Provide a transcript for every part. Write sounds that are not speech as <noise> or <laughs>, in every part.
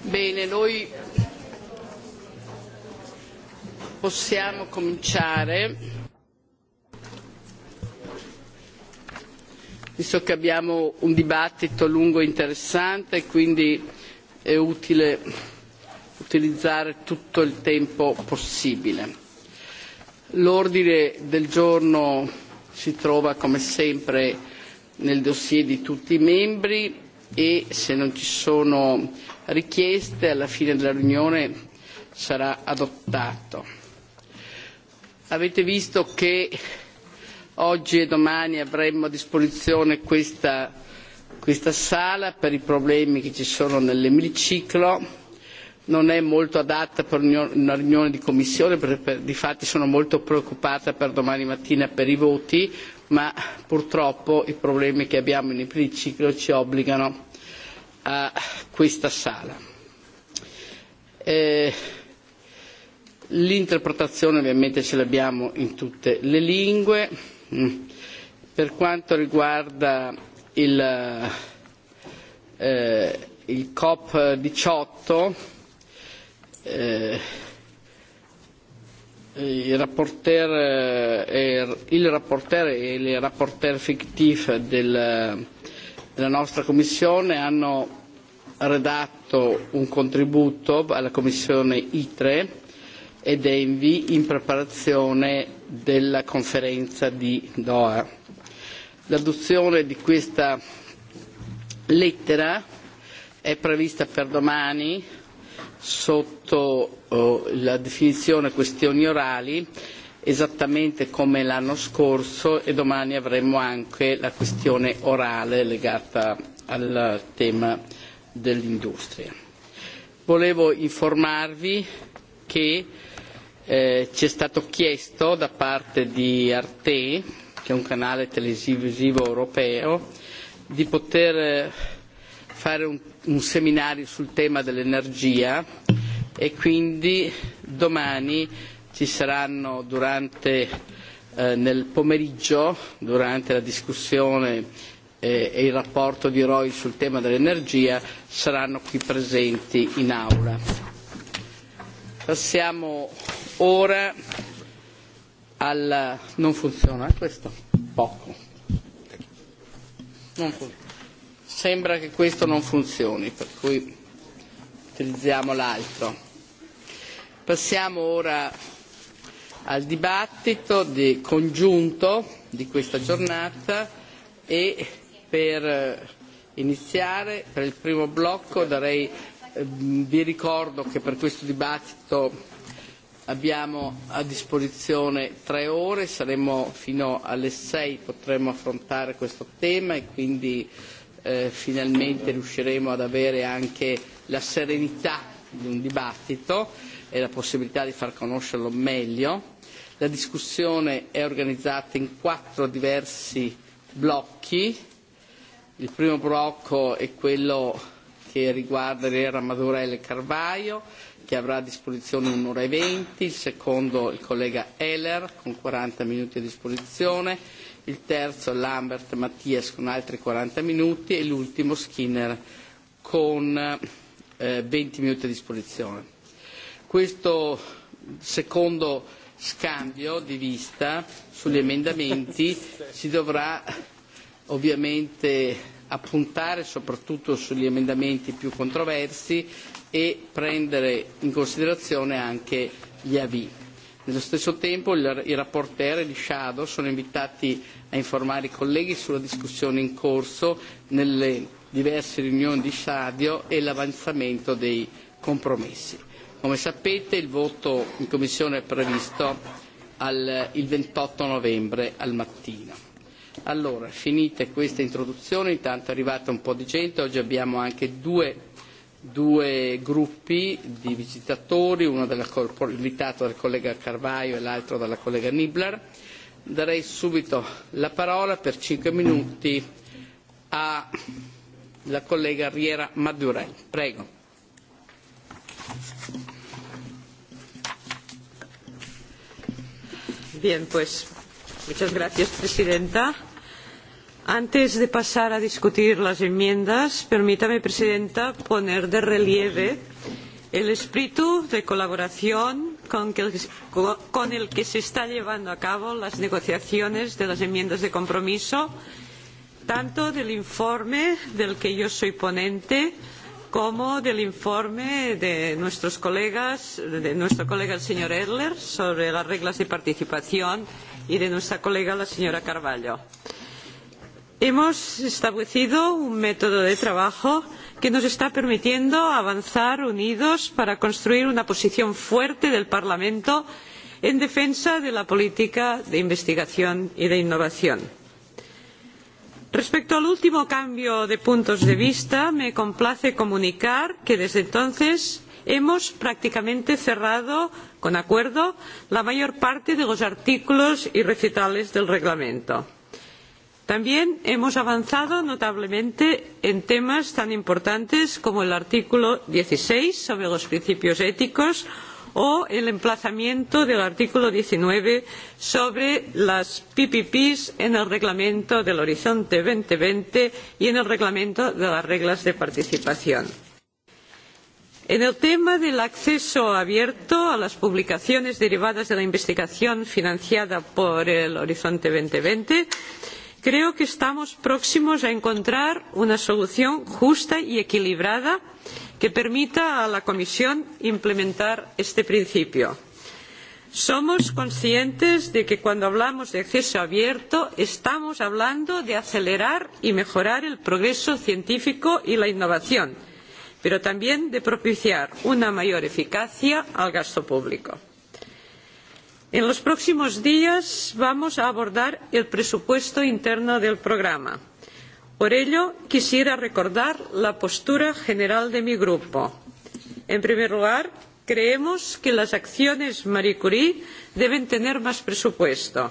Bene, noi possiamo cominciare, visto che abbiamo un dibattito lungo e interessante, quindi è utile utilizzare tutto il tempo possibile. L'ordine del giorno si trova come sempre nel dossier di tutti i membri e se non ci sono richieste alla fine della riunione sarà adottato. Avete visto che oggi e domani avremo a disposizione questa, questa sala per i problemi che ci sono nell'emiciclo non è molto adatta per una riunione di commissione perché per, difatti sono molto preoccupata per domani mattina per i voti ma purtroppo i problemi che abbiamo in emiciclo ci obbligano a questa sala. Eh, l'interpretazione ovviamente ce l'abbiamo in tutte le lingue. Mm. Per quanto riguarda il, eh, il COP18 Eh, eh, il rapporteur, eh, il rapporteur e il rapporteur fictif del, della nostra Commissione hanno redatto un contributo alla Commissione ITRE ed ENVI in preparazione della conferenza di Doha. L'adozione di questa lettera è prevista per domani sotto eh, la definizione questioni orali esattamente come l'anno scorso e domani avremo anche la questione orale legata al tema dell'industria. Volevo informarvi che eh, ci è stato chiesto da parte di Arte, che è un canale televisivo europeo, di poter fare un, un seminario sul tema dell'energia e quindi domani ci saranno durante, eh, nel pomeriggio, durante la discussione eh, e il rapporto di ROI sul tema dell'energia, saranno qui presenti in aula. Passiamo ora al... non funziona eh, questo? Poco. Non funziona sembra che questo non funzioni, per cui utilizziamo l'altro. Passiamo ora al dibattito di congiunto di questa giornata e per eh, iniziare per il primo blocco darei, ehm, vi ricordo che per questo dibattito abbiamo a disposizione tre ore, saremo fino alle sei, potremo affrontare questo tema e quindi eh, finalmente riusciremo ad avere anche la serenità di un dibattito e la possibilità di far conoscerlo meglio. La discussione è organizzata in quattro diversi blocchi. Il primo blocco è quello che riguarda l'era Madurella e Carvaio, che avrà a disposizione un'ora e venti, il secondo il collega Heller con 40 minuti a disposizione, il terzo Lambert Mattias con altri 40 minuti e l'ultimo Skinner con eh, 20 minuti a disposizione. Questo secondo scambio di vista sugli emendamenti <laughs> si dovrà ovviamente appuntare soprattutto sugli emendamenti più controversi e prendere in considerazione anche gli avvi. Nello stesso tempo il, i rapporteri e gli shadow sono invitati a informare i colleghi sulla discussione in corso nelle diverse riunioni di stadio e l'avanzamento dei compromessi. Come sapete il voto in Commissione è previsto al, il 28 novembre al mattino. Allora, finite queste introduzioni, intanto è arrivata un po' di gente, oggi abbiamo anche due, due gruppi di visitatori, uno della, invitato dal collega Carvaio e l'altro dalla collega Nibler darei subito la parola per cinque minuti alla collega Riera Madurell. Prego. Bien, pues muchas gracias, Presidenta. Antes de pasar a discutir las enmiendas, permítame, Presidenta, poner de relieve el espíritu de colaboración con, con el que se están llevando a cabo las negociaciones de las enmiendas de compromiso, tanto del informe del que yo soy ponente como del informe de nuestros colegas, de nuestro colega el señor Erler sobre las reglas de participación y de nuestra colega la señora Carballo. Hemos establecido un método de trabajo que nos está permitiendo avanzar unidos para construir una posición fuerte del parlamento en defensa de la política de investigación y de innovación. respecto al último cambio de puntos de vista me complace comunicar que desde entonces hemos prácticamente cerrado con acuerdo la mayor parte de los artículos y apartados del reglamento también hemos avanzado notablemente en temas tan importantes como el artículo dieciseis sobre los principios éticos o el emplazamiento del artículo diecinueve sobre las ppp en el reglamento de horizonte dos mil veinte y en el reglamento de las reglas de participación. en el tema del acceso abierto a las publicaciones derivadas de la investigación financiada por horizonte dos mil veinte creo que estamos próximos a encontrar una solución justa y equilibrada que permita a la comisión implementar este principio. somos conscientes de que cuando hablamos de acceso abierto estamos hablando de acelerar y mejorar el progreso científico y la innovación pero también de propiciar una mayor eficacia al gasto público en los próximos días vamos a abordar el presupuesto interno del programa. por ello quisiera recordar la postura general de mi grupo. en primer lugar creemos que las acciones marie curie deben tener más presupuesto.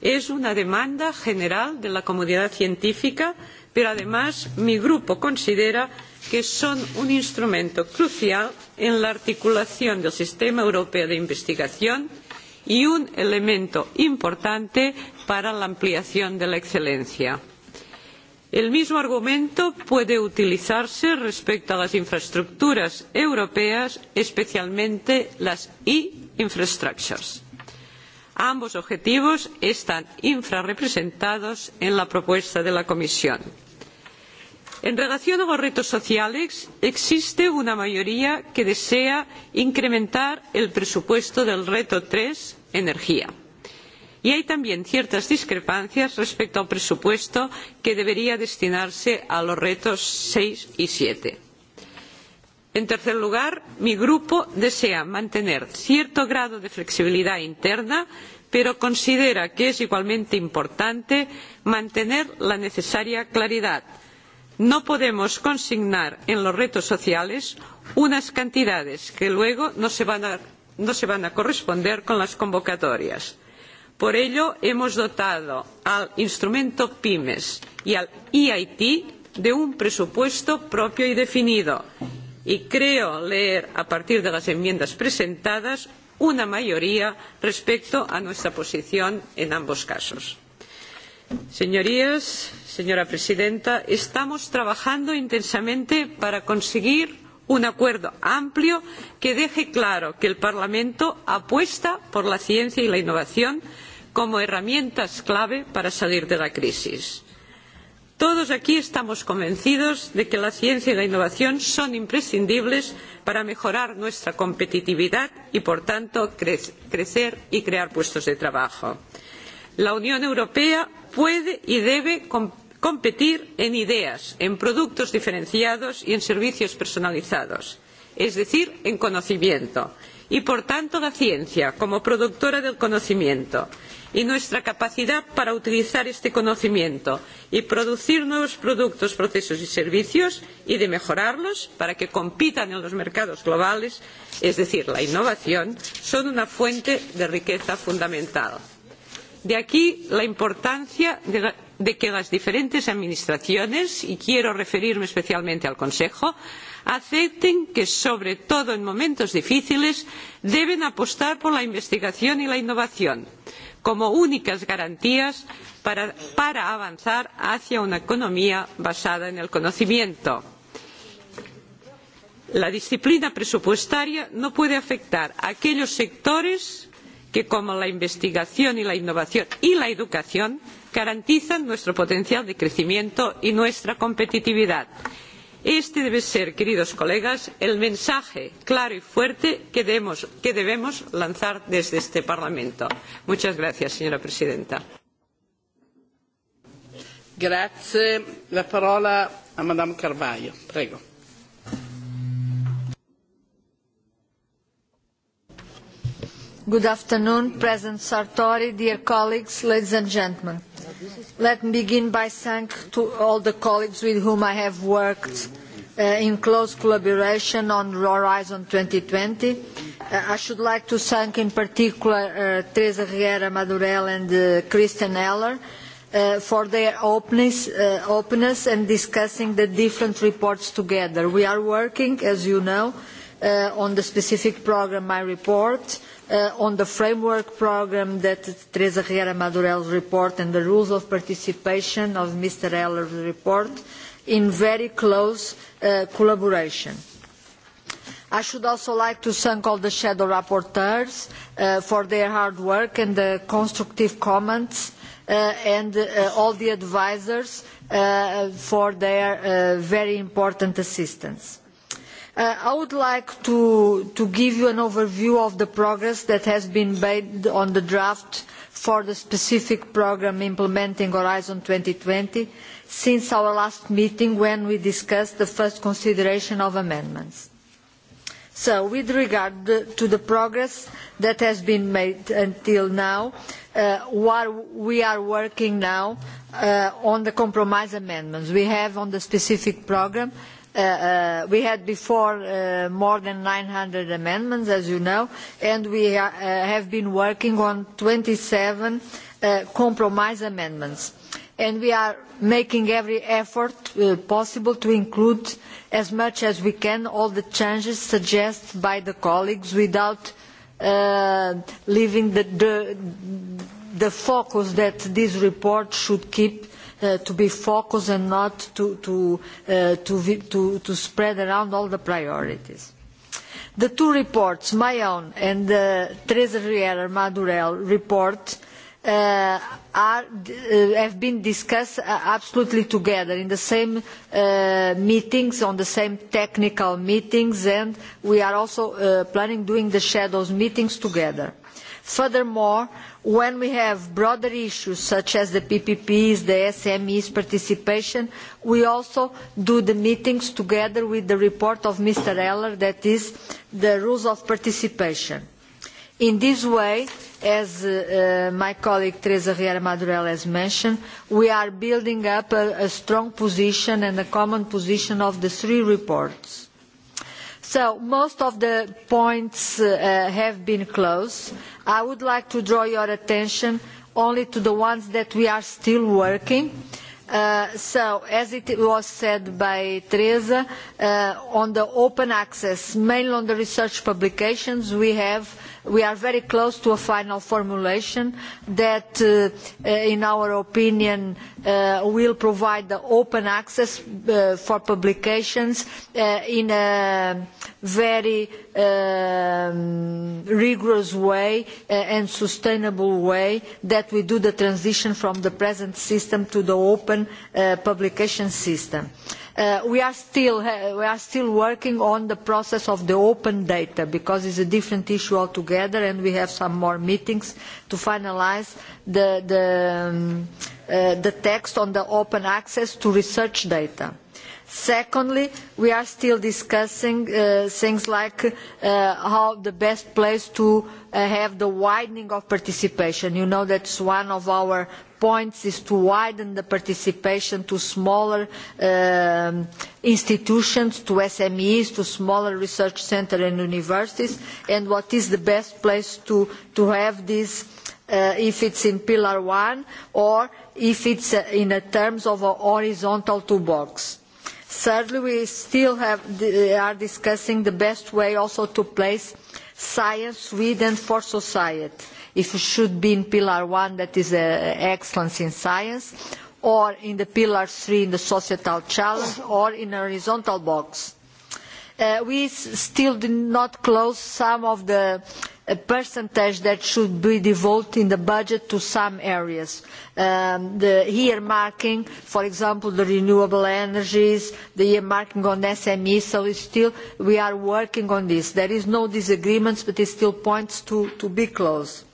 es una demanda general de la comunidad científica pero además mi grupo considera que son un instrumento crucial en la articulación del sistema europeo de investigación y y un elemento importante para la ampliación de la excelencia. El mismo argumento puede utilizarse respecto a las infraestructuras europeas, especialmente las e-infrastructures. Ambos objetivos están infrarrepresentados en la propuesta de la Comisión en relación con los retos sociales existe una mayoría que desea incrementar el presupuesto del reto tres energía y hay también ciertas discrepancias respecto al presupuesto que debería destinarse a los retos seis y. siete en tercer lugar mi grupo desea mantener cierto grado de flexibilidad interna pero considera que es igualmente importante mantener la necesaria claridad no podemos consignar en los retos sociales unas cantidades que luego no se van a, no se van a corresponder con las convocatorias. Por ello, hemos dotado al instrumento PYMES y al EIT de un presupuesto propio y definido y creo leer a partir de las enmiendas presentadas una mayoría respecto a nuestra posición en ambos casos. Señorías, señora presidenta, estamos trabajando intensamente para conseguir un acuerdo amplio que deje claro que el Parlamento apuesta por la ciencia y la innovación como herramientas clave para salir de la crisis. Todos aquí estamos convencidos de que la ciencia y la innovación son imprescindibles para mejorar nuestra competitividad y, por tanto, cre crecer y crear puestos de trabajo. La Unión Europea puede y debe com competir en ideas, en productos diferenciados y en servicios personalizados, es decir, en conocimiento, y por tanto la ciencia como productora del conocimiento y nuestra capacidad para utilizar este conocimiento y producir nuevos productos, procesos y servicios y de mejorarlos para que compitan en los mercados globales, es decir, la innovación, son una fuente de riqueza fundamental de aquí la importancia de, de que las diferentes administraciones y quiero referirme especialmente al consejo acepten que sobre todo en momentos difíciles deben apostar por la investigación y la innovación como únicas garantías para, para avanzar hacia una economía basada en el conocimiento. La disciplina presupuestaria no puede afectar a aquellos sectores que como la investigación y la innovación y la educación garantizan nuestro potencial de crecimiento y nuestra competitividad. este debe ser queridos colegas el mensaje claro y fuerte que debemos, que debemos lanzar desde este parlamento. muchas gracias señora presidenta. Grazie. La parola a Madame Carvaglio. Prego. Good afternoon, President Sartori, dear colleagues, ladies and gentlemen. Let me begin by thanking to all the colleagues with whom I have worked uh, in close collaboration on Horizon 2020. Uh, I should like to thank in particular uh, Teresa Riera Madurell and uh, Christian Eller uh, for their openness, uh, openness and discussing the different reports together. We are working, as you know, uh, on the specific program, my report, uh, Uh, on the framework programme that teresa riera madurell's report and the rules of participation of mr ehler's report in very close uh, collaboration. i should also like to thank all the shadow rapporteurs uh, for their hard work and the constructive comments uh, and uh, all the advisers uh, for their very important assistance Uh, I would like to, to give you an overview of the progress that has been made on the draft for the specific programme implementing Horizon 2020 since our last meeting when we discussed the first consideration of amendments. So, with regard to the progress that has been made until now, uh, while we are working now uh, on the compromise amendments we have on the specific programme Uh, uh, we had before uh, more than 900 amendments, as you know, and we uh, have been working on 27 uh, compromise amendments. And we are making every effort uh, possible to include as much as we can all the changes suggested by the colleagues without uh, leaving the, the, the focus that this report should keep uh, to be focused and not to, to, uh, to, to, to spread around all the priorities. The two reports, my own and the uh, Teresa Riera Madurell report, uh, are, uh, have been discussed uh, absolutely together in the same uh, meetings, on the same technical meetings, and we are also uh, planning doing the shadows meetings together. Uh, Furthermore, when we have broader issues such as the PPPs, the SMEs participation, we also do the meetings together with the report of Mr. Eller, that is the rules of participation. In this way, as uh, uh my colleague Teresa Riera Madurell has mentioned, we are building up a, a strong position and a common position of the three reports. So most of the points uh, have been closed. I would like to draw your attention only to the ones that we are still working. Uh, so, as it was said by Teresa, uh, on the open access, mainly on the research publications, we have we are very close to a final formulation that, uh, uh, in our opinion, uh, will provide the open access uh, for publications uh, in a very um, rigorous way uh, and sustainable way that we do the transition from the present system to the open uh, publication system. Uh, Uh, we, are still, we are still working on the process of the open data because it's a different issue altogether and we have some more meetings to finalize the, the, um, uh, the text on the open access to research data. Uh, secondly we are still discussing uh, things like uh, how the best place to uh, have the widening of participation you know that's one of our points is to widen the participation to smaller um, institutions, to SMEs, to smaller research centres and universities, and what is the best place to, to have this uh, if it's in Pillar 1 or if it's uh, in a terms of a horizontal toolbox Thirdly, we still have, are discussing the best way also to place science with and for society. If it should be in Pillar 1, that is uh, excellence in science, or in the Pillar 3, in the societal challenge, or in a horizontal box. Uh, we s still did not close some of the uh, a percentage that should be devoted in the budget to some areas, um, the earmarking, for example, the renewable energies, the earmarking on SMEs, e, so it's still, we are working on this. There is no disagreements, but it still points to, to be close.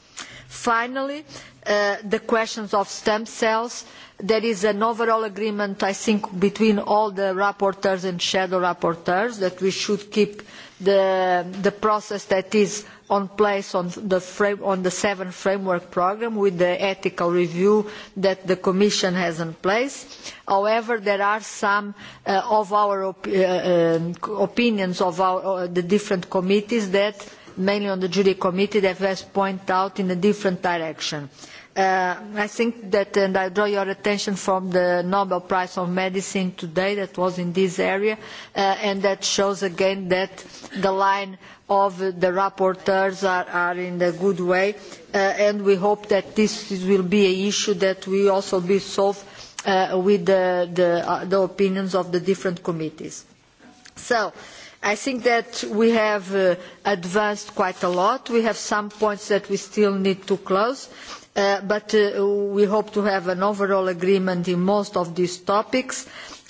Finally, uh, the questions of stem cells, there is an overall agreement, I think, between all the rapporteurs and shadow rapporteurs that we should keep the, the process that is on place on the, frame, on the seven framework programme with the ethical review that the Commission has in place. However, there are some uh, of our op uh, uh, opinions of our, uh, the different committees that, mainly on the Jury Committee, that has pointed out in a different direction. Uh, Uh, I think that, and I draw your attention from the Nobel Prize on Medicine today that was in this area, uh, and that shows again that the line of the rapporteurs are, are in a good way, uh, and we hope that this will be an issue that will also be solved uh, with the, the, uh, the opinions of the different committees. So, uh, I think that we have uh, advanced quite a lot. We have some points that we still need to close. Uh, but uh, we hope to have an overall agreement in most of these topics.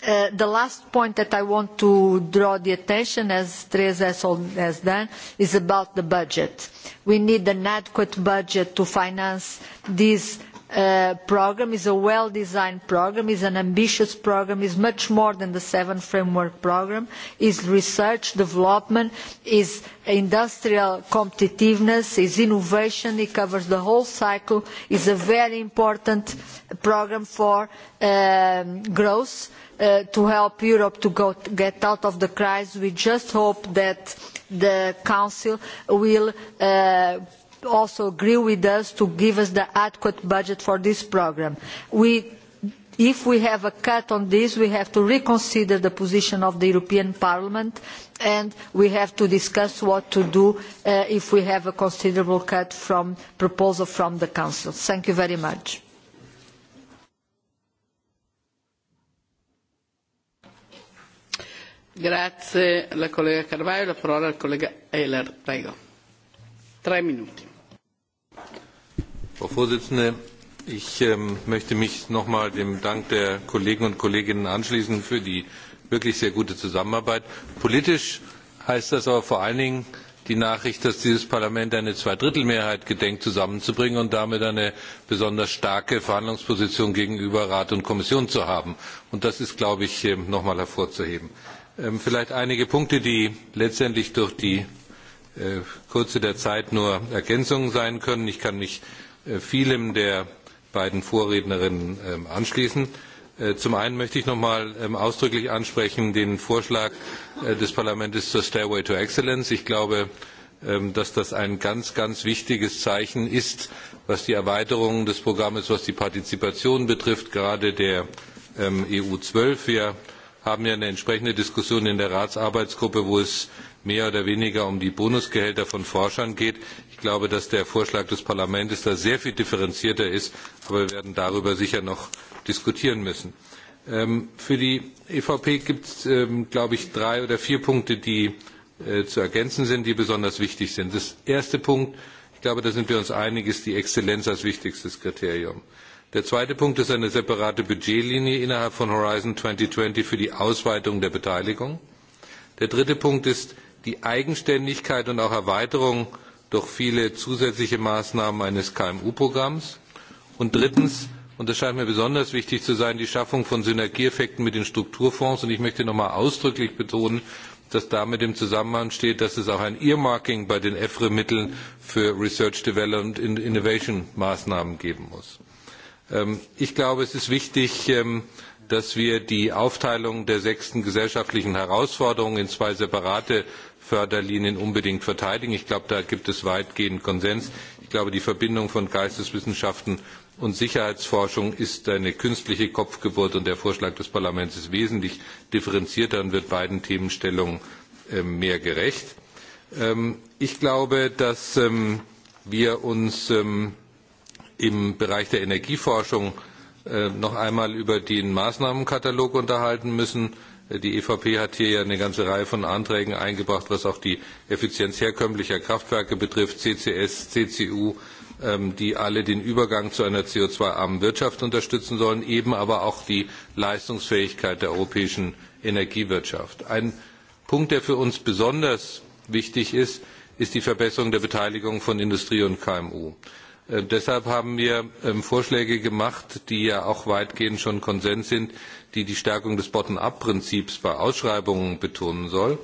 Uh, the last point that I want to draw the attention, as Teresa has, has done, is about the budget. We need an adequate budget to finance these Uh, programme is a well designed programme is an ambitious programme is much more than the seven framework programme is research development is industrial competitiveness is innovation it covers the whole cycle is a very important programme for um, growth uh, to help Europe to go, to get out of the crisis we just hope that the council will uh, also agree with us to give us the adequate budget for this programme. if we have a cut on this we have to reconsider the position of the european parliament and we have to discuss what to do uh, if we have a considerable cut from proposal from the council. thank you very much. Grazie, la collega Carvaio. La parola al collega Ehler, prego. Tre minuti. Frau Vorsitzende, ich ähm, möchte mich nochmal dem Dank der Kollegen und Kolleginnen anschließen für die wirklich sehr gute Zusammenarbeit. Politisch heißt das aber vor allen Dingen die Nachricht, dass dieses Parlament eine Zweidrittelmehrheit gedenkt zusammenzubringen und damit eine besonders starke Verhandlungsposition gegenüber Rat und Kommission zu haben. Und das ist, glaube ich, ähm, nochmal hervorzuheben. Ähm, vielleicht einige Punkte, die letztendlich durch die Äh, Kürze der Zeit nur Ergänzungen sein können. Ich kann mich äh, vielem der beiden Vorrednerinnen ähm, anschließen. Äh, zum einen möchte ich nochmal ähm, ausdrücklich ansprechen den Vorschlag des Parlaments zur Stairway to Excellence. Ich glaube, ähm, dass das ein ganz, ganz wichtiges Zeichen ist, was die Erweiterung des Programmes, was die Partizipation betrifft, gerade der EU 12. Wir haben ja eine entsprechende Diskussion in der Ratsarbeitsgruppe, wo es mehr oder weniger um die Bonusgehälter von Forschern geht. Ich glaube, dass der Vorschlag des Parlaments da sehr viel differenzierter ist, aber wir werden darüber sicher noch diskutieren müssen. Ähm, für die EVP gibt es, ähm, glaube ich, drei oder vier Punkte, die äh, zu ergänzen sind, die besonders wichtig sind. Das erste Punkt, ich glaube, da sind wir uns einig, ist die Exzellenz als wichtigstes Kriterium. Der zweite Punkt ist eine separate Budgetlinie innerhalb von Horizon 2020 für die Ausweitung der Beteiligung. Der dritte Punkt ist die eigenständigkeit und auch erweiterung durch viele zusätzliche maßnahmen eines kmu programms und drittens und das scheint mir besonders wichtig zu sein die schaffung von synergieeffekten mit den strukturfonds. ich möchte noch einmal ausdrücklich betonen dass damit im zusammenhang steht dass es auch ein earmarking bei den efre mitteln für research development und innovation maßnahmen geben muss. Ähm, ich glaube es ist wichtig ähm, dass wir die aufteilung der sechsten gesellschaftlichen herausforderungen in zwei separate Förderlinien unbedingt verteidigen. Ich glaube, da gibt es weitgehend Konsens. Ich glaube, die Verbindung von Geisteswissenschaften und Sicherheitsforschung ist eine künstliche Kopfgeburt und der Vorschlag des Parlaments ist wesentlich differenzierter und wird beiden Themenstellungen ähm, mehr gerecht. Ähm, ich glaube, dass ähm, wir uns im Bereich der Energieforschung äh, noch einmal über den Maßnahmenkatalog unterhalten müssen Die EVP hat hier ja eine ganze Reihe von Anträgen eingebracht, was auch die Effizienz herkömmlicher Kraftwerke betrifft, CCS, CCU, ähm, die alle den Übergang zu einer CO2-armen Wirtschaft unterstützen sollen, eben aber auch die Leistungsfähigkeit der europäischen Energiewirtschaft. Ein Punkt, der für uns besonders wichtig ist, ist die Verbesserung der Beteiligung von Industrie und KMU. Äh, deshalb haben wir ähm, Vorschläge gemacht, die ja auch weitgehend schon Konsens sind, die die Stärkung des Bottom-up-Prinzips bei Ausschreibungen betonen soll.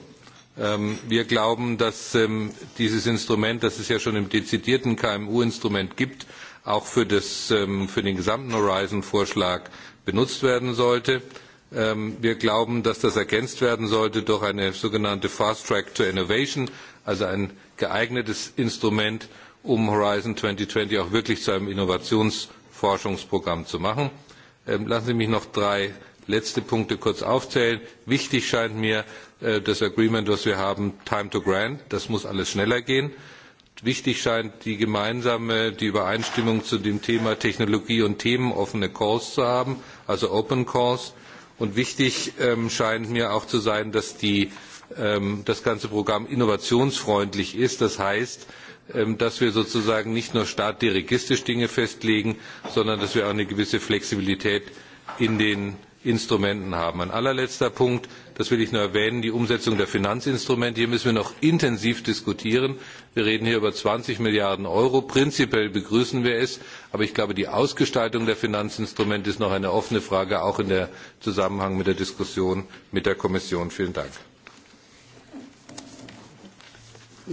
Ähm, wir glauben, dass ähm, dieses Instrument, das es ja schon im dezidierten KMU-Instrument gibt, auch für, das, ähm, für den gesamten Horizon-Vorschlag benutzt werden sollte. Ähm, wir glauben, dass das ergänzt werden sollte durch eine sogenannte Fast Track to Innovation, also ein geeignetes Instrument, um Horizon 2020 auch wirklich zu einem Innovationsforschungsprogramm zu machen. Ähm, lassen Sie mich noch drei letzte Punkte kurz aufzählen. Wichtig scheint mir äh, das Agreement, das wir haben, Time to Grant. Das muss alles schneller gehen. Wichtig scheint die gemeinsame, die Übereinstimmung zu dem Thema Technologie und Themen offene Calls zu haben, also Open Calls. Und wichtig ähm, scheint mir auch zu sein, dass die, ähm, das ganze Programm innovationsfreundlich ist. Das heißt, ähm, dass wir sozusagen nicht nur stark dirigistisch Dinge festlegen, sondern dass wir auch eine gewisse Flexibilität in den Instrumenten haben. Ein allerletzter Punkt, das will ich nur erwähnen, die Umsetzung der Finanzinstrumente. Hier müssen wir noch intensiv diskutieren. Wir reden hier über 20 Milliarden Euro. Prinzipiell begrüßen wir es, aber ich glaube, die Ausgestaltung der Finanzinstrumente ist noch eine offene Frage, auch in der Zusammenhang mit der Diskussion mit der Kommission. Vielen Dank.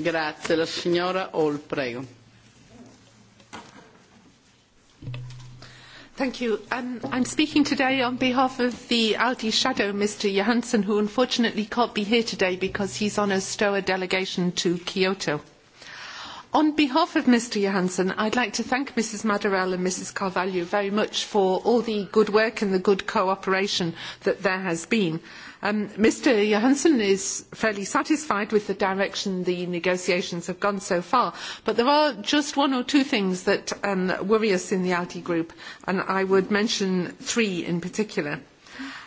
Grazie, la signora Hall, prego. Thank you. Um, I'm speaking today on behalf of the ALDI shadow, Mr. Johansson, who unfortunately can't be here today because he's on a STOA delegation to Kyoto. On behalf of Mr. Johansson, I'd like to thank Mrs. Madarell and Mrs. Carvalho very much for all the good work and the good cooperation that there has been. Uh, Um, Mr. Johansson is fairly satisfied with the direction the negotiations have gone so far, but there are just one or two things that um, worry us in the ALDE group, and I would mention three in particular.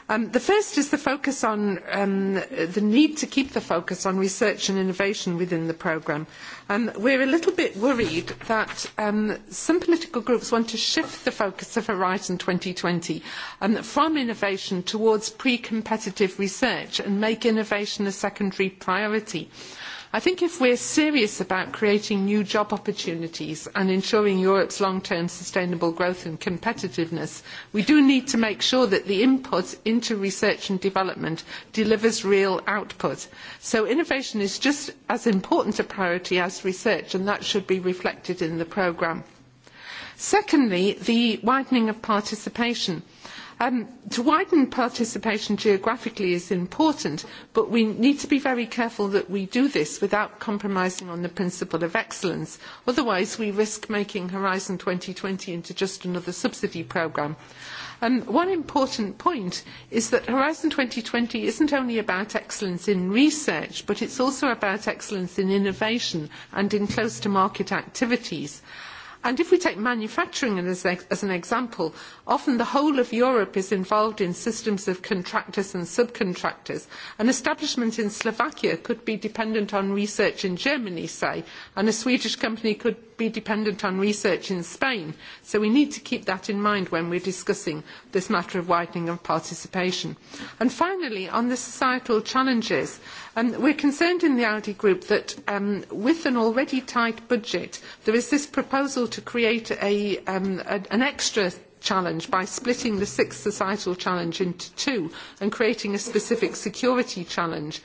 Um, the first is the focus on um, the need to keep the focus on research and innovation within the programme. Uh, Um, we're a little bit worried that um, some political groups want to shift the focus of Horizon 2020 um, from innovation towards pre-competitive research and make innovation a secondary priority. Uh, I think if we're serious about creating new job opportunities and ensuring Europe's long-term sustainable growth and competitiveness, we do need to make sure that the input into research and development delivers real output. So innovation is just as important a priority as research, and that should be reflected in the programme. Secondly, the widening of participation. Uh, Um, to widen participation geographically is important, but we need to be very careful that we do this without compromising on the principle of excellence. Otherwise, we risk making Horizon 2020 into just another subsidy programme. Um, one important point is that Horizon 2020 isn't only about excellence in research, but it's also about excellence in innovation and in close-to-market activities. Uh, And if we take manufacturing as, as an example, often the whole of Europe is involved in systems of contractors and subcontractors. An establishment in Slovakia could be dependent on research in Germany, say, and a Swedish company could be dependent on research in Spain, so we need to keep that in mind when we're discussing this matter of widening of participation. And finally, on the societal challenges, um, we're concerned in the ALDE group that um, with an already tight budget, there is this proposal to create a, um, a, an extra challenge by splitting the sixth societal challenge into two and creating a specific security challenge.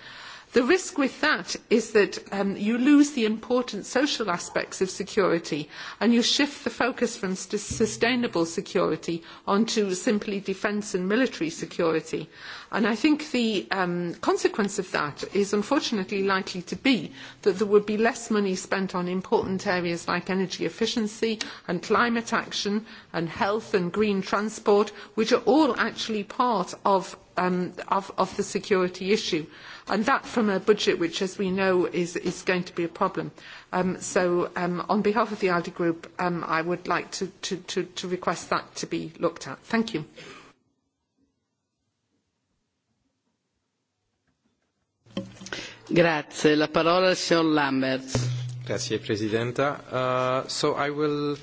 The risk with that is that um, you lose the important social aspects of security and you shift the focus from st- sustainable security onto simply defence and military security. And I think the um, consequence of that is unfortunately likely to be that there would be less money spent on important areas like energy efficiency and climate action and health and green transport, which are all actually part of, um, of, of the security issue and that from a budget which, as we know, is, is going to be a problem. Um, so um, on behalf of the ALDE group, um, I would like to, to, to, to request that to be looked at. Thank you. Grazie. La parola al signor Lamberts. Grazie, Presidenta. Uh, so I will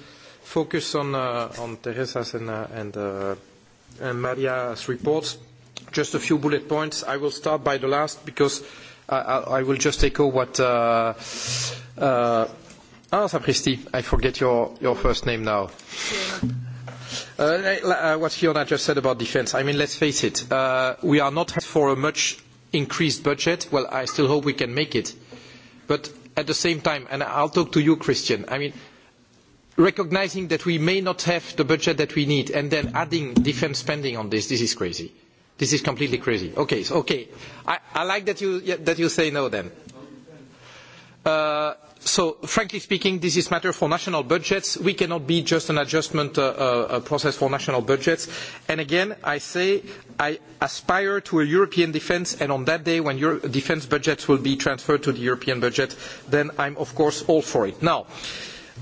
focus on, uh, on Teresa's and, uh, and, uh, and Maria's reports Just a few bullet points. I will start by the last because I, I, I will just echo what. Uh, uh, ah, sapristi, I forget your, your first name now. Yeah. Uh, uh, what Fiona just said about defense, I mean, let's face it, uh, we are not for a much increased budget. Well, I still hope we can make it. But at the same time, and I'll talk to you, Christian, I mean, recognizing that we may not have the budget that we need and then adding defense spending on this, this is crazy. This is completely crazy. Okay, so, okay. I, I like that you, that you say no then. Uh, so, frankly speaking, this is matter for national budgets. We cannot be just an adjustment uh, uh, process for national budgets. And again, I say I aspire to a European defense, and on that day when Euro defense budgets will be transferred to the European budget, then I'm of course all for it. Now,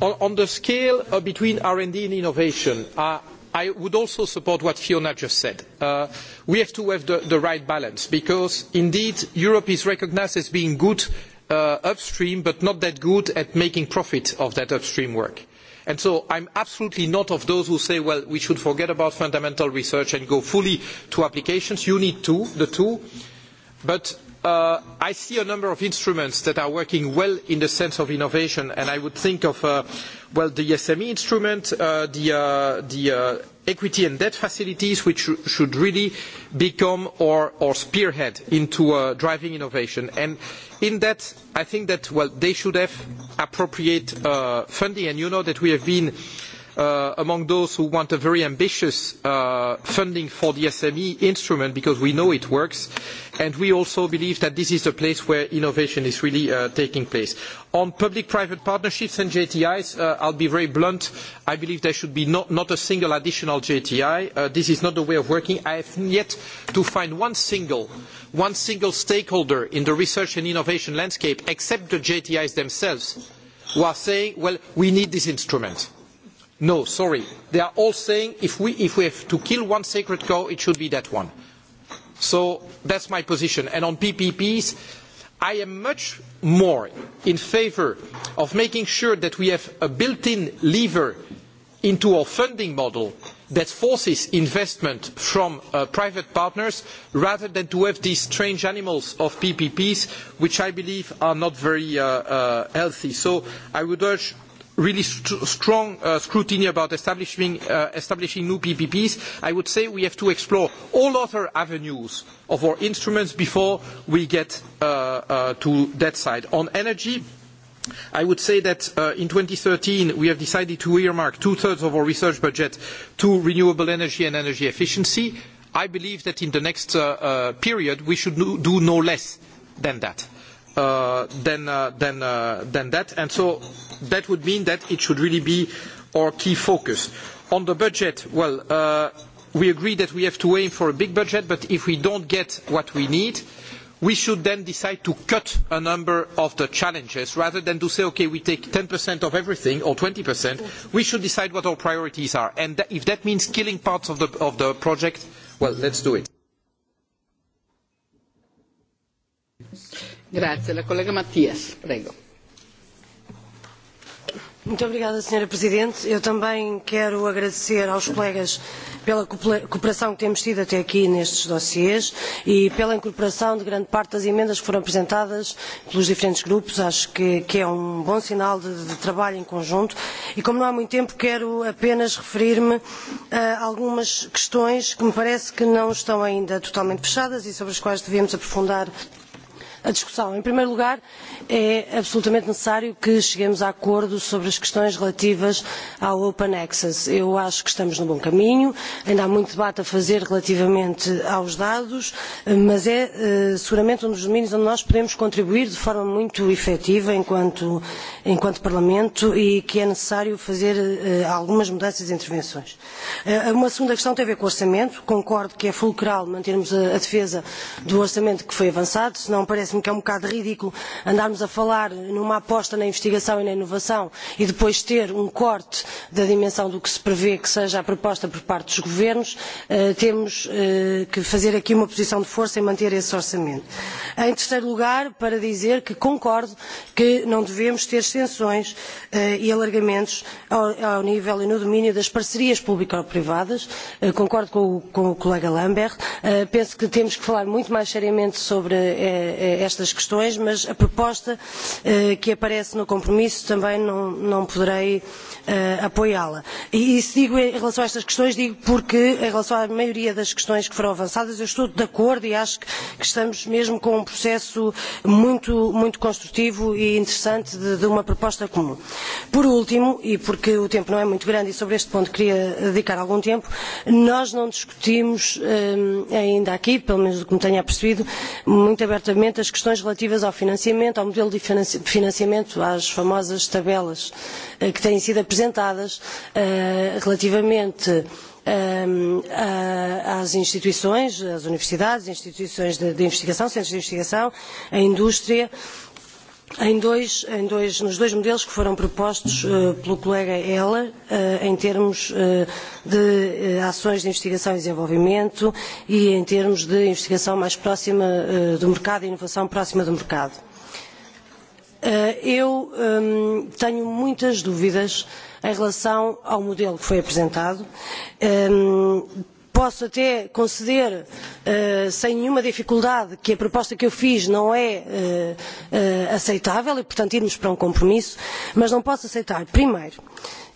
on, on the scale uh, between R&D and innovation, uh, I would also support what Fiona just said. Uh, we have to have the, the right balance because indeed Europe is recognized as being good uh, upstream but not that good at making profit of that upstream work. And so I'm absolutely not of those who say, well, we should forget about fundamental research and go fully to applications. You need two, the two. But uh, I see a number of instruments that are working well in the sense of innovation, and I would think of, uh, well, the SME instrument, uh, the, uh, the uh, equity and debt facilities, which sh should really become or, or spearhead into uh, driving innovation. And in that, I think that, well, they should have appropriate uh, funding, and you know that we have been uh, uh, among those who want a very ambitious uh, funding for the SME instrument because we know it works. And we also believe that this is the place where innovation is really uh, taking place. On public-private partnerships and JTIs, uh, I'll be very blunt. I believe there should be not, not a single additional JTI. Uh, this is not the way of working. I have yet to find one single, one single stakeholder in the research and innovation landscape, except the JTIs themselves, who are saying, well, we need this instrument No, sorry. They are all saying if we, if we have to kill one sacred cow, it should be that one. So that's my position. And on PPPs, I am much more in favor of making sure that we have a built-in lever into our funding model that forces investment from uh, private partners rather than to have these strange animals of PPPs, which I believe are not very uh, uh, healthy. So I would urge really st strong uh, scrutiny about establishing, uh, establishing new PPPs, I would say we have to explore all other avenues of our instruments before we get uh, uh, to that side. On energy, I would say that uh, in 2013 we have decided to earmark two-thirds of our research budget to renewable energy and energy efficiency. I believe that in the next uh, uh, period we should do no less than that uh, than, uh, than, uh, than that. And so that would mean that it should really be our key focus. On the budget, well, uh, we agree that we have to aim for a big budget, but if we don't get what we need, we should then decide to cut a number of the challenges rather than to say, okay, we take 10% of everything or 20%. We should decide what our priorities are. And th if that means killing parts of the, of the project, well, let's do it. Grazie, la collega Matias, prego. Muito obrigada, Sra. Presidente. Eu também quero agradecer aos colegas pela cooperação que temos tido até aqui nestes dossiês e pela incorporação de grande parte das emendas que foram apresentadas pelos diferentes grupos. Acho que, que é um bom sinal de, de trabalho em conjunto. E como não há muito tempo, quero apenas referir-me a algumas questões que me parece que não estão ainda totalmente fechadas e sobre as quais devemos aprofundar a discussão. Em primeiro lugar, é absolutamente necessário que cheguemos a acordo sobre as questões relativas ao Open Access. Eu acho que estamos no bom caminho, ainda há muito debate a fazer relativamente aos dados, mas é eh, seguramente um dos domínios onde nós podemos contribuir de forma muito efetiva enquanto, enquanto Parlamento e que é necessário fazer eh, algumas mudanças e intervenções. Eh, uma segunda questão tem a ver com o orçamento. Concordo que é fulcral mantermos a, a defesa do orçamento que foi avançado, senão parece parece-me que é um bocado ridículo andarmos a falar numa aposta na investigação e na inovação e depois ter um corte da dimensão do que se prevê que seja a proposta por parte dos governos. Uh, temos uh, que fazer aqui uma posição de força e manter esse orçamento. Em terceiro lugar, para dizer que concordo que não devemos ter extensões uh, e alargamentos ao, ao nível e no domínio das parcerias público-privadas. Uh, concordo com o, com o colega Lambert. Uh, penso que temos que falar muito mais seriamente sobre uh, estas questões, mas a proposta eh, que aparece no compromisso também não, não poderei eh, apoiá-la. E isso e digo em relação a estas questões, digo porque em relação à maioria das questões que foram avançadas eu estou de acordo e acho que, que estamos mesmo com um processo muito, muito construtivo e interessante de, de uma proposta comum. Por último, e porque o tempo não é muito grande e sobre este ponto queria dedicar algum tempo, nós não discutimos eh, ainda aqui, pelo menos do que me tenha percebido, muito abertamente as questões relativas ao financiamento, ao modelo de financiamento, às famosas tabelas eh, que têm sido apresentadas eh, relativamente ehm, às instituições, às universidades, instituições de, de investigação, centros de investigação, à indústria, uh, Em dois, em dois, nos dois modelos que foram propostos uh, pelo colega Ela, uh, em termos uh, de uh, ações de investigação e desenvolvimento e em termos de investigação mais próxima uh, do mercado e inovação próxima do mercado. Uh, eu um, tenho muitas dúvidas em relação ao modelo que foi apresentado. Um, posso até conceder uh, sem nenhuma dificuldade que a proposta que eu fiz não é uh, uh, aceitável e, portanto, irmos para um compromisso, mas não posso aceitar, primeiro,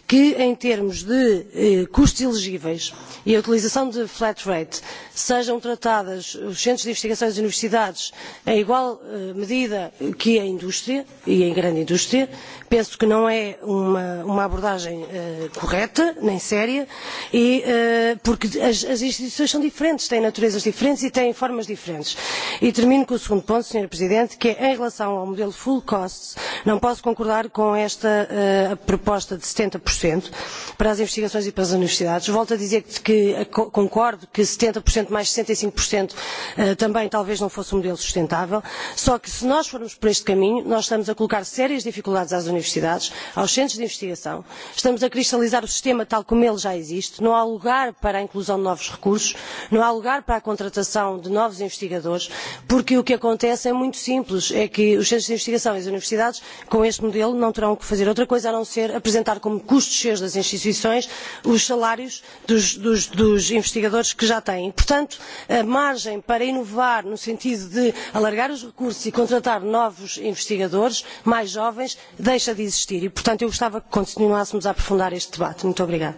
que em termos de eh, custos elegíveis e a utilização de flat rate sejam tratadas os centros de investigação e as universidades em igual eh, medida que a indústria e a grande indústria penso que não é uma, uma abordagem eh, correta, nem séria, e, eh, porque as, as instituições são diferentes, têm naturezas diferentes e têm formas diferentes. E termino com o segundo ponto, Sr. Presidente, que é em relação ao modelo full costs, não posso concordar com esta eh, proposta de 70% para as investigações e para as universidades. Volto a dizer que, que concordo que 70% mais 65% e eh, também talvez não fosse um modelo sustentável, só que se nós formos por este caminho, nós estamos a colocar sérias dificuldades às universidades universidades, aos centros de investigação. Estamos a cristalizar o sistema tal como ele já existe. Não há lugar para a inclusão de novos recursos, não há lugar para a contratação de novos investigadores, porque o que acontece é muito simples, é que os centros de investigação e as universidades, com este modelo, não terão que fazer outra coisa a não ser apresentar como custos cheios das instituições os salários dos, dos, dos investigadores que já têm. Portanto, a margem para inovar no sentido de alargar os recursos e contratar novos investigadores mais jovens deixa deixa de existir e, portanto, eu gostava que continuássemos a aprofundar este debate. Muito obrigada.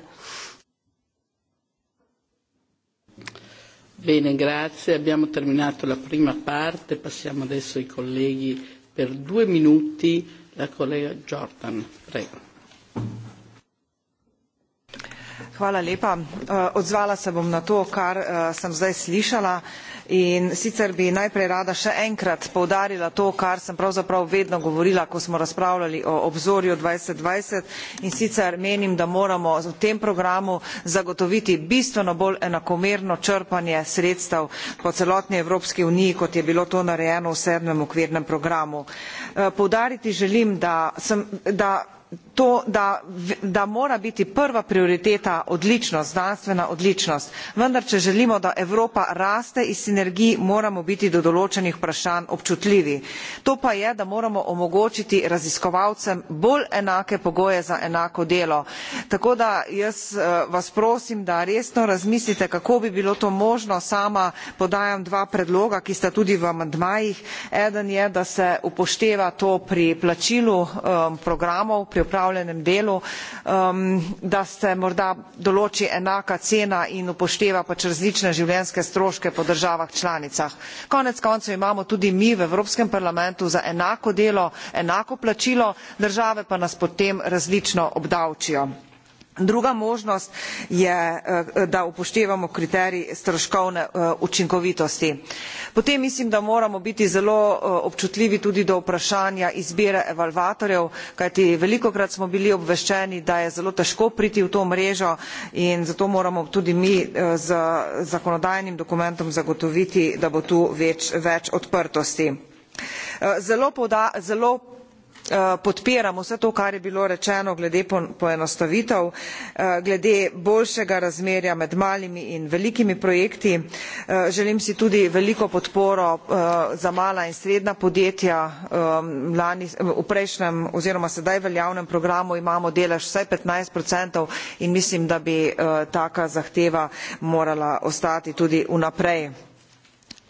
Bene, grazie. Abbiamo terminato la prima parte. Passiamo adesso ai colleghi per due minuti. La collega Jordan, prego. Hvala lepa. Eh, odzvala se bom na to, kar eh, sem zdaj slišala in sicer bi najprej rada še enkrat poudarila to kar sem pravzaprav vedno govorila ko smo razpravljali o obzorju dva tisoč dvajset in sicer menim da moramo v tem programu zagotoviti bistveno bolj enakomerno črpanje sredstev po celotni evropski uniji kot je bilo to narejeno v sedmem okvirnem programu. Eh, poudariti želim da sem da to, da, da mora biti prva prioriteta odličnost, znanstvena odličnost. Vendar, če želimo, da Evropa raste iz sinergij, moramo biti do določenih vprašanj občutljivi. To pa je, da moramo omogočiti raziskovalcem bolj enake pogoje za enako delo. Tako da jaz eh, vas prosim, da resno razmislite, kako bi bilo to možno. Sama podajam dva predloga, ki sta tudi v amandmajih. Eden je, da se upošteva to pri plačilu um, programov, priprav opravljenem delu um, da se morda določi enaka cena in upošteva pač različne življenjske stroške po državah članicah. konec koncev imamo tudi mi v evropskem parlamentu za enako delo enako plačilo države pa nas potem različno obdavčijo druga možnost je eh, da upoštevamo kriterij stroškovne eh, učinkovitosti potem mislim da moramo biti zelo eh, občutljivi tudi do vprašanja izbire evalvatorjev kajti velikokrat smo bili obveščeni da je zelo težko priti v to mrežo in zato moramo tudi mi z zakonodajnim dokumentom zagotoviti da bo tu več, več odprtosti. Zelo, poda, zelo Eh, podpiram vse to kar je bilo rečeno glede poenostavitev eh, glede boljšega razmerja med malimi in velikimi projekti eh, želim si tudi veliko podporo za mala in srednja podjetja lani v prejšnjem oziroma sedaj veljavnem programu imamo delež vsaj petnajst procentov in mislim da bi taka zahteva morala ostati tudi vnaprej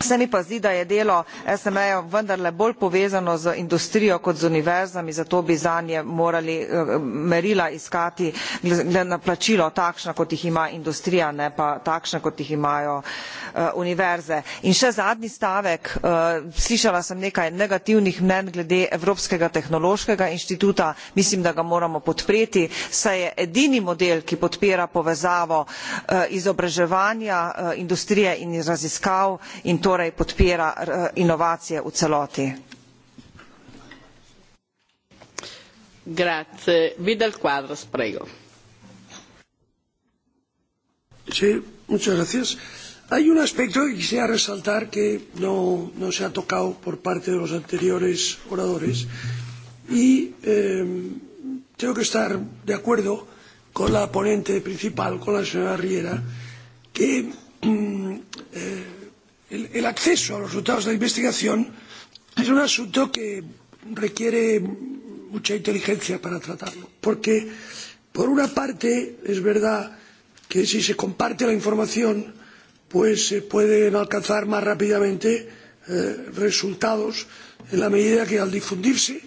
se mi pa zdi da je delo sme jev vendarle bolj povezano z industrijo kot z univerzami zato bi zanje morali eh, merila iskati glede na plačilo takšna kot jih ima industrija ne pa takšna kot jih imajo eh, univerze. in še zadnji stavek eh, slišala sem nekaj negativnih mnenj glede evropskega tehnološkega inštituta mislim da ga moramo podpreti saj je edini model ki podpira povezavo izobraževanja industrije in raziskav in to torej podpira eh, inovacije v celoti. Quadras, sí, hay un aspecto que quisiera resaltar que no, no se ha tocado por parte de los anteriores oradores y eh, tengo que estar de acuerdo con la ponente principal, con la señora Riera, que mm, eh, el, el acceso a los resultados de la investigación es un asunto que requiere mucha inteligencia para tratarlo porque por una parte es verdad que si se comparte la información pues se pueden alcanzar más rápidamente eh, resultados en la medida que al difundirse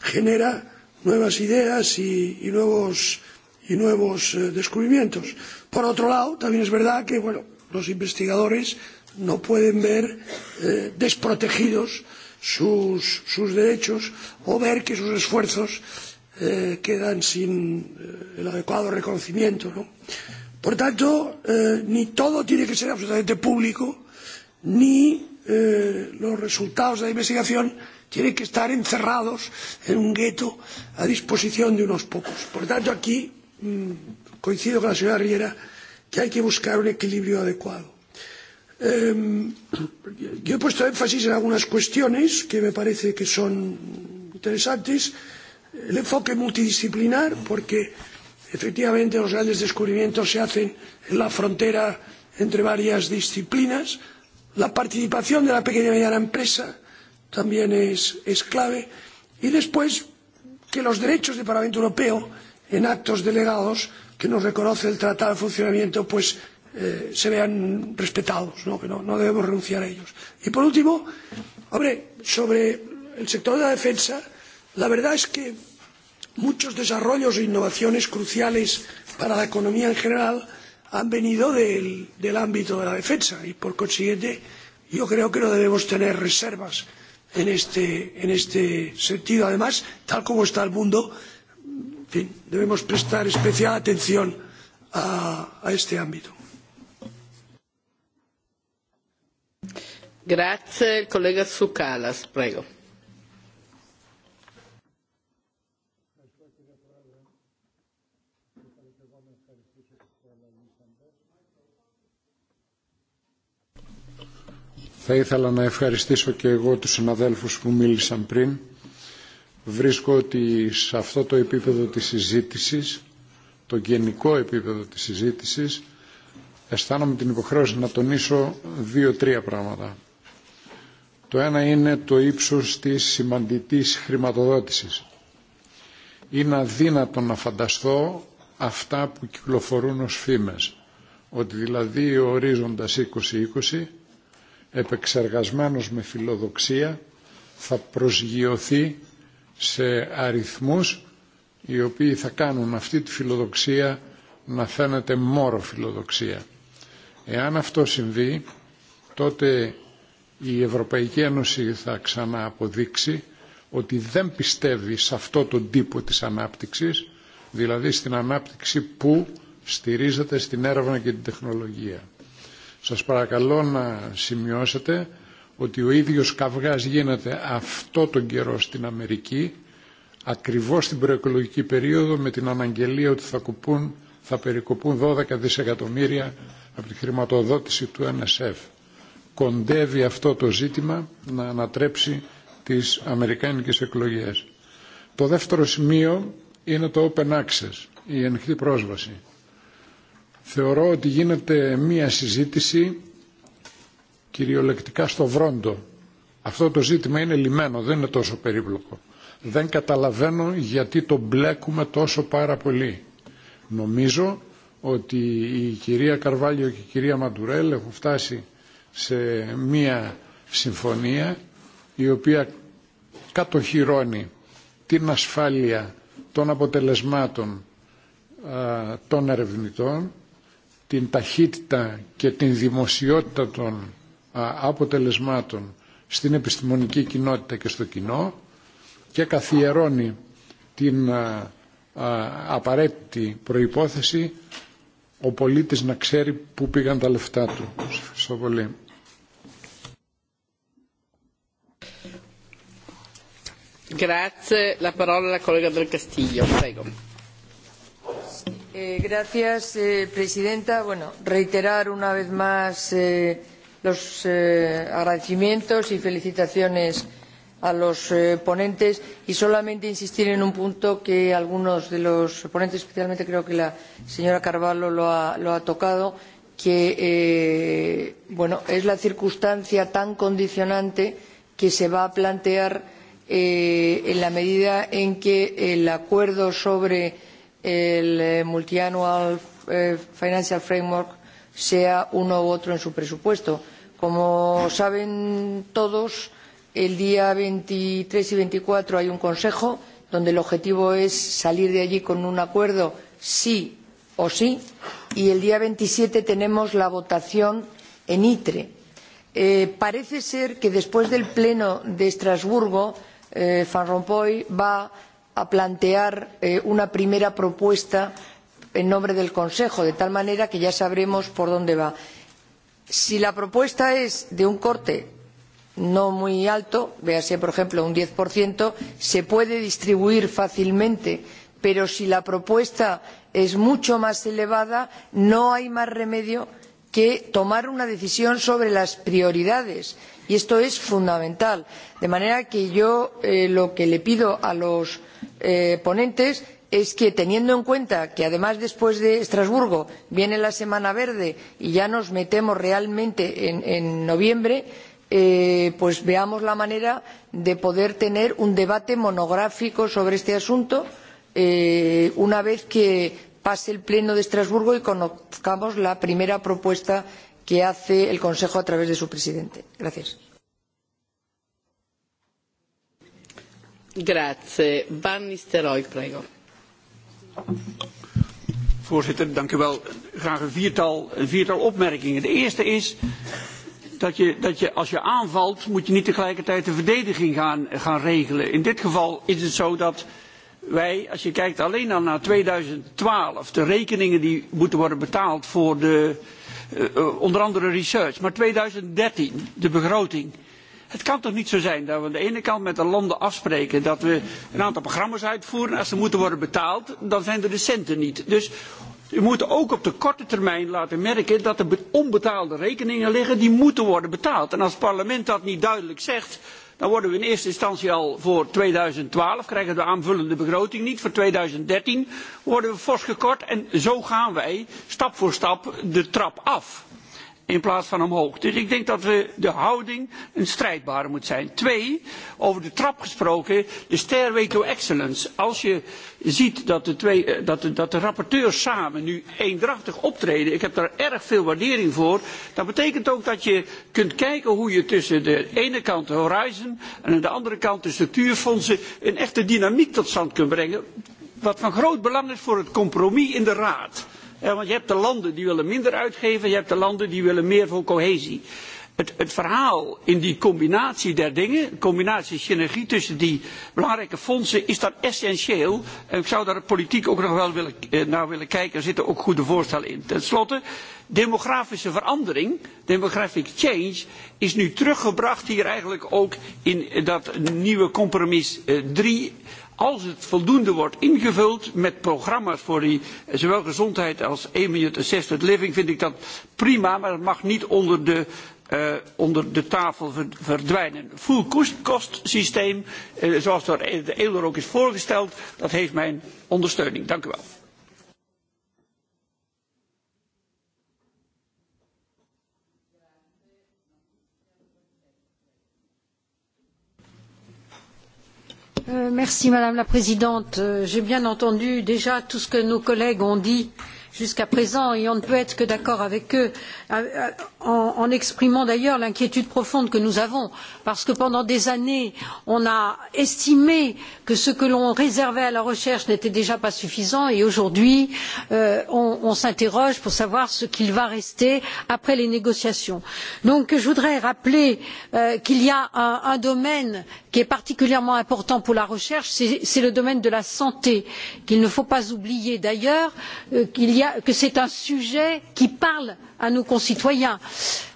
genera nuevas ideas y, y nuevos, y nuevos eh, descubrimientos. Por otro lado, también es verdad que bueno, los investigadores no pueden ver eh, desprotegidos sus, sus derechos o ver que sus esfuerzos eh, quedan sin eh, el adecuado reconocimiento. ¿no? Por tanto, eh, ni todo tiene que ser absolutamente público, ni eh, los resultados de la investigación tienen que estar encerrados en un gueto a disposición de unos pocos. Por tanto, aquí mmm, coincido con la señora Riera que hay que buscar un equilibrio adecuado Eh, yo he puesto énfasis en algunas cuestiones que me parece que son interesantes. El enfoque multidisciplinar, porque efectivamente los grandes descubrimientos se hacen en la frontera entre varias disciplinas. La participación de la pequeña y mediana empresa también es, es clave. Y después, que los derechos del Parlamento Europeo en actos delegados que nos reconoce el Tratado de Funcionamiento, pues eh, se vean respetados, ¿no? que no, no debemos renunciar a ellos. Y por último, hombre, sobre el sector de la defensa, la verdad es que muchos desarrollos e innovaciones cruciales para la economía en general han venido del, del ámbito de la defensa y por consiguiente yo creo que no debemos tener reservas en este, en este sentido. Además, tal como está el mundo, en fin, debemos prestar especial atención a, a este ámbito. Grazie, kolleeg Sukalas, praegu. Θα ήθελα να ευχαριστήσω και εγώ τους συναδέλφους που μίλησαν πριν. Βρίσκω ότι σε αυτό το επίπεδο της συζήτησης, το γενικό επίπεδο της συζήτησης, αισθάνομαι την υποχρέωση να τονίσω δύο-τρία πράγματα. Το ένα είναι το ύψος της σημαντικής χρηματοδότησης. Είναι αδύνατο να φανταστώ αυτά που κυκλοφορούν ως φήμες, ότι δηλαδή ο ορίζοντας 2020, επεξεργασμένος με φιλοδοξία, θα προσγειωθεί σε αριθμούς οι οποίοι θα κάνουν αυτή τη φιλοδοξία να φαίνεται μόρο φιλοδοξία. Εάν αυτό συμβεί, τότε η Ευρωπαϊκή Ένωση θα ξανααποδείξει ότι δεν πιστεύει σε αυτό τον τύπο της ανάπτυξης, δηλαδή στην ανάπτυξη που στηρίζεται στην έρευνα και την τεχνολογία. Σας παρακαλώ να σημειώσετε ότι ο ίδιος καυγάς γίνεται αυτό τον καιρό στην Αμερική, ακριβώς την προεκλογική περίοδο με την αναγγελία ότι θα, κουπούν, θα περικοπούν 12 δισεκατομμύρια από τη χρηματοδότηση του NSF κοντεύει αυτό το ζήτημα να ανατρέψει τις αμερικάνικες εκλογές. Το δεύτερο σημείο είναι το open access, η ανοιχτή πρόσβαση. Θεωρώ ότι γίνεται μία συζήτηση κυριολεκτικά στο βρόντο. Αυτό το ζήτημα είναι λιμένο, δεν είναι τόσο περίπλοκο. Δεν καταλαβαίνω γιατί το μπλέκουμε τόσο πάρα πολύ. Νομίζω ότι η κυρία Καρβάλιο και η κυρία Μαντουρέλ έχουν φτάσει σε μία συμφωνία η οποία κατοχυρώνει την ασφάλεια των αποτελεσμάτων α, των ερευνητών, την ταχύτητα και την δημοσιότητα των α, αποτελεσμάτων στην επιστημονική κοινότητα και στο κοινό και καθιερώνει την α, α, απαραίτητη προϋπόθεση ο πολίτης να ξέρει πού πήγαν τα λεφτά του. Σας ευχαριστώ πολύ. Grazie, la parola alla collega del Castillo, prego. Eh, gracias, eh, presidenta. Bueno, reiterar una vez más eh, los eh, agradecimientos y felicitaciones a los eh, ponentes y solamente insistir en un punto que algunos de los ponentes, especialmente creo que la señora Carvalho lo ha, lo ha tocado, que eh, bueno, es la circunstancia tan condicionante que se va a plantear eh, en la medida en que el acuerdo sobre el eh, multiannual eh, financial framework sea uno u otro en su presupuesto. Como saben todos, el día 23 y 24 hay un consejo donde el objetivo es salir de allí con un acuerdo sí o sí y el día 27 tenemos la votación en ITRE. Eh, parece ser que después del pleno de Estrasburgo eh, Van Rompuy va a plantear eh, una primera propuesta en nombre del Consejo, de tal manera que ya sabremos por dónde va. Si la propuesta es de un corte no muy alto, véase por ejemplo un 10%, se puede distribuir fácilmente, pero si la propuesta es mucho más elevada, no hay más remedio que tomar una decisión sobre las prioridades. Eh, y esto es fundamental de manera que yo eh, lo que le pido a los eh, ponentes es que teniendo en cuenta que además después de estrasburgo viene la semana verde y ya nos metemos realmente en, en noviembre eh, pues veamos la manera de poder tener un debate monográfico sobre este asunto eh, una vez que pase el pleno de estrasburgo y conozcamos la primera propuesta que hace el Consejo a través de su presidente. Gracias. Grazie. Van Nistelrooy, prego. Voorzitter, dank u wel. Graag een viertal, een viertal opmerkingen. De eerste is dat je, dat je als je aanvalt, moet je niet tegelijkertijd de verdediging gaan, gaan regelen. In dit geval is het zo dat wij, als je kijkt alleen al naar 2012, de rekeningen die moeten worden betaald voor de, uh, uh, onder andere research. Maar 2013, de begroting. Het kan toch niet zo zijn dat we aan de ene kant met de landen afspreken dat we een aantal programma's uitvoeren. Als ze moeten worden betaald, dan zijn er de centen niet. Dus we moeten ook op de korte termijn laten merken dat er onbetaalde rekeningen liggen die moeten worden betaald. En als het parlement dat niet duidelijk zegt, Dan worden we in eerste instantie al voor 2012, krijgen we de aanvullende begroting niet. Voor 2013 worden we fors gekort en zo gaan wij stap voor stap de trap af in plaats van omhoog. Dus ik denk dat we de houding een strijdbare moet zijn. Twee, over de trap gesproken, de stairway to excellence. Als je ziet dat de, twee, eh, dat de, dat de rapporteurs samen nu eendrachtig optreden, ik heb daar erg veel waardering voor, dat betekent ook dat je kunt kijken hoe je tussen de ene kant de horizon en aan de andere kant de structuurfondsen een echte dynamiek tot stand kunt brengen, wat van groot belang is voor het compromis in de Raad Eh, want je hebt de landen die willen minder uitgeven, je hebt de landen die willen meer voor cohesie. Het, het verhaal in die combinatie der dingen, de combinatie synergie tussen die belangrijke fondsen, is dan essentieel. En ik zou daar politiek ook nog wel willen, eh, naar willen kijken. Er zitten ook goede voorstellen in. Ten slotte, demografische verandering, demographic change, is nu teruggebracht hier eigenlijk ook in dat nieuwe compromis 3. Eh, als het voldoende wordt ingevuld met programma's voor die, eh, zowel gezondheid als 1 minute assessment living, vind ik dat prima, maar dat mag niet onder de, uh, onder de tafel verdwijnen. Full cost, cost systeem, uh, eh, zoals door de ELDER ook is voorgesteld, dat heeft mijn ondersteuning. Dank u wel. Euh, merci Madame la Présidente. Euh, j'ai bien entendu déjà tout ce que nos collègues ont dit euh, jusqu'à présent et on ne peut être que d'accord avec eux euh, euh, en, en exprimant d'ailleurs l'inquiétude profonde que nous avons parce que pendant des années on a estimé que ce que l'on réservait à la recherche n'était déjà pas suffisant et aujourd'hui euh, on, on s'interroge pour savoir ce qu'il va rester après les négociations. Donc, je voudrais rappeler euh, qu'il y a un, un domaine qui est particulièrement important pour la recherche c'est le domaine de la santé qu'il ne faut pas oublier d'ailleurs euh, qu'il a, que c'est un sujet qui parle à nos concitoyens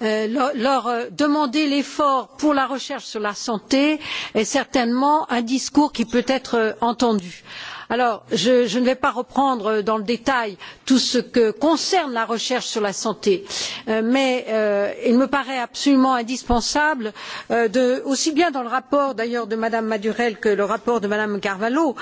euh, leur euh, demander l'effort pour la recherche sur la santé est certainement un discours qui peut être euh, entendu. par Alors, je, je ne vais pas reprendre dans le détail tout ce que concerne la recherche sur la santé euh, mais euh, il me paraît absolument indispensable euh, de, aussi bien dans le rapport d'ailleurs de mme madurell que le rapport de mme carvalho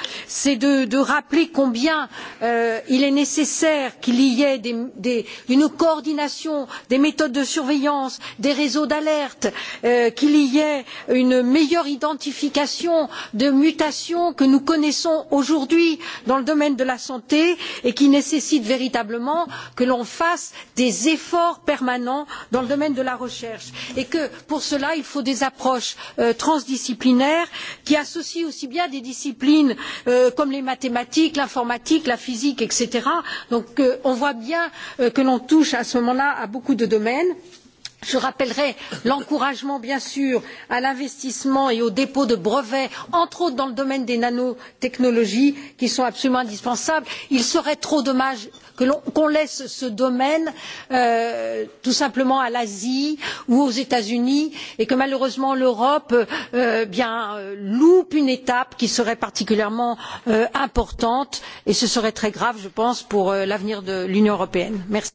de, de rappeler combien euh, il est nécessaire qu'il y ait des, des, une coordination des méthodes de surveillance des réseaux d'alerte euh, qu'il y ait une meilleure identification de mutations que nous connaissons aujourd'hui aujourd'hui dans le domaine de la santé et qui nécessite véritablement que l'on fasse des efforts permanents dans le domaine de la recherche et que pour cela il faut des approches euh, transdisciplinaires qui associent aussi bien des disciplines euh, comme les mathématiques l'informatique la physique etc. donc euh, on voit bien euh, que l'on touche à ce moment là à beaucoup de domaines. Thank you je rappellerai l'encouragement bien sûr à l'investissement et au dépôt de brevets entre autres dans le domaine des nanotechnologies qui sont absolument indispensables. il serait trop dommage qu'on laisse ce domaine euh, tout simplement à l'asie ou aux états unis et que malheureusement l'europe euh, bien, euh, loupe une étape qui serait particulièrement euh, importante et ce serait très grave je pense pour euh, l'avenir de l'union européenne. merci.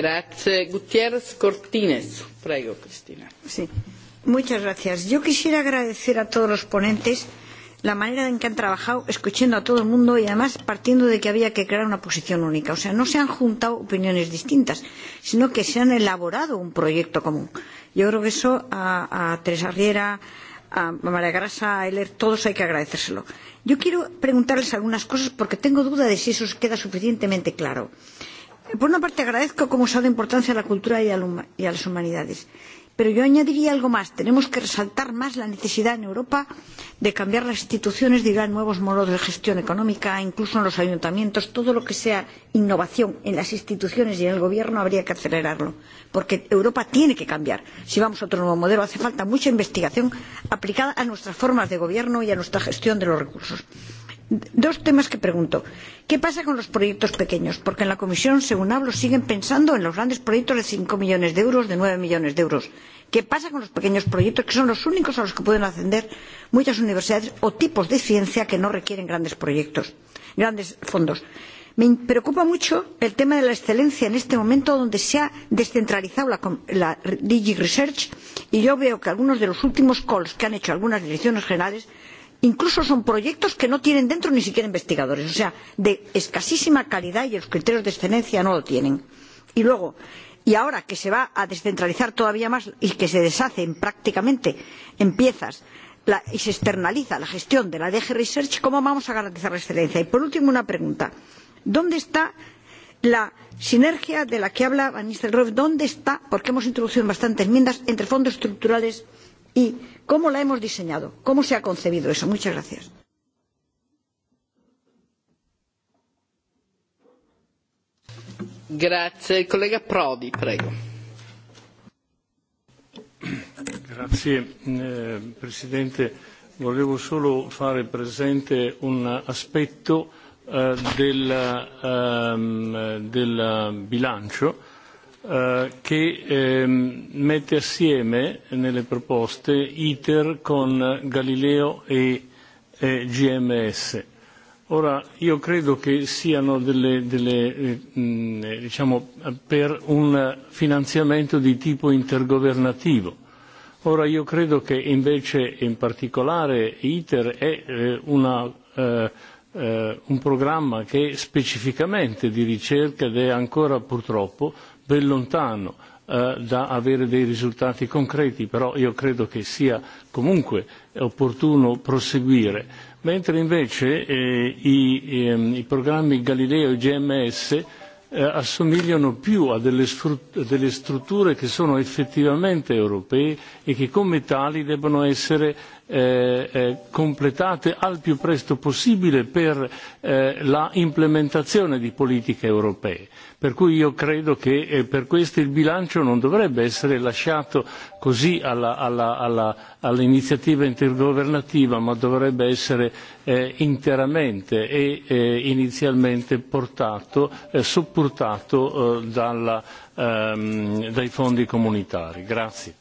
Grazie. Gutiérrez Cortines. Prego, Cristina. Sí. Muchas gracias. Yo quisiera agradecer a todos los ponentes la manera en que han trabajado, escuchando a todo el mundo y además partiendo de que había que crear una posición única. O sea, no se han juntado opiniones distintas, sino que se han elaborado un proyecto común. Yo creo que eso a, a Teresa Riera, a María Grasa, a Heller, todos hay que agradecérselo. Yo quiero preguntarles algunas cosas porque tengo duda de si eso queda suficientemente claro. Eh, Por una parte agradezco cómo se ha dado importancia a la cultura y a, la, y a las humanidades. Pero yo añadiría algo más. Tenemos que resaltar más la necesidad en Europa de cambiar las instituciones, de ir a nuevos modos de gestión económica, incluso en los ayuntamientos. Todo lo que sea innovación en las instituciones y en el gobierno habría que acelerarlo. Porque Europa tiene que cambiar. Si vamos a otro nuevo modelo, hace falta mucha investigación aplicada a nuestras formas de gobierno y a nuestra gestión de los recursos dos temas que pregunto. ¿Qué pasa con los proyectos pequeños? Porque en la Comisión, según hablo, siguen pensando en los grandes proyectos de 5 millones de euros, de 9 millones de euros. ¿Qué pasa con los pequeños proyectos, que son los únicos a los que pueden ascender muchas universidades o tipos de ciencia que no requieren grandes proyectos, grandes fondos? Me preocupa mucho el tema de la excelencia en este momento donde se ha descentralizado la, la Digi Research y yo veo que algunos de los últimos calls que han hecho algunas direcciones generales incluso son proyectos que no tienen dentro ni siquiera investigadores, o sea, de escasísima calidad y los criterios de excelencia no lo tienen. Y luego, y ahora que se va a descentralizar todavía más y que se deshacen prácticamente en piezas la, y se externaliza la gestión de la DG Research, ¿cómo vamos a garantizar la excelencia? Y por último, una pregunta. ¿Dónde está la sinergia de la que habla Van Nistelrooy? ¿Dónde está, porque hemos introducido bastantes enmiendas, entre fondos estructurales y y cómo la hemos diseñado, cómo se ha concebido eso. Muchas gracias. Grazie, collega Prodi, prego. Grazie eh, Presidente, volevo solo fare presente un aspetto eh, del, ehm, del bilancio eh, che ehm, mette assieme nelle proposte ITER con Galileo e eh, GMS. Ora, io credo che siano delle, delle eh, mh, eh, diciamo, per un finanziamento di tipo intergovernativo. Ora, io credo che invece in particolare ITER è eh, una eh, eh, un programma che è specificamente di ricerca ed è ancora purtroppo ben lontano eh, da avere dei risultati concreti, però io credo che sia comunque opportuno proseguire, mentre invece eh, i, ehm, i programmi Galileo e GMS eh, assomigliano più a delle, a delle strutture che sono effettivamente europee e che come tali debbano essere Eh, eh, completate al più presto possibile per eh, la implementazione di politiche europee. Per cui io credo che eh, per questo il bilancio non dovrebbe essere lasciato così alla, alla, alla, all'iniziativa intergovernativa, ma dovrebbe essere eh, interamente e eh, inizialmente portato, eh, supportato eh, dalla, ehm, dai fondi comunitari. Grazie.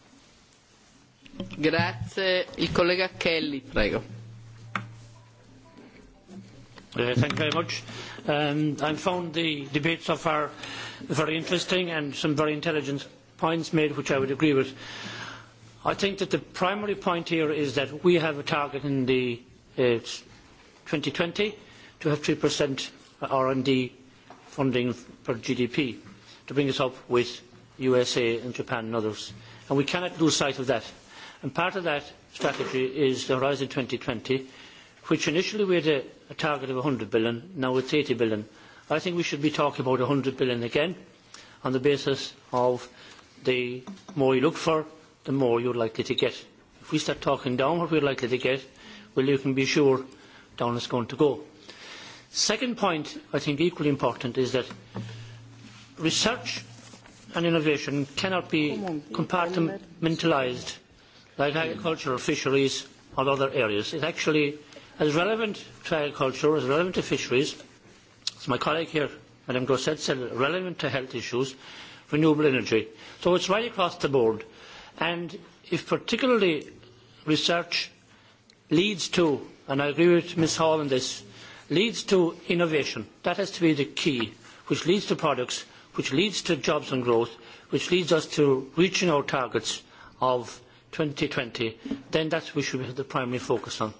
Grazie. Il collega Kelly, prego. Uh, thank you very much. Um, I found the debate so far very interesting and some very intelligent points made which I would agree with. I think that the primary point here is that we have a target in the uh, 2020 to have 3% R&D funding per GDP to bring us up with USA and Japan and others. And we cannot lose sight of that. And part of that strategy is the Horizon 2020, which initially we had a, a target of 100 billion, now it's 80 billion. I think we should be talking about 100 billion again on the basis of the more you look for, the more you're likely to get. If we start talking down what we're likely to get, well, you can be sure down it's going to go. Second point, I think equally important, is that research and innovation cannot be compartmentalised like agriculture or fisheries or other areas. It actually is relevant to agriculture, is relevant to fisheries, as my colleague here, Madame Grosset, said, relevant to health issues, renewable energy. So it's right across the board. And if particularly research leads to, and I agree with Ms Hall on this, leads to innovation, that has to be the key, which leads to products, which leads to jobs and growth, which leads us to reaching our targets of 2020, then that's we should have the primary focus on.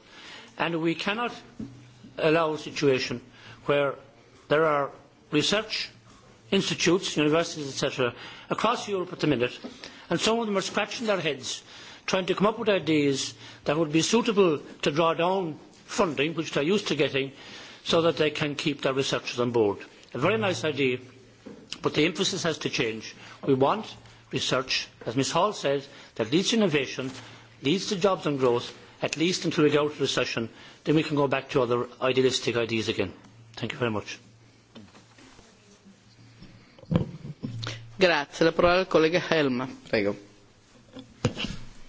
And we cannot allow a situation where there are research institutes, universities, etc., across Europe at the minute, and some of them are scratching their heads trying to come up with ideas that would be suitable to draw down funding, which they're used to getting, so that they can keep their researchers on board. A very nice idea, but the emphasis has to change. We want research, as Ms Hall said, that leads to innovation, leads to jobs and growth, at least until we get out of recession, then we can go back to other idealistic ideas again. Thank you very much. Grazie. La parola al collega Helm. Prego.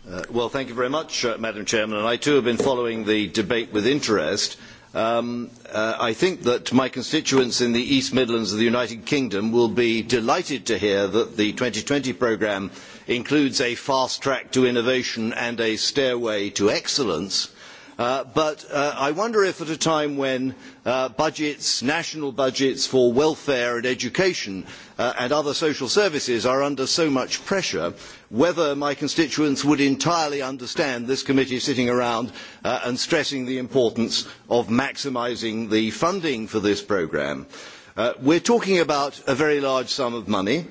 Uh, well, thank you very much, uh, Madam Chairman. And I too have been following the debate with interest. Um, uh, I think that my constituents in the East Midlands of the United Kingdom will be delighted to hear that the 2020 programme includes a fast track to innovation and a stairway to excellence. Uh, but uh, I wonder if at a time when uh, budgets, national budgets for welfare and education uh, and other social services are under so much pressure, whether my constituents would entirely understand this committee sitting around uh, and stressing the importance of maximising the funding for this programme. Uh, we're talking about a very large sum of money. Uh,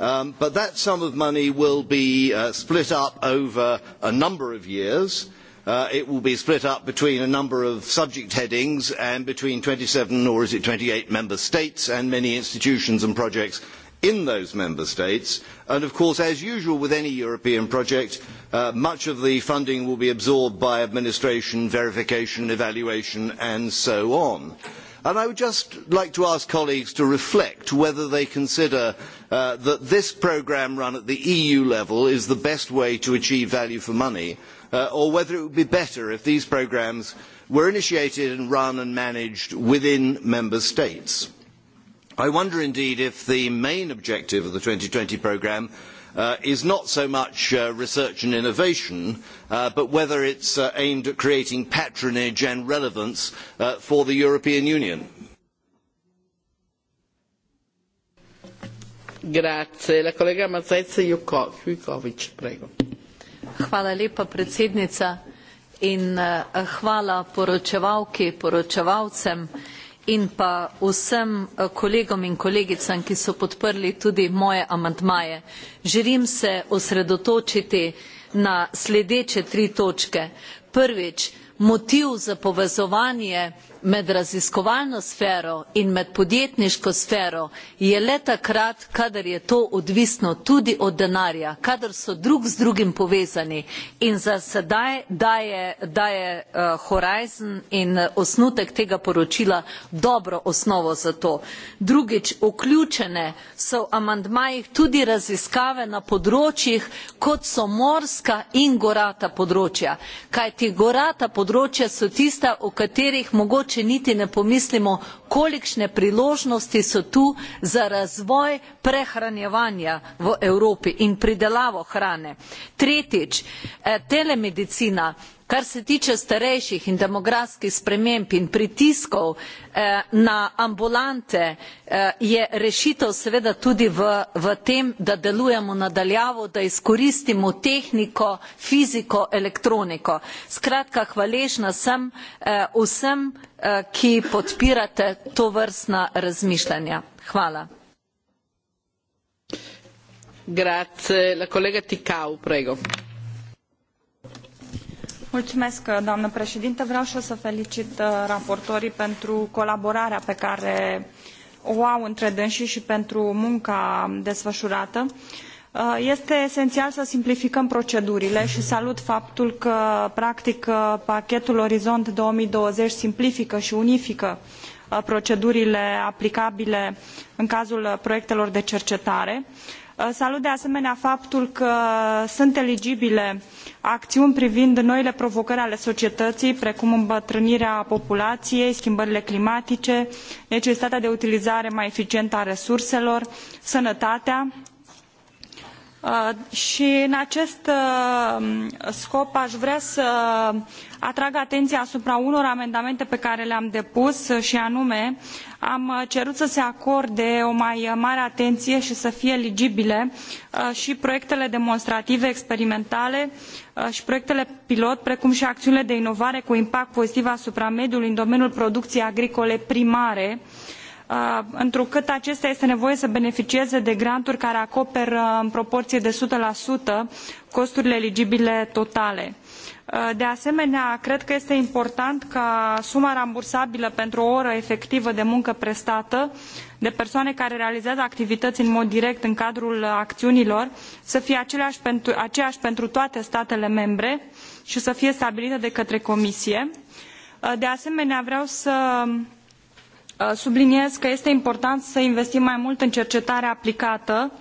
Um, but that sum of money will be uh, split up over a number of years. Uh, it will be split up between a number of subject headings and between 27 or is it 28 member states and many institutions and projects in those member states. And of course, as usual with any European project, uh, much of the funding will be absorbed by administration, verification, evaluation, and so on. Uh, And I would just like to ask colleagues to reflect whether they consider uh, that this programme run at the EU level is the best way to achieve value for money, uh, or whether it would be better if these programmes were initiated and run and managed within member states. I wonder indeed if the main objective of the 2020 programme uh, is not so much uh, research and innovation, uh, but whether it's uh, aimed at creating patronage and relevance uh, for the European Union. Grazie. La kolega Mazzeca Jukovic, prego. Hvala lepa, predsednica, in uh, hvala poročevalki, poročevalcem. Uh, in pa vsem eh, kolegom in kolegicam, ki so podprli tudi moje amantmaje. Želim se osredotočiti na sledeče tri točke. Prvič, motiv za povezovanje med raziskovalno sfero in med podjetniško sfero je le takrat, kadar je to odvisno tudi od denarja, kadar so drug z drugim povezani. In za sedaj daje, daje uh, Horizon in eh, osnutek tega poročila dobro osnovo za to. Drugič, vključene so v amandmajih tudi raziskave na področjih, kot so morska in gorata področja. Kajti gorata področja so tista, o katerih mogoče mogoče niti ne pomislimo, kolikšne priložnosti so tu za razvoj prehranjevanja v Evropi in pridelavo hrane. Tretjič, eh, telemedicina Kar se tiče starejših in demografskih sprememb in pritiskov eh, na ambulante, eh, je rešitev seveda tudi v, v tem, da delujemo nadaljavo, da izkoristimo tehniko, fiziko, elektroniko. Skratka, hvaležna sem eh, vsem, eh, ki podpirate to vrstna razmišljanja. Hvala. Grazie. La collega Ticau, prego. Mulțumesc, doamnă președinte. Vreau și eu să felicit uh, raportorii pentru colaborarea pe care o au între dânsii și pentru munca desfășurată. Uh, este esențial să simplificăm procedurile și salut faptul că, practic, uh, pachetul Orizont 2020 simplifică și unifică procedurile aplicabile în cazul proiectelor de cercetare. Uh, Salut de asemenea faptul că sunt eligibile acțiuni privind noile provocări ale societății, precum îmbătrânirea populației, schimbările climatice, necesitatea de utilizare mai eficientă a resurselor, sănătatea, Uh, și în acest uh, scop aș vrea să atrag atenția asupra unor amendamente pe care le-am depus și anume am cerut să se acorde o mai mare atenție și să fie eligibile uh, și proiectele demonstrative experimentale și proiectele pilot, precum și acțiunile de inovare cu impact pozitiv asupra mediului în domeniul producției agricole primare, Uh, întrucât acesta este nevoie să beneficieze de granturi care acoperă în proporie de o sută costurile eligibile totale. Uh, de asemenea, cred că este important ca suma rambursabilă pentru o oră efectivă de muncă prestată de persoane care realizează activităi în mod direct în cadrul aciunilor să fie aceleași pentru, aceeași pentru toate statele membre i să fie stabilită de către comisie. Uh, de asemenea, vreau să uh, Uh, subliniez că este important să investim mai mult în cercetare aplicată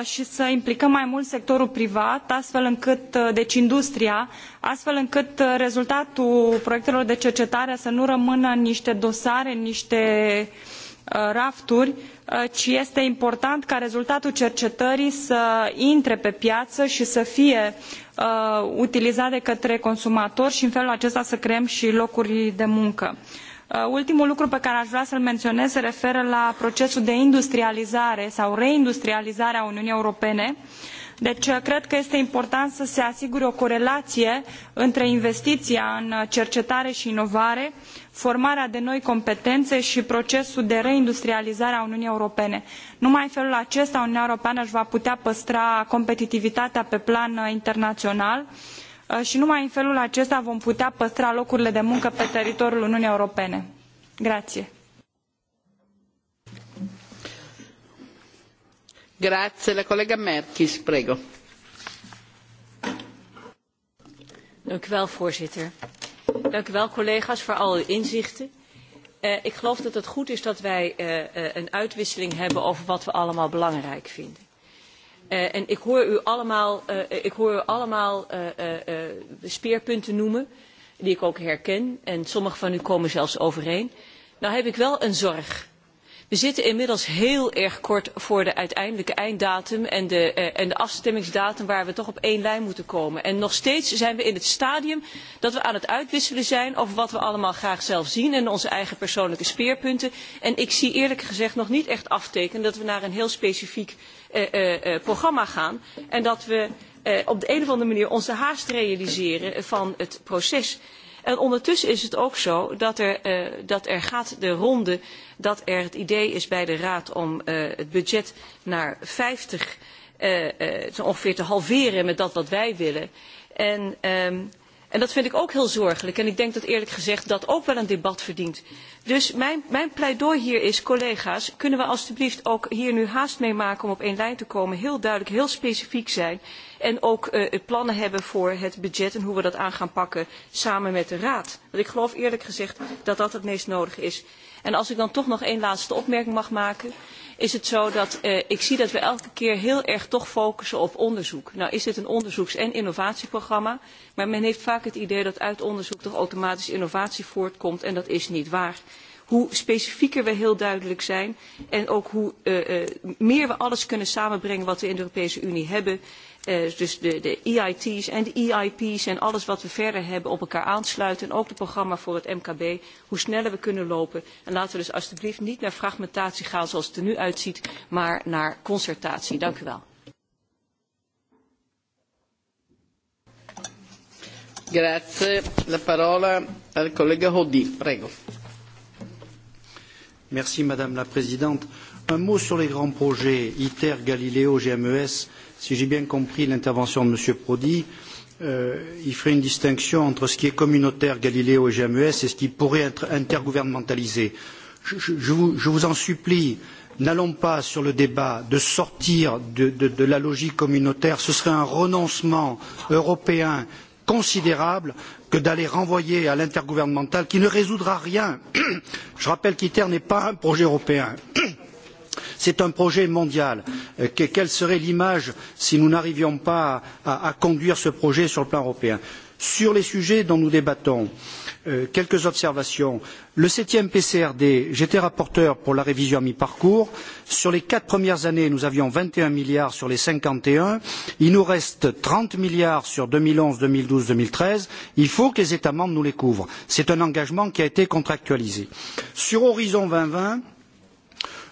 uh, i să implicăm mai mult sectorul privat astfel încât uh, deci industria astfel încât rezultatul proiectelor de cercetare să nu rămână în nite dosare în nite rafturi ci este important ca rezultatul cercetării să intre pe piaă i să fie utilizat de către consumatori i în felul acesta să creăm i locuri de muncă. Uh, ultimul lucru pe care aș vrea să-l menționez se referă la procesul de industrializare sau reindustrializare a Uniunii Europene. Deci uh, cred că este important să se asigure o corelație între investiția în cercetare și inovare, formarea de noi competențe și procesul de reindustrializare a Uniunii Europene. Numai în felul acesta Uniunea Europeană își va putea păstra competitivitatea pe plan uh, internațional uh, Uh, și numai în felul acesta vom putea păstra locurile de muncă pe teritoriul Uniunii Europene. Grazie. Grazie, la collega Merkis, prego. Dank u wel, voorzitter. Dank u wel, collega's, voor al uw inzichten. Uh, ik geloof dat het goed is dat wij uh, uh, een uitwisseling hebben over wat we allemaal belangrijk vinden. Uh, en ik hoor u allemaal, uh, ik hoor u allemaal uh, uh, uh, speerpunten noemen, die ik ook herken. En sommige van u komen zelfs overeen. Nou heb ik wel een zorg. We zitten inmiddels heel erg kort voor de uiteindelijke einddatum en de, uh, en de afstemmingsdatum waar we toch op één lijn moeten komen. En nog steeds zijn we in het stadium dat we aan het uitwisselen zijn over wat we allemaal graag zelf zien en onze eigen persoonlijke speerpunten. En ik zie eerlijk gezegd nog niet echt aftekenen dat we naar een heel specifiek uh, uh, uh, programma gaan. En dat we uh, op de een of andere manier onze haast realiseren van het proces. En ondertussen is het ook zo dat er, uh, dat er gaat de ronde dat er het idee is bij de Raad om uh, het budget naar 50 uh, uh, ongeveer te halveren met dat wat wij willen. En um, En dat vind ik ook heel zorgelijk. En ik denk dat eerlijk gezegd dat ook wel een debat verdient. Dus mijn, mijn pleidooi hier is, collega's, kunnen we alstublieft ook hier nu haast mee maken om op één lijn te komen. Heel duidelijk, heel specifiek zijn. En ook uh, plannen hebben voor het budget en hoe we dat aan gaan pakken samen met de Raad. Want ik geloof eerlijk gezegd dat dat het meest nodig is. En als ik dan toch nog één laatste opmerking mag maken is het zo dat uh, ik zie dat we elke keer heel erg toch focussen op onderzoek. Nou is dit een onderzoeks- en innovatieprogramma, maar men heeft vaak het idee dat uit onderzoek toch automatisch innovatie voortkomt en dat is niet waar. Hoe specifieker we heel duidelijk zijn en ook hoe uh, uh, meer we alles kunnen samenbrengen wat we in de Europese Unie hebben, Uh, dus de, de EIT's en de EIP's en alles wat we verder hebben op elkaar aansluiten. En ook het programma voor het MKB, hoe sneller we kunnen lopen. En laten we dus alstublieft niet naar fragmentatie gaan zoals het er nu uitziet, maar naar concertatie. Dank u wel. Grazie. La parola al collega Hodi, prego. Merci madame la présidente. Euh, Un mot sur les grands projets ITER, Galileo, GMES. Si j'ai bien compris l'intervention de M. Prodi, euh, il ferait une distinction entre ce qui est communautaire, Galileo et GMES, et ce qui pourrait être intergouvernementalisé. Je, je, je, vous, je vous en supplie, n'allons pas sur le débat de sortir de, de, de la logique communautaire. Ce serait un renoncement européen considérable que d'aller renvoyer à l'intergouvernemental qui ne résoudra rien. <clears throat> je rappelle qu'iter n'est pas un projet européen <clears throat> C'est un projet mondial. Euh, que, quelle serait l'image si nous n'arrivions pas à, à, à conduire ce projet sur le plan européen Sur les sujets dont nous débattons, euh, quelques observations. Le septième PCRD, j'étais rapporteur pour la révision à mi-parcours. Sur les quatre premières années, nous avions 21 milliards sur les 51. Il nous reste 30 milliards sur 2011, 2012, 2013. Il faut que les États membres nous les couvrent. C'est un engagement qui a été contractualisé. Sur Horizon 2020,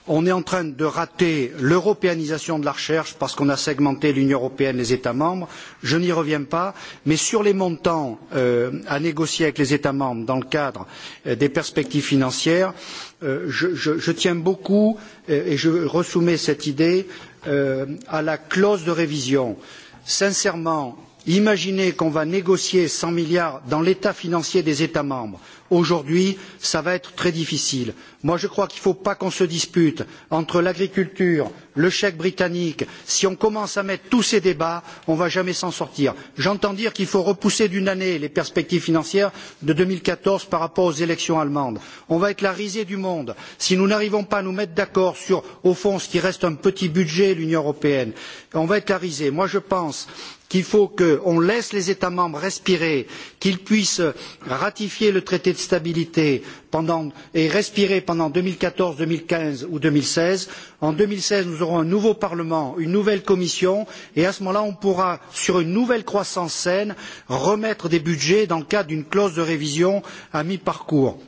on est en train de rater l'européanisation de la recherche parce qu'on a segmenté l'union européenne les états membres je n'y reviens pas mais sur les montants euh, à négocier avec les états membres dans le cadre euh, des perspectives financières euh, je, je, je tiens beaucoup euh, et je resoumets cette idée euh, à la clause de révision. sincèrement imaginer qu'on va négocier cent milliards dans l'état financier des états membres aujourd'hui ça va être très difficile. Moi, je crois qu'il ne faut pas qu'on se dispute entre l'agriculture le chèque britannique si on commence à mettre tous ces débats on ne va jamais s'en sortir. j'entends dire qu'il faut repousser d'une année les perspectives financières de deux mille quatorze par rapport aux élections allemandes. on va être la risée du monde si nous n'arrivons pas à nous mettre d'accord sur au fond ce qui reste un petit budget de l'union européenne. on va être la risée. Moi, je pense qu'il faut qu'on laisse les états membres respirer qu'ils puissent ratifier le traité de stabilité pendant, et respirer pendant deux mille quatorze deux mille quinze ou. deux mille seize en deux mille seize nous aurons un nouveau parlement une nouvelle commission et à ce moment là on pourra sur une nouvelle croissance saine remettre des budgets dans le cadre d'une clause de révision à mi parcours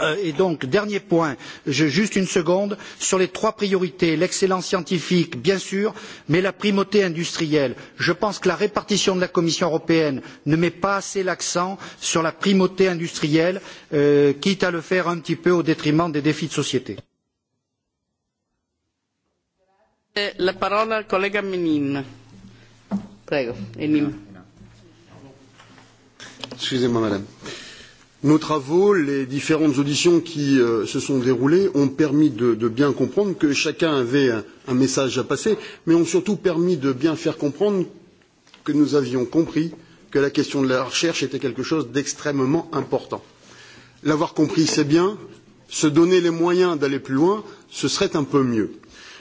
Euh, et donc dernier point juste une seconde sur les trois priorités l'excellence scientifique bien sûr mais la primauté industrielle je pense que la répartition de la commission européenne ne met pas assez l'accent sur la primauté industrielle euh, quitte à le faire un petit peu au détriment des défis de société. Eh, la parole al collega Menin. Prego, Enim. Excusez-moi, madame. Euh, Nos travaux, les différentes auditions qui euh, se sont déroulées ont permis de, de bien comprendre que chacun avait un, un message à passer, mais ont surtout permis de bien faire comprendre que nous avions compris que la question de la recherche était quelque chose d'extrêmement important. L'avoir compris, c'est bien. Se donner les moyens d'aller plus loin, ce serait un peu mieux.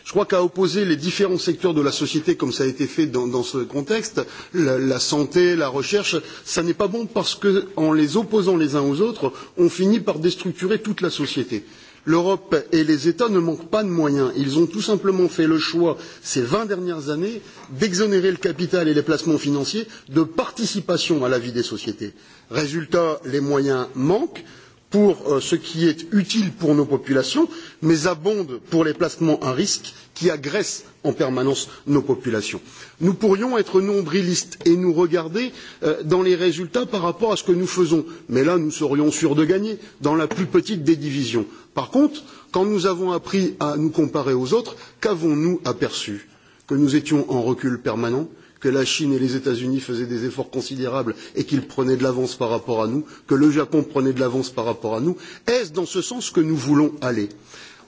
Je crois qu'à opposer les différents secteurs de la société, comme ça a été fait dans, dans ce contexte, la, la santé, la recherche, ça n'est pas bon parce qu'en les opposant les uns aux autres, on finit par déstructurer toute la société. L'Europe et les États ne manquent pas de moyens. Ils ont tout simplement fait le choix, ces vingt dernières années, d'exonérer le capital et les placements financiers de participation à la vie des sociétés. Résultat, les moyens manquent pour euh, ce qui est utile pour nos populations, mais abondent pour les placements à risque qui agressent en permanence nos populations. Nous pourrions être nombrilistes et nous regarder euh, dans les résultats par rapport à ce que nous faisons, mais là nous serions sûrs de gagner dans la plus petite des divisions. Par contre, quand nous avons appris à nous comparer aux autres, qu'avons-nous aperçu Que nous étions en recul permanent, que la Chine et les États-Unis faisaient des efforts considérables et qu'ils prenaient de l'avance par rapport à nous, que le Japon prenait de l'avance par rapport à nous. Est-ce dans ce sens que nous voulons aller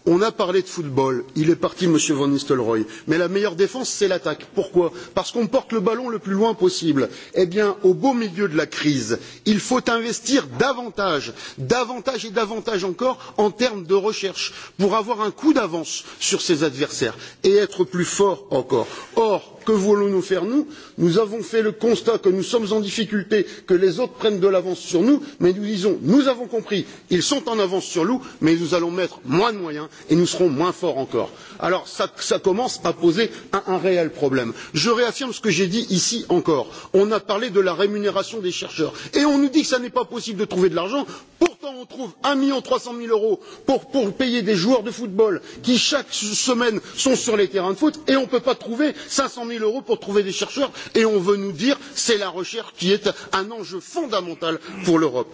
on a parlé de football, il est parti M. Van Nistelrooy, mais la meilleure défense c'est l'attaque. Pourquoi Parce qu'on porte le ballon le plus loin possible. Eh bien, au beau milieu de la crise, il faut investir davantage, davantage et davantage encore en termes de recherche pour avoir un coup d'avance sur ses adversaires et être plus fort encore. Or, que voulons nous faire nous? nous avons fait le constat que nous sommes en difficulté que les autres prennent de l'avance sur nous mais nous disons nous avons compris ils sont en avance sur nous mais nous allons mettre moins de moyens et nous serons moins forts encore alors cela commence à poser un, un réel problème. je réaffirme ce que j'ai dit ici encore on a parlé de la rémunération des chercheurs et on nous dit que ce n'est pas possible de trouver de l'argent pourtant on trouve un million trois cents mille euros pour, pour payer des joueurs de football qui chaque semaine sont sur les terrains de foot et on ne peut pas trouver cinq cents mille euros pour trouver des chercheurs et on veut nous dire c'est la recherche qui est un enjeu fondamental pour l'europe.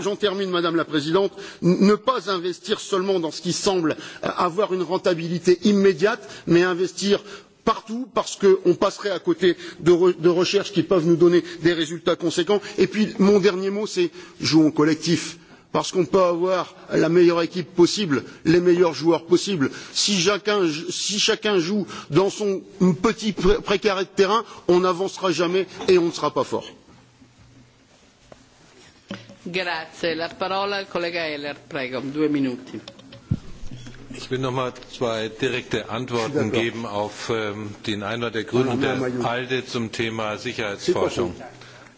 j'en termine madame la présidente ne pas investir seulement dans ce qui semble avoir une rentabilité immédiate mais investir partout parce qu'on passerait à côté de, re, de recherches qui peuvent nous donner des résultats conséquents. et puis mon dernier mot c'est jouons collectif parce qu'on peut avoir la meilleure équipe possible, les meilleurs joueurs possibles. Si chacun, si chacun joue dans son petit pré précaré de terrain, on n'avancera jamais et on ne sera pas fort. Grazie. La parola al collega Heller, prego, due minuti. Ich will noch mal zwei direkte Antworten geben auf ähm, den Einwand der Grünen und der ALDE zum Thema Sicherheitsforschung.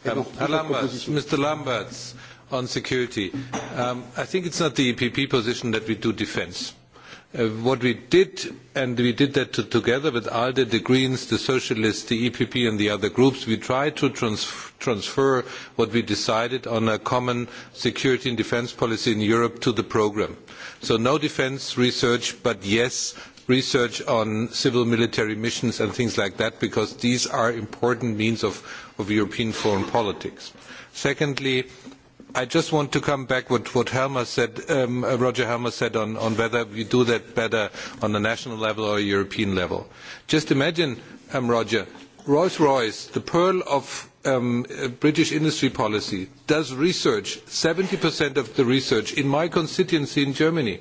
Um, Herr Lamberts, Mr. Lamberts, on security, um, I think it's not the EPP position that we do defense. Uh, Uh, what we did, and we did that to, together with ALDE, the Greens, the Socialists, the EPP and the other groups, we tried to trans transfer what we decided on a common security and defence policy in Europe to the programme. So no defence research, but yes, research on civil military missions and things like that, because these are important means of, of European foreign politics. Secondly, uh, I just want to come back what what Helmer said, um, uh, Roger Helmer said on on whether we do that better on the national level or European level. Just imagine, um, Roger, Rolls-Royce, the pearl of um, uh, British industry policy, does research. 70% of the research in my constituency in Germany.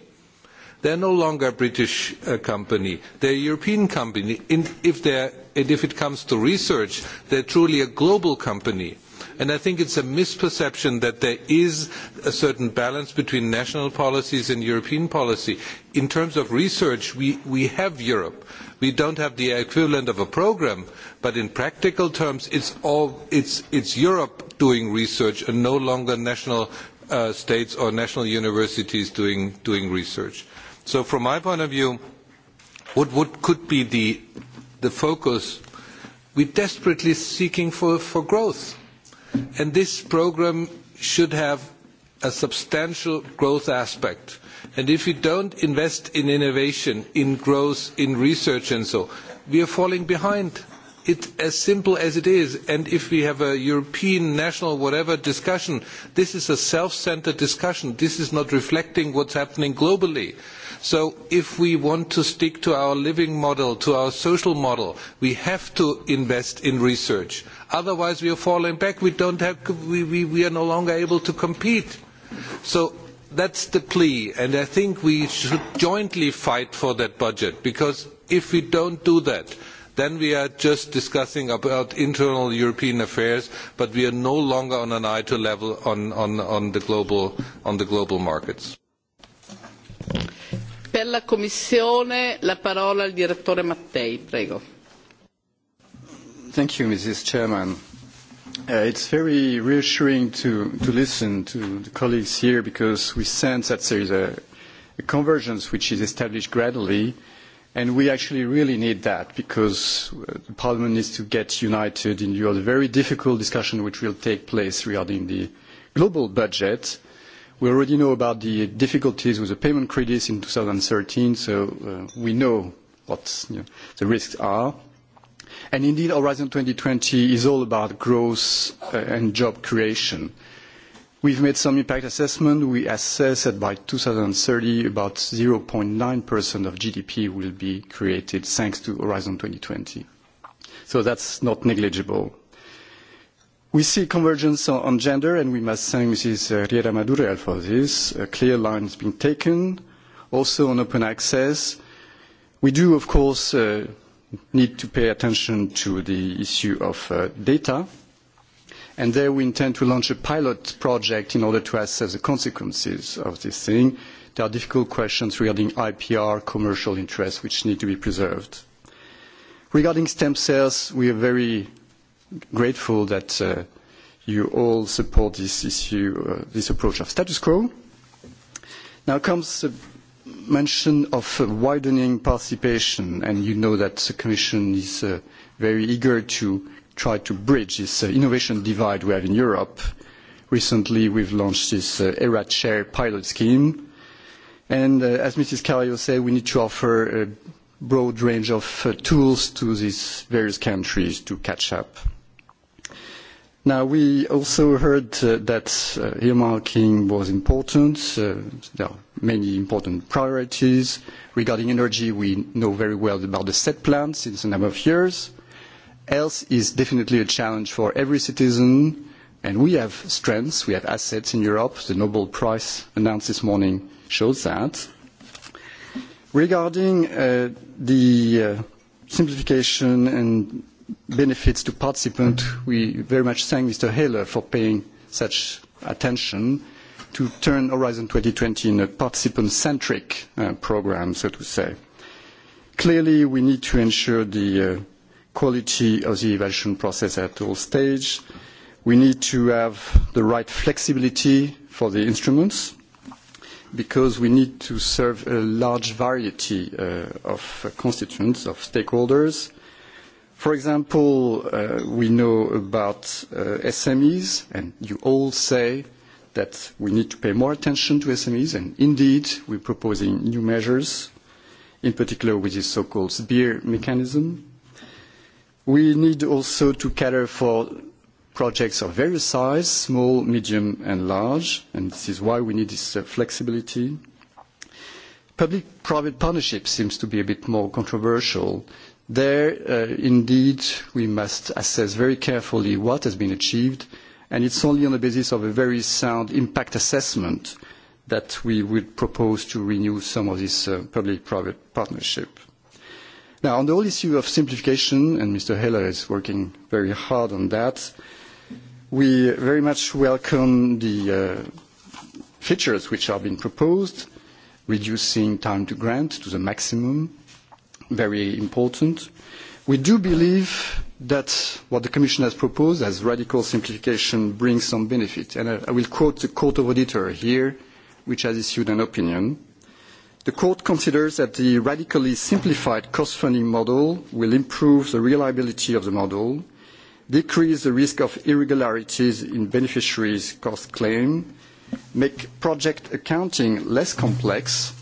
They're no longer a British uh, company. They're a European company. In, if, they're, and if it comes to research, they're truly a global company And I think it's a misperception that there is a certain balance between national policies and European policy. In terms of research, we, we have Europe. We don't have the equivalent of a program, but in practical terms, it's, all, it's, it's Europe doing research and no longer national uh, states or national universities doing, doing research. So from my point of view, what, what could be the, the focus? We're desperately seeking for, for growth And this program should have a substantial growth aspect. And if we don't invest in innovation, in growth, in research and so, we are falling behind. It's as simple as it is. And if we have a European, national, whatever discussion, this is a self-centered discussion. This is not reflecting what's happening globally. So if we want to stick to our living model, to our social model, we have to invest in research. Otherwise, we are falling back. We, don't have, we, we, we are no longer able to compete. So that's the plea. And I think we should jointly fight for that budget because if we don't do that, then we are just discussing about internal European affairs, but we are no longer on an I2 level on, on, on, the, global, on the global markets. Per la Commissione la parola al direttore Mattei, prego. Thank you, Mrs. Chairman. Uh, it's very reassuring to, to listen to the colleagues here because we sense that there is a, a convergence which is established gradually, and we actually really need that because uh, the Parliament needs to get united in view of the very difficult discussion which will take place regarding the global budget. We already know about the difficulties with the payment credits in 2013, so uh, we know what you know, the risks are. And indeed, Horizon 2020 is all about growth uh, and job creation. We've made some impact assessment. We assess that by 2030, about 0.9% of GDP will be created thanks to Horizon 2020. So that's not negligible. We see convergence on, on gender, and we must thank Mrs. Uh, Riera Madurell for this. A clear line has been taken. Also on open access, we do, of course, uh, need to pay attention to the issue of uh, data. And there we intend to launch a pilot project in order to assess the consequences of this thing. There are difficult questions regarding IPR, commercial interests, which need to be preserved. Regarding stem cells, we are very grateful that uh, you all support this issue, uh, this approach of status quo. Now comes the mention of uh, widening participation, and you know that the Commission is uh, very eager to try to bridge this uh, innovation divide we have in Europe. Recently, we've launched this uh, ERAT share pilot scheme. And uh, as Mrs. Carrillo said, we need to offer a broad range of uh, tools to these various countries to catch up. Uh, Now, we also heard uh, that uh, earmarking was important. Uh, there are many important priorities. Regarding energy, we know very well about the set plan since a number of years. Health is definitely a challenge for every citizen, and we have strengths, we have assets in Europe. The Nobel Prize announced this morning shows that. Regarding uh, the uh, simplification and benefits to participants, we very much thank Mr. Heller for paying such attention to turn Horizon 2020 in a participant-centric uh, program, so to say. Clearly, we need to ensure the uh, quality of the evaluation process at all stages. We need to have the right flexibility for the instruments because we need to serve a large variety uh, of constituents, of stakeholders. Uh, For example, uh, we know about uh, SMEs, and you all say that we need to pay more attention to SMEs, and indeed, we're proposing new measures, in particular with this so-called SBIR mechanism. We need also to cater for projects of various size, small, medium, and large, and this is why we need this uh, flexibility. Public-private partnership seems to be a bit more controversial, There, uh, indeed, we must assess very carefully what has been achieved, and it's only on the basis of a very sound impact assessment that we would propose to renew some of this uh, public-private partnership. Now, on the whole issue of simplification, and Mr. Heller is working very hard on that, we very much welcome the uh, features which are being proposed, reducing time to grant to the maximum, very important. We do believe that what the Commission has proposed as radical simplification brings some benefit. And I, I will quote the Court of Auditor here, which has issued an opinion. The Court considers that the radically simplified cost funding model will improve the reliability of the model, decrease the risk of irregularities in beneficiaries' cost claim, make project accounting less complex,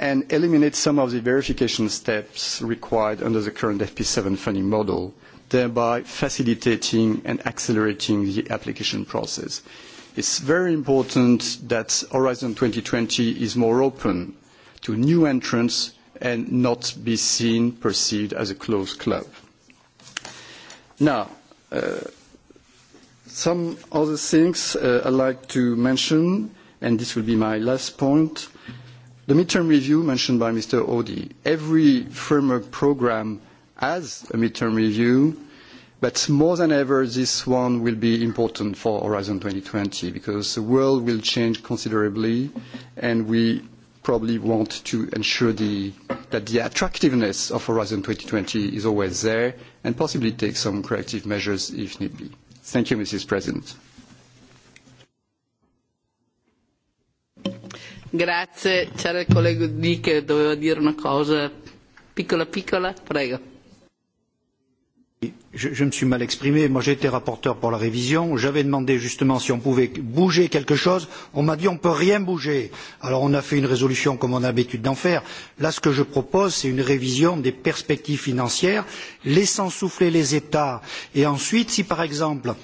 and eliminate some of the verification steps required under the current FP7 funding model, thereby facilitating and accelerating the application process. It's very important that Horizon 2020 is more open to new entrants and not be seen, perceived as a closed club. Now, uh, some other things uh, I'd like to mention, and this will be my last point. Uh, The midterm review mentioned by Mr. Audi, every framework program has a midterm review, but more than ever, this one will be important for Horizon 2020 because the world will change considerably, and we probably want to ensure the, that the attractiveness of Horizon 2020 is always there and possibly take some corrective measures if need be. Thank you, Mrs. President. Grazie, c'era il collega D che doveva dire una cosa piccola piccola, prego. Je, je me suis mal exprimé. Moi, j'ai été rapporteur pour la révision. J'avais demandé justement si on pouvait bouger quelque chose. On m'a dit on ne peut rien bouger. Alors, on a fait une résolution comme on a l'habitude d'en faire. Là, ce que je propose, c'est une révision des perspectives financières, laissant souffler les États. Et ensuite, si par exemple, euh,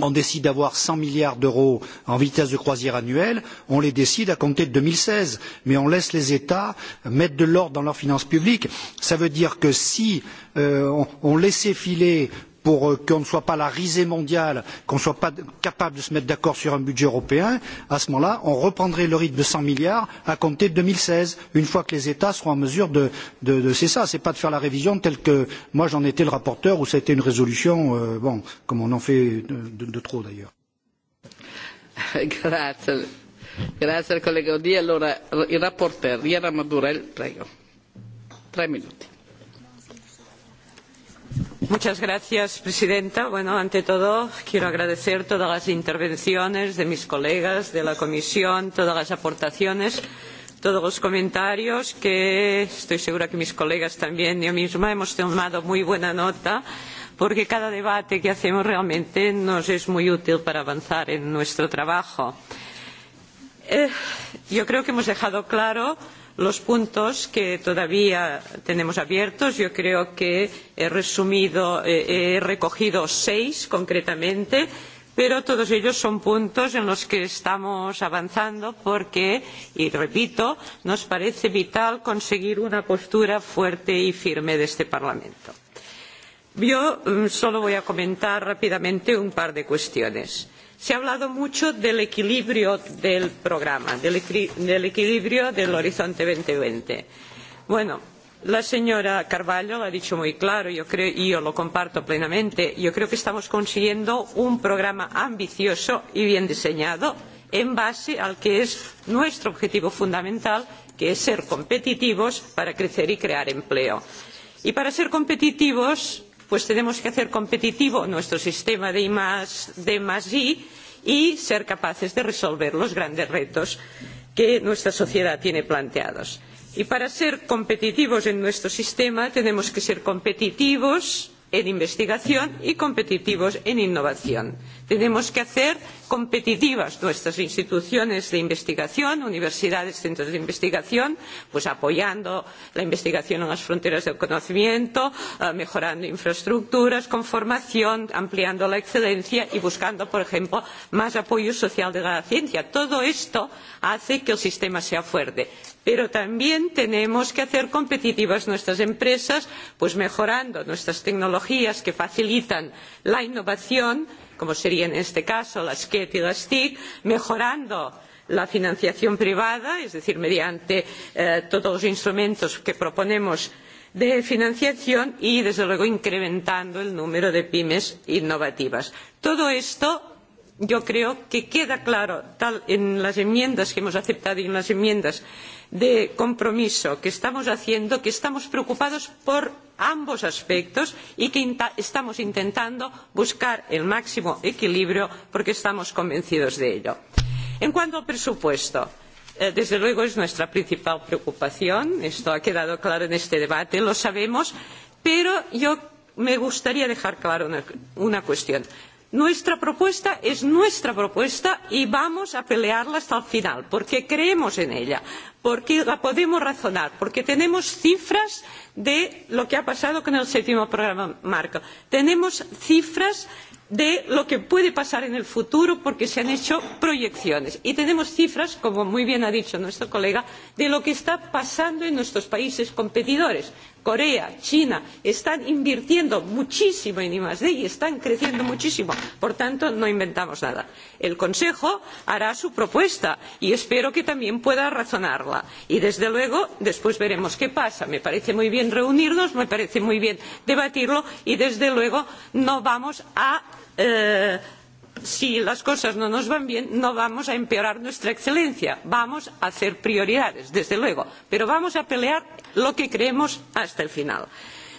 on décide d'avoir 100 milliards d'euros en vitesse de croisière annuelle, on les décide à compter de 2016, mais on laisse les États mettre de l'ordre dans leurs finances publiques. Ça veut dire que si euh, on, on laissait filer pour euh, qu'on ne soit pas la risée mondiale, qu'on ne soit pas capable de se mettre d'accord sur un budget européen, à ce moment-là, on reprendrait le rythme de 100 milliards à compter de 2016, une fois que les États seront en mesure de... de, de c'est ça, c'est pas de faire la révision telle que moi j'en étais le rapporteur, ou ça a été une résolution, euh, bon, comme on en fait de, de, de trop d'ailleurs. <laughs> Grazie. Grazie al collega Odì. Allora, il rapporteur, Iera Madurel, prego. Tre minuti señora presidenta bueno, ante todo quiero agradecer todas las intervenciones de mis colegas de la comisión todas las aportaciones todos los comentarios que estoy segura de que mis colegas también y yo misma hemos tomado muy buena nota porque cada debate que hacemos realmente nos es muy útil para avanzar en nuestro trabajo. Eh, yo creo que hemos dejado claro que los puntos que todavía tenemos abiertos. Yo creo que he resumido, eh, he recogido seis concretamente, pero todos ellos son puntos en los que estamos avanzando porque, y repito, nos parece vital conseguir una postura fuerte y firme de este Parlamento. Yo mm, solo voy a comentar rápidamente un par de cuestiones Se ha hablado mucho del equilibrio del programa, del, del equilibrio del Horizonte 2020. Bueno, la señora Carvalho lo ha dicho muy claro, yo creo, y yo lo comparto plenamente. Yo creo que estamos consiguiendo un programa ambicioso y bien diseñado en base al que es nuestro objetivo fundamental, que es ser competitivos para crecer y crear empleo. Y para ser competitivos pues tenemos que hacer competitivo nuestro sistema de I, de más I y ser capaces de resolver los grandes retos que nuestra sociedad tiene planteados. Y para ser competitivos en nuestro sistema tenemos que ser competitivos en investigación y competitivos en innovación. Tenemos que hacer competitivas nuestras instituciones de investigación, universidades, centros de investigación, pues apoyando la investigación en las fronteras del conocimiento, eh, mejorando infraestructuras, con formación, ampliando la excelencia y buscando, por ejemplo, más apoyo social de la ciencia. Todo esto hace que el sistema sea fuerte pero también tenemos que hacer competitivas nuestras empresas pues mejorando nuestras tecnologías que facilitan la innovación como serían en este caso las ket y las tic mejorando la financiación privada es decir mediante eh, todos los instrumentos que proponemos de financiación y desde luego incrementando el número de pymes innovativas. todo esto yo creo que queda claro tal en las enmiendas que hemos aceptado y en las enmiendas que de compromiso que estamos haciendo, que estamos preocupados por ambos aspectos y que in estamos intentando buscar el máximo equilibrio porque estamos convencidos de ello. En cuanto al presupuesto, eh, desde luego es nuestra principal preocupación esto ha quedado claro en este debate lo sabemos pero yo me gustaría dejar clara una, una cuestión nuestra propuesta es nuestra propuesta y vamos a pelearla hasta el final porque creemos en ella porque la podemos razonar, porque tenemos cifras de lo que ha pasado con el séptimo programa marco. Tenemos cifras de lo que puede pasar en el futuro porque se han hecho proyecciones y tenemos cifras como muy bien ha dicho nuestro colega de lo que está pasando en nuestros países competidores Corea, China, están invirtiendo muchísimo en I+D y están creciendo muchísimo. Por tanto, no inventamos nada. El Consejo hará su propuesta y espero que también pueda razonarla. Y desde luego, después veremos qué pasa. Me parece muy bien reunirnos, me parece muy bien debatirlo y desde luego no vamos a eh, si las cosas no nos van bien, no vamos a empeorar nuestra excelencia. Vamos a hacer prioridades, desde luego, pero vamos a pelear lo que creemos hasta el final.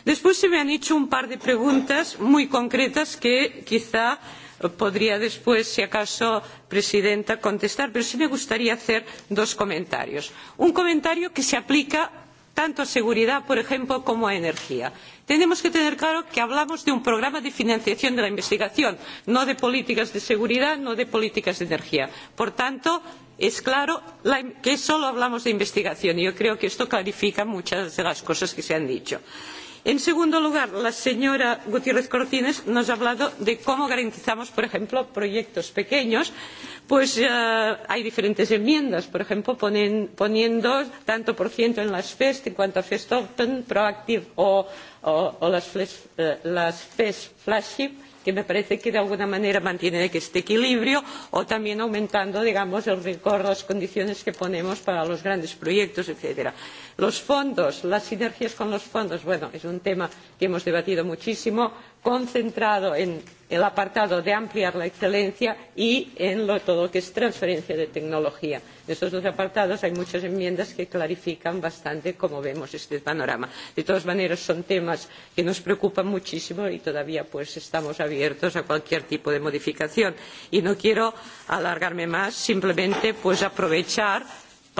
Después se me han hecho un par de preguntas muy concretas que quizá podría después, si acaso, Presidenta, contestar, pero sí me gustaría hacer dos comentarios. Un comentario que se aplica tanto seguridad, por ejemplo, como energía. Tenemos que tener claro que hablamos de un programa de financiación de la investigación, no de políticas de seguridad, no de políticas de energía. Por tanto, es claro la, que solo hablamos de investigación y yo creo que esto clarifica muchas de las cosas que se han dicho. Eh, En segundo lugar, la señora Gutiérrez Cortines nos ha hablado de cómo garantizamos, por ejemplo, proyectos pequeños. Pues eh, hay diferentes enmiendas, por ejemplo, ponen, poniendo tanto por ciento en las FEST en cuanto a FEST Open, Proactive o, o, o las, flash, eh, las FEST Flagship que me parece que de alguna manera mantiene este equilibrio o también aumentando digamos el rigor las condiciones que ponemos para los grandes proyectos etc. los fondos las sinergias con los fondos bueno es un tema que hemos debatido muchísimo concentrado en el apartado de ampliar la excelencia y en lo, todo lo que es transferencia de tecnología. En esos dos apartados hay muchas enmiendas que clarifican bastante cómo vemos este panorama. De todas maneras, son temas que nos preocupan muchísimo y todavía pues estamos abiertos a cualquier tipo de modificación. Y no quiero alargarme más, simplemente pues aprovechar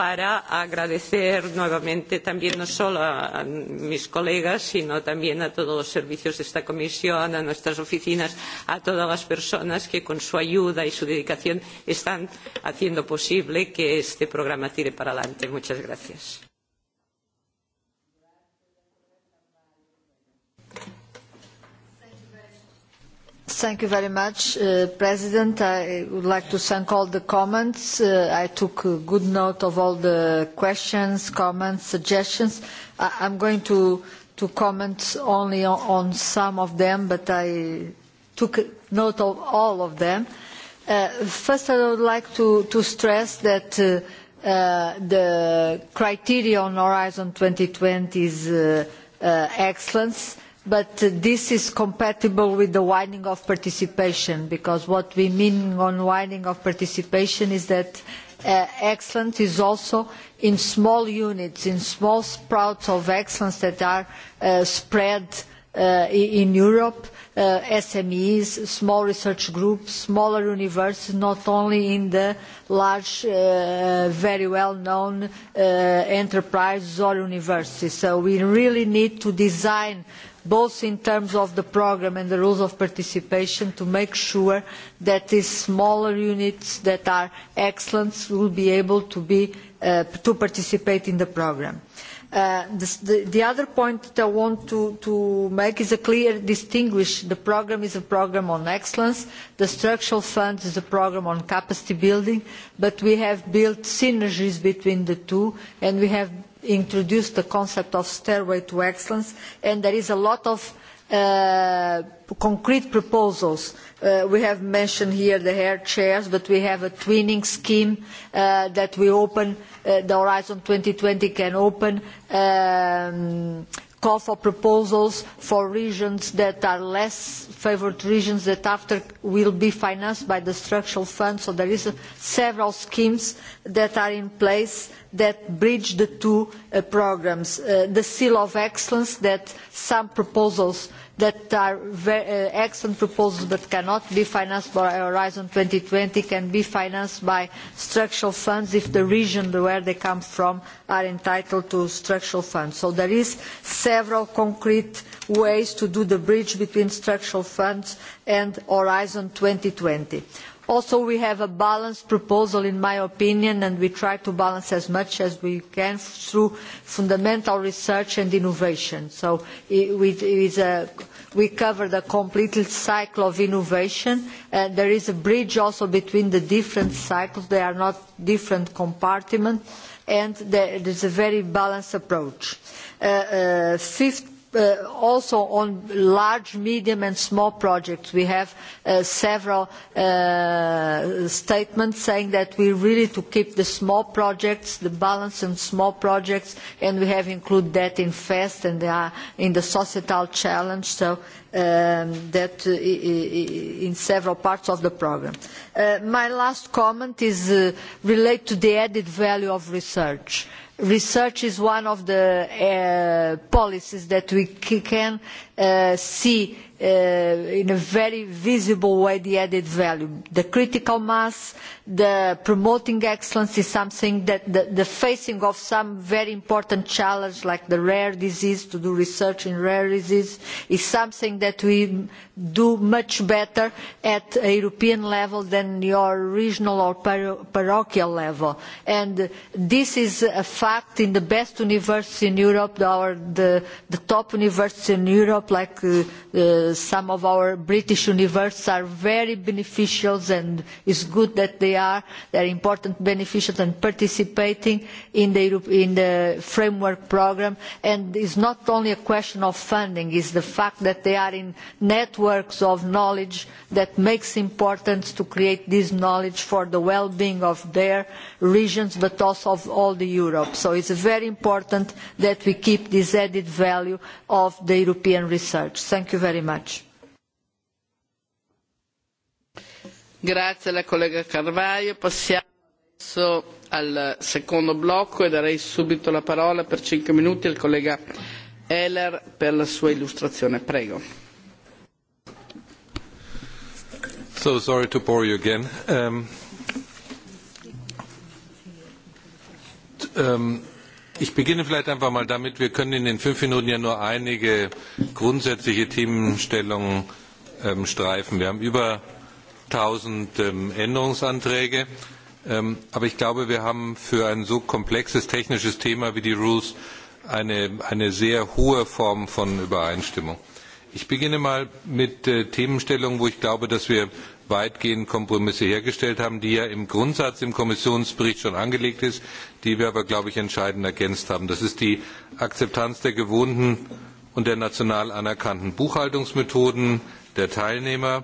para agradecer nuevamente también no solo a, a mis colegas, sino también a todos los servicios de esta comisión, a nuestras oficinas, a todas las personas que con su ayuda y su dedicación están haciendo posible que este programa tire para adelante. Muchas gracias. Thank you very much, uh, President. I would like to thank all the comments. Uh, I took good note of all the questions, comments, suggestions. I I'm going to, to comment only on, on some of them, but I took note of all of them. Uh, first, I would like to, to stress that uh, uh, the criteria on Horizon 2020 is uh, uh, excellence but this is compatible with the widening of participation because what we mean on widening of participation is that uh, excellence is also in small units, in small sprouts of excellence that are uh, spread uh, in Europe, uh, SMEs, small research groups, smaller universities, not only in the large, uh, very well-known uh, enterprises or universities. So we really need to design uh, both in terms of the programme and the rules of participation to make sure that these smaller units that are excellent will be able to, be, uh, to participate in the programme. Uh, the, the other point that i want to, to make is a clear distinction the programme is a programme on excellence the structural fund is a programme on capacity building but we have built synergies between the two and we have introduced the concept of stairway to excellence and there is a lot of uh, concrete proposals. Uh, we have mentioned here the hair chairs, but we have a twinning scheme uh, that we open, uh, the Horizon 2020 can open. Um, call for proposals for regions that are less favoured regions that after will be financed by the structural funds. So there is a, several schemes that are in place that bridge the two uh, programs. Uh, the seal of excellence that some proposals uh, that are very, uh, excellent proposals but cannot be financed by Horizon 2020 can be financed by structural funds if the region where they come from are entitled to structural funds. So there is several concrete ways to do the bridge between structural funds and Horizon 2020 also we have a balanced proposal in my opinion and we try to balance as much as we can through fundamental research and innovation so it is a we cover the complete cycle of innovation and there is a bridge also between the different cycles they are not different compartments and there is a very balanced approach. Uh, uh, fifth uh, also on large, medium and small projects. We have uh, several uh, statements saying that we really to keep the small projects, the balance in small projects, and we have included that in FEST and uh, in the societal challenge. So um, that uh, in several parts of the program. Uh, my last comment is uh, related to the added value of research. Uh, research is one of the uh, policies that we can uh, see uh, in a very visible way the added value. The critical mass, the promoting excellence is something that the, the facing of some very important challenge like the rare disease, to do research in rare disease, is something that we do much better at a European level than your regional or par parochial level. And this is a fact in the best universities in Europe, our, the, the top universities in Europe like uh, uh, uh, some of our British universities are very beneficial and it's good that they are. They are important beneficiaries and participating in the, Europe, in the framework program. And it's not only a question of funding, it's the fact that they are in networks of knowledge that makes important to create this knowledge for the well-being of their regions but also of all the Europe. So it's very important that we keep this added value of the European research. Thank you very much much. Grazie alla collega Carvaio. Passiamo adesso al secondo blocco e darei subito la parola per cinque minuti al collega Heller per la sua illustrazione. Prego. So sorry to bore you again. Um, um, Ich beginne vielleicht einfach mal damit, wir können in den fünf Minuten ja nur einige grundsätzliche Themenstellungen ähm, streifen. Wir haben über 1000 ähm, Änderungsanträge. Ähm, aber ich glaube, wir haben für ein so komplexes technisches Thema wie die Rules eine, eine sehr hohe Form von Übereinstimmung. Ich beginne mal mit äh, Themenstellungen, wo ich glaube, dass wir weitgehend Kompromisse hergestellt haben, die ja im Grundsatz im Kommissionsbericht schon angelegt ist, die wir aber, glaube ich, entscheidend ergänzt haben. Das ist die Akzeptanz der gewohnten und der national anerkannten Buchhaltungsmethoden der Teilnehmer.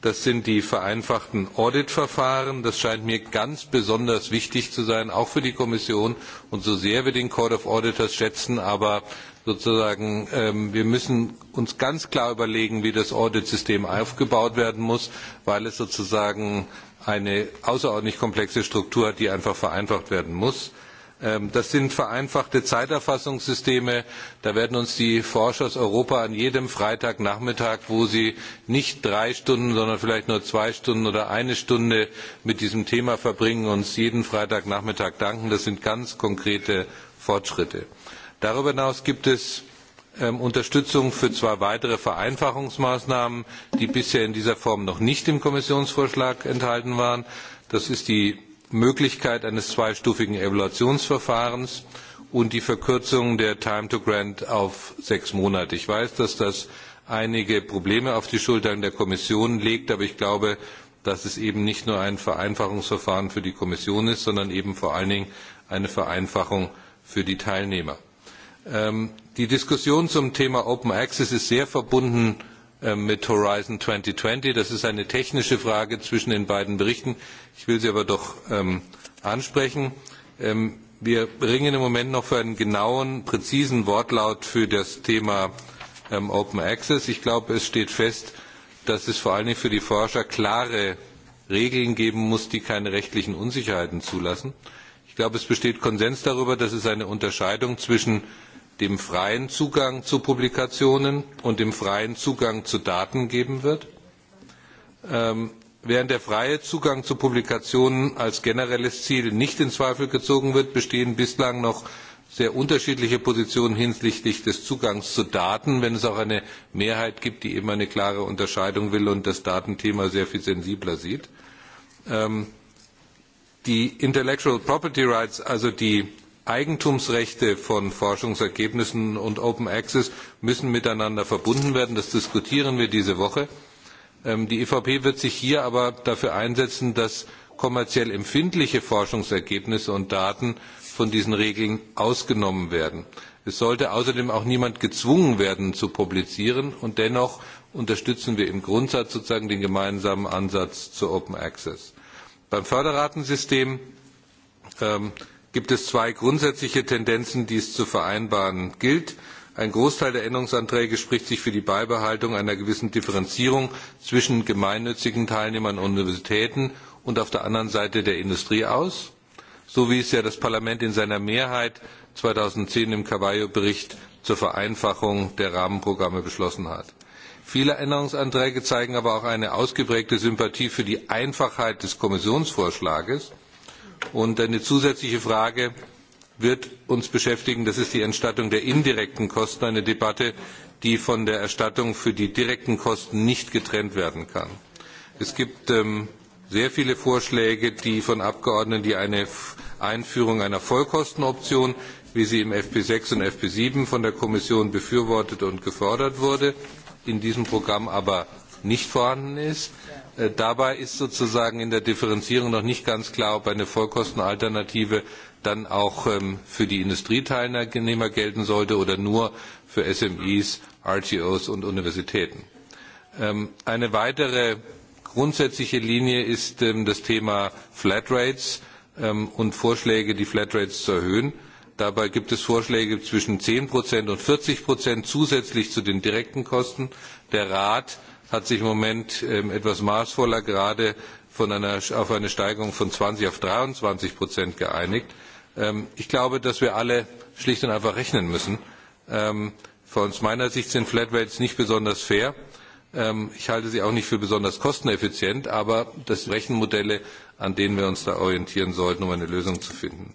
Das sind die vereinfachten Auditverfahren. Das scheint mir ganz besonders wichtig zu sein, auch für die Kommission. Und so sehr wir den Court of Auditors schätzen, aber sozusagen, ähm, wir müssen uns ganz klar überlegen, wie das Audit-System aufgebaut werden muss, weil es sozusagen eine außerordentlich komplexe Struktur hat, die einfach vereinfacht werden muss. Ähm, das sind vereinfachte Zeiterfassungssysteme. Da werden uns die Forscher aus Europa an jedem Freitagnachmittag, wo sie nicht drei Stunden, sondern vielleicht nur zwei Stunden oder eine Stunde mit diesem Thema verbringen, uns jeden Freitagnachmittag danken. Das sind ganz konkrete Fortschritte. Darüber hinaus gibt es ähm, Unterstützung für zwei weitere Vereinfachungsmaßnahmen, die bisher in dieser Form noch nicht im Kommissionsvorschlag enthalten waren. Das ist die Möglichkeit eines zweistufigen Evaluationsverfahrens und die Verkürzung der Time to Grant auf sechs Monate. Ich weiß, dass das einige Probleme auf die Schultern der Kommission legt, aber ich glaube, dass es eben nicht nur ein Vereinfachungsverfahren für die Kommission ist, sondern eben vor allen Dingen eine Vereinfachung für die Teilnehmer. Ähm, die Diskussion zum Thema Open Access ist sehr verbunden äh, mit Horizon 2020. Das ist eine technische Frage zwischen den beiden Berichten. Ich will sie aber doch ähm, ansprechen. Ähm, wir ringen im Moment noch für einen genauen, präzisen Wortlaut für das Thema ähm, Open Access. Ich glaube, es steht fest, dass es vor allen Dingen für die Forscher klare Regeln geben muss, die keine rechtlichen Unsicherheiten zulassen. Ich glaube, es besteht Konsens darüber, dass es eine Unterscheidung zwischen dem freien Zugang zu Publikationen und dem freien Zugang zu Daten geben wird. Ähm, während der freie Zugang zu Publikationen als generelles Ziel nicht in Zweifel gezogen wird, bestehen bislang noch sehr unterschiedliche Positionen hinsichtlich des Zugangs zu Daten, wenn es auch eine Mehrheit gibt, die eben eine klare Unterscheidung will und das Datenthema sehr viel sensibler sieht. Ähm, die Intellectual Property Rights, also die Eigentumsrechte von Forschungsergebnissen und Open Access müssen miteinander verbunden werden. Das diskutieren wir diese Woche. Ähm, die EVP wird sich hier aber dafür einsetzen, dass kommerziell empfindliche Forschungsergebnisse und Daten von diesen Regeln ausgenommen werden. Es sollte außerdem auch niemand gezwungen werden zu publizieren und dennoch unterstützen wir im Grundsatz sozusagen den gemeinsamen Ansatz zu Open Access. Beim Förderratensystem ähm, gibt es zwei grundsätzliche Tendenzen, die es zu vereinbaren gilt. Ein Großteil der Änderungsanträge spricht sich für die Beibehaltung einer gewissen Differenzierung zwischen gemeinnützigen Teilnehmern und Universitäten und auf der anderen Seite der Industrie aus, so wie es ja das Parlament in seiner Mehrheit 2010 im Cavallo-Bericht zur Vereinfachung der Rahmenprogramme beschlossen hat. Viele Änderungsanträge zeigen aber auch eine ausgeprägte Sympathie für die Einfachheit des Kommissionsvorschlages Und eine zusätzliche Frage wird uns beschäftigen, das ist die Entstattung der indirekten Kosten, eine Debatte, die von der Erstattung für die direkten Kosten nicht getrennt werden kann. Es gibt ähm, sehr viele Vorschläge, die von Abgeordneten, die eine Einführung einer Vollkostenoption, wie sie im FP6 und FP7 von der Kommission befürwortet und gefördert wurde, in diesem Programm aber nicht vorhanden ist. Äh, dabei ist sozusagen in der Differenzierung noch nicht ganz klar, ob eine Vollkostenalternative dann auch ähm, für die Industrieteilnehmer gelten sollte oder nur für SMEs, RTOs und Universitäten. Ähm, eine weitere grundsätzliche Linie ist ähm, das Thema Flatrates ähm, und Vorschläge, die Flatrates zu erhöhen. Dabei gibt es Vorschläge zwischen 10% und 40% zusätzlich zu den direkten Kosten. Der Rat äh, hat sich im Moment ähm, etwas maßvoller gerade von einer, auf eine Steigerung von 20 auf 23 Prozent geeinigt. Ähm, ich glaube, dass wir alle schlicht und einfach rechnen müssen. Ähm, von meiner Sicht sind Flatrates nicht besonders fair. Ich halte sie auch nicht für besonders kosteneffizient, aber das sind Rechenmodelle, an denen wir uns da orientieren sollten, um eine Lösung zu finden.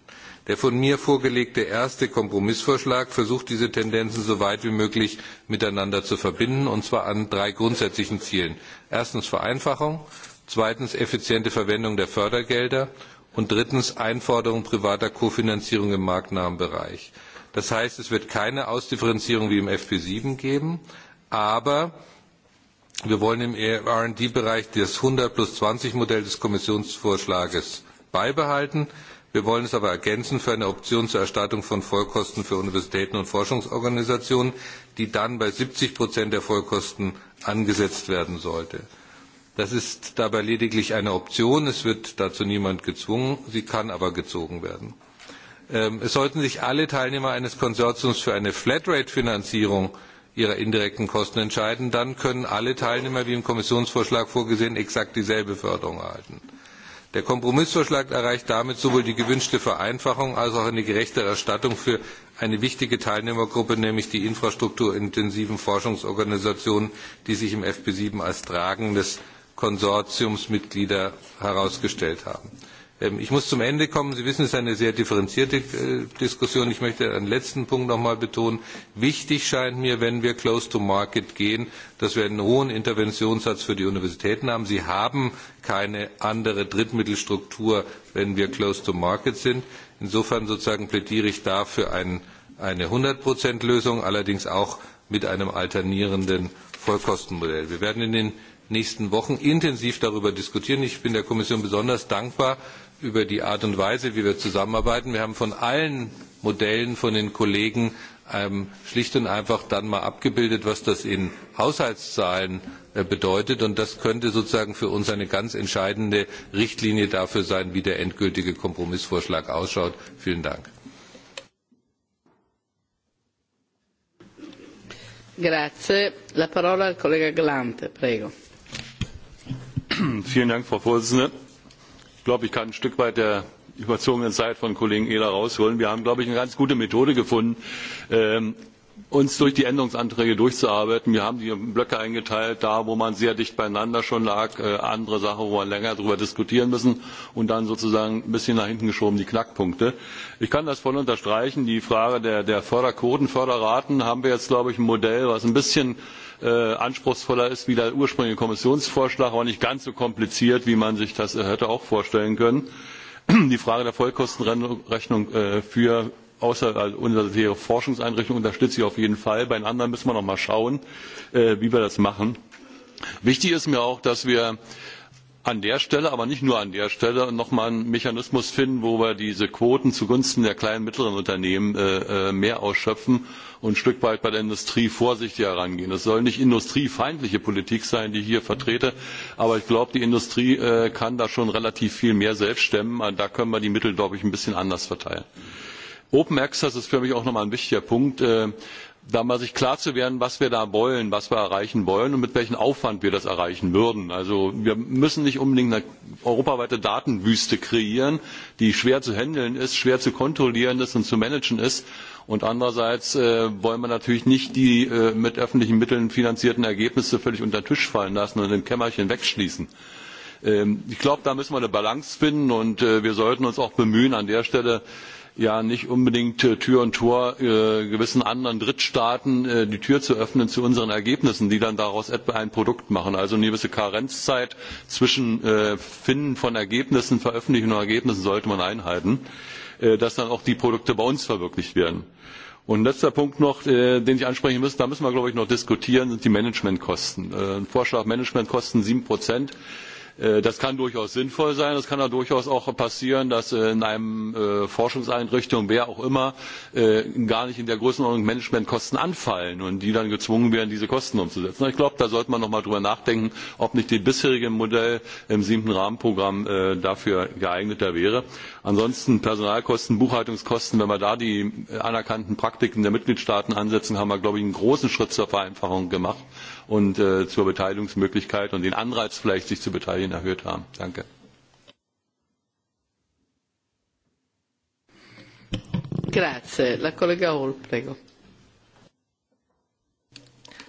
Der von mir vorgelegte erste Kompromissvorschlag versucht, diese Tendenzen so weit wie möglich miteinander zu verbinden, und zwar an drei grundsätzlichen Zielen. Erstens Vereinfachung, zweitens effiziente Verwendung der Fördergelder und drittens Einforderung privater Kofinanzierung im marktnahen Bereich. Das heißt, es wird keine Ausdifferenzierung wie im FP7 geben, aber wir wollen im R&D-Bereich das 100 plus 20 Modell des Kommissionsvorschlages beibehalten. Wir wollen es aber ergänzen für eine Option zur Erstattung von Vollkosten für Universitäten und Forschungsorganisationen, die dann bei 70 Prozent der Vollkosten angesetzt werden sollte. Das ist dabei lediglich eine Option. Es wird dazu niemand gezwungen. Sie kann aber gezogen werden. Ähm, es sollten sich alle Teilnehmer eines Konsortiums für eine Flatrate-Finanzierung ihrer indirekten Kosten entscheiden. Dann können alle Teilnehmer, wie im Kommissionsvorschlag vorgesehen, exakt dieselbe Förderung erhalten. Äh, Der Kompromissvorschlag erreicht damit sowohl die gewünschte Vereinfachung als auch eine gerechte Erstattung für eine wichtige Teilnehmergruppe, nämlich die infrastrukturintensiven Forschungsorganisationen, die sich im FP7 als tragendes Konsortiumsmitglieder herausgestellt haben. Ähm, ich muss zum Ende kommen. Sie wissen, es ist eine sehr differenzierte äh, Diskussion. Ich möchte einen letzten Punkt noch mal betonen. Wichtig scheint mir, wenn wir close to market gehen, dass wir einen hohen Interventionssatz für die Universitäten haben. Sie haben keine andere Drittmittelstruktur, wenn wir close to market sind. Insofern sozusagen plädiere ich dafür ein, eine 100 Lösung, allerdings auch mit einem alternierenden Vollkostenmodell. Wir werden in den nächsten Wochen intensiv darüber diskutieren. Ich bin der Kommission besonders dankbar, über die Art und Weise, wie wir zusammenarbeiten. Wir haben von allen Modellen von den Kollegen ähm, schlicht und einfach dann mal abgebildet, was das in Haushaltszahlen äh, bedeutet. Und das könnte sozusagen für uns eine ganz entscheidende Richtlinie dafür sein, wie der endgültige Kompromissvorschlag ausschaut. Vielen Dank. Grazie. La parola al collega Glante, prego. Vielen Dank, Frau Vorsitzende glaube, ich kann ein Stück weit der überzogenen Zeit von Kollegen Ehler rausholen. Wir haben, glaube ich, eine ganz gute Methode gefunden, ähm, uns durch die Änderungsanträge durchzuarbeiten. Wir haben die in Blöcke eingeteilt, da wo man sehr dicht beieinander schon lag, äh, andere Sachen, wo man länger darüber diskutieren müssen und dann sozusagen ein bisschen nach hinten geschoben die Knackpunkte. Ich kann das voll unterstreichen. Die Frage der, der Förderquoten, Förderraten haben wir jetzt, glaube ich, ein Modell, was ein bisschen äh, äh, anspruchsvoller ist wie der ursprüngliche Kommissionsvorschlag, aber nicht ganz so kompliziert, wie man sich das äh, hätte auch vorstellen können. <clears throat> Die Frage der Vollkostenrechnung äh, für außer also universitäre Forschungseinrichtungen unterstütze ich auf jeden Fall. Bei den anderen müssen wir noch mal schauen, äh, wie wir das machen. Wichtig ist mir auch, dass wir an der Stelle, aber nicht nur an der Stelle, nochmal einen Mechanismus finden, wo wir diese Quoten zugunsten der kleinen und mittleren Unternehmen äh, äh, mehr ausschöpfen und ein Stück weit bei der Industrie vorsichtiger herangehen. Es soll nicht industriefeindliche Politik sein, die ich hier vertrete, aber ich glaube, die Industrie äh, kann da schon relativ viel mehr selbst stemmen. Da können wir die Mittel, glaube ich, ein bisschen anders verteilen. Open Access ist für mich auch nochmal ein wichtiger Punkt. Äh, da mal sich klar zu werden, was wir da wollen, was wir erreichen wollen und mit welchem Aufwand wir das erreichen würden. Also wir müssen nicht unbedingt eine europaweite Datenwüste kreieren, die schwer zu handeln ist, schwer zu kontrollieren ist und zu managen ist. Und andererseits äh, wollen wir natürlich nicht die äh, mit öffentlichen Mitteln finanzierten Ergebnisse völlig unter den Tisch fallen lassen und im Kämmerchen wegschließen. Ähm, ich glaube, da müssen wir eine Balance finden und äh, wir sollten uns auch bemühen, an der Stelle äh, ja nicht unbedingt äh, Tür und Tor äh, gewissen anderen Drittstaaten äh, die Tür zu öffnen zu unseren Ergebnissen, die dann daraus etwa ein Produkt machen. Also eine gewisse Karenzzeit zwischen äh, Finden von Ergebnissen, Veröffentlichen von Ergebnissen sollte man einhalten, äh, dass dann auch die Produkte bei uns verwirklicht werden. Und letzter Punkt noch, äh, den ich ansprechen muss, da müssen wir, glaube ich, noch diskutieren, sind die Managementkosten. Äh, Vorschlag Managementkosten 7 Prozent Äh, das kann durchaus sinnvoll sein. Es kann aber durchaus auch passieren, dass äh, in einer äh, Forschungseinrichtung, wer auch immer, gar nicht in der Größenordnung Managementkosten anfallen und die dann gezwungen werden, diese Kosten umzusetzen. Ich glaube, da sollte man noch mal drüber nachdenken, ob nicht das bisherige Modell im siebten Rahmenprogramm dafür geeigneter wäre. Ansonsten Personalkosten, Buchhaltungskosten, wenn wir da die anerkannten Praktiken der Mitgliedstaaten ansetzen, haben wir, glaube ich, einen großen Schritt zur Vereinfachung gemacht und äh, zur Beteiligungsmöglichkeit und den Anreiz vielleicht, sich zu beteiligen, erhöht haben. Danke. Grazie. La collega Hall, prego.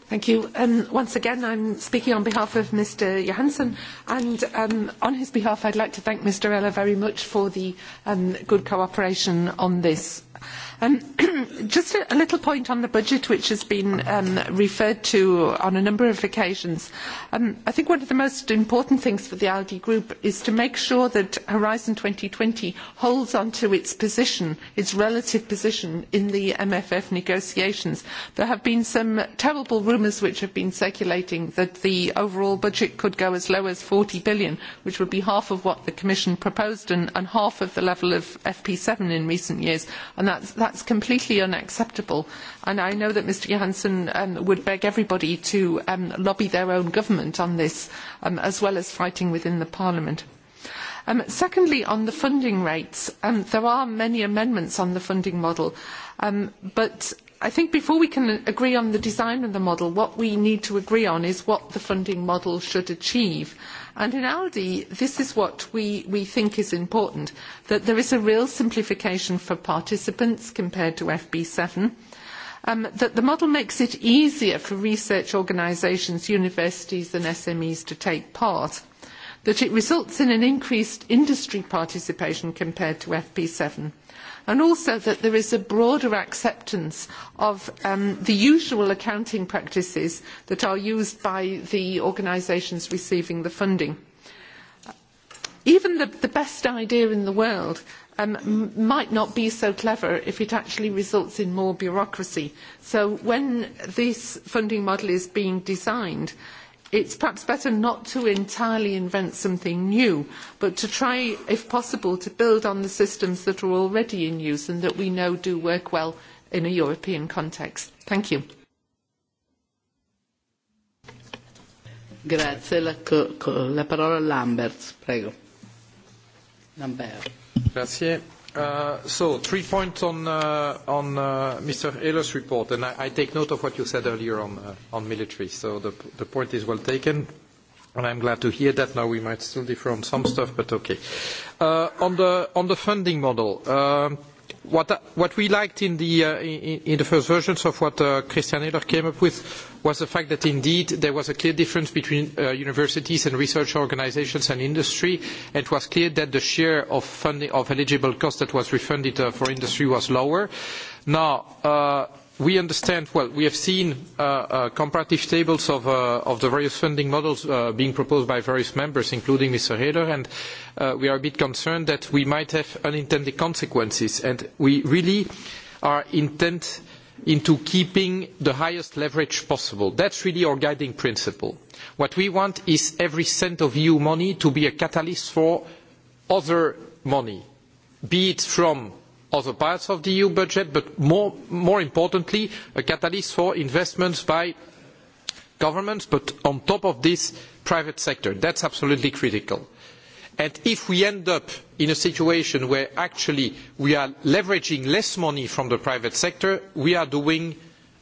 Thank you. Um, once again, I'm speaking on behalf of Mr. Johansson, and um, on his behalf, I'd like to thank Mr. Eller very much for the um, good cooperation on this. Uh, Um, <clears throat> just a, a little point on the budget, which has been um, referred to on a number of occasions. Um, I think one of the most important things for the ALDE group is to make sure that Horizon 2020 holds onto its position, its relative position in the MFF negotiations. There have been some terrible rumours which have been circulating that the overall budget could go as low as 40 billion, which would be half of what the Commission proposed and, and half of the level of FP7 in recent years. And that's, that that's completely unacceptable. And I know that Mr Johansson um, would beg everybody to um, lobby their own government on this, um, as well as fighting within the Parliament. Um, secondly, on the funding rates, um, there are many amendments on the funding model, um, but I think before we can agree on the design of the model, what we need to agree on is what the funding model should achieve. Uh, And in Aldi, this is what we, we think is important, that there is a real simplification for participants compared to FB7, um, that the model makes it easier for research organisations, universities and SMEs to take part, that it results in an increased industry participation compared to FP7, and also that there is a broader acceptance of um, the usual accounting practices that are used by the organisations receiving the funding. Even the, the best idea in the world um, might not be so clever if it actually results in more bureaucracy. So when this funding model is being designed, it's perhaps better not to entirely invent something new, but to try, if possible, to build on the systems that are already in use and that we know do work well in a European context. Thank you. Grazie. La, la parola a Lambert, prego. Lambert. Grazie. Uh, so three points on, uh, on uh, Mr. Ehler's report, and I, I take note of what you said earlier on, uh, on military. So the, the point is well taken, and I'm glad to hear that. Now, we might still differ on some stuff, but okay. Uh, on the, on the funding model, um, what, uh, what we liked in the, uh, in, in the first versions of what uh, Christian Ehler came up with was the fact that indeed there was a clear difference between uh, universities and research organizations and industry. And it was clear that the share of, funding, of eligible cost that was refunded uh, for industry was lower. Now, uh, we understand, well, we have seen uh, uh, comparative tables of, uh, of the various funding models uh, being proposed by various members, including Mr. Heder, and uh, we are a bit concerned that we might have unintended consequences. And we really are intent into keeping the highest leverage possible. That's really our guiding principle. What we want is every cent of EU money to be a catalyst for other money, be it from other parts of the EU budget, but more, more importantly, a catalyst for investments by governments, but on top of this, private sector. That's absolutely critical. And if we end up in a situation where actually we are leveraging less money from the private sector, we are doing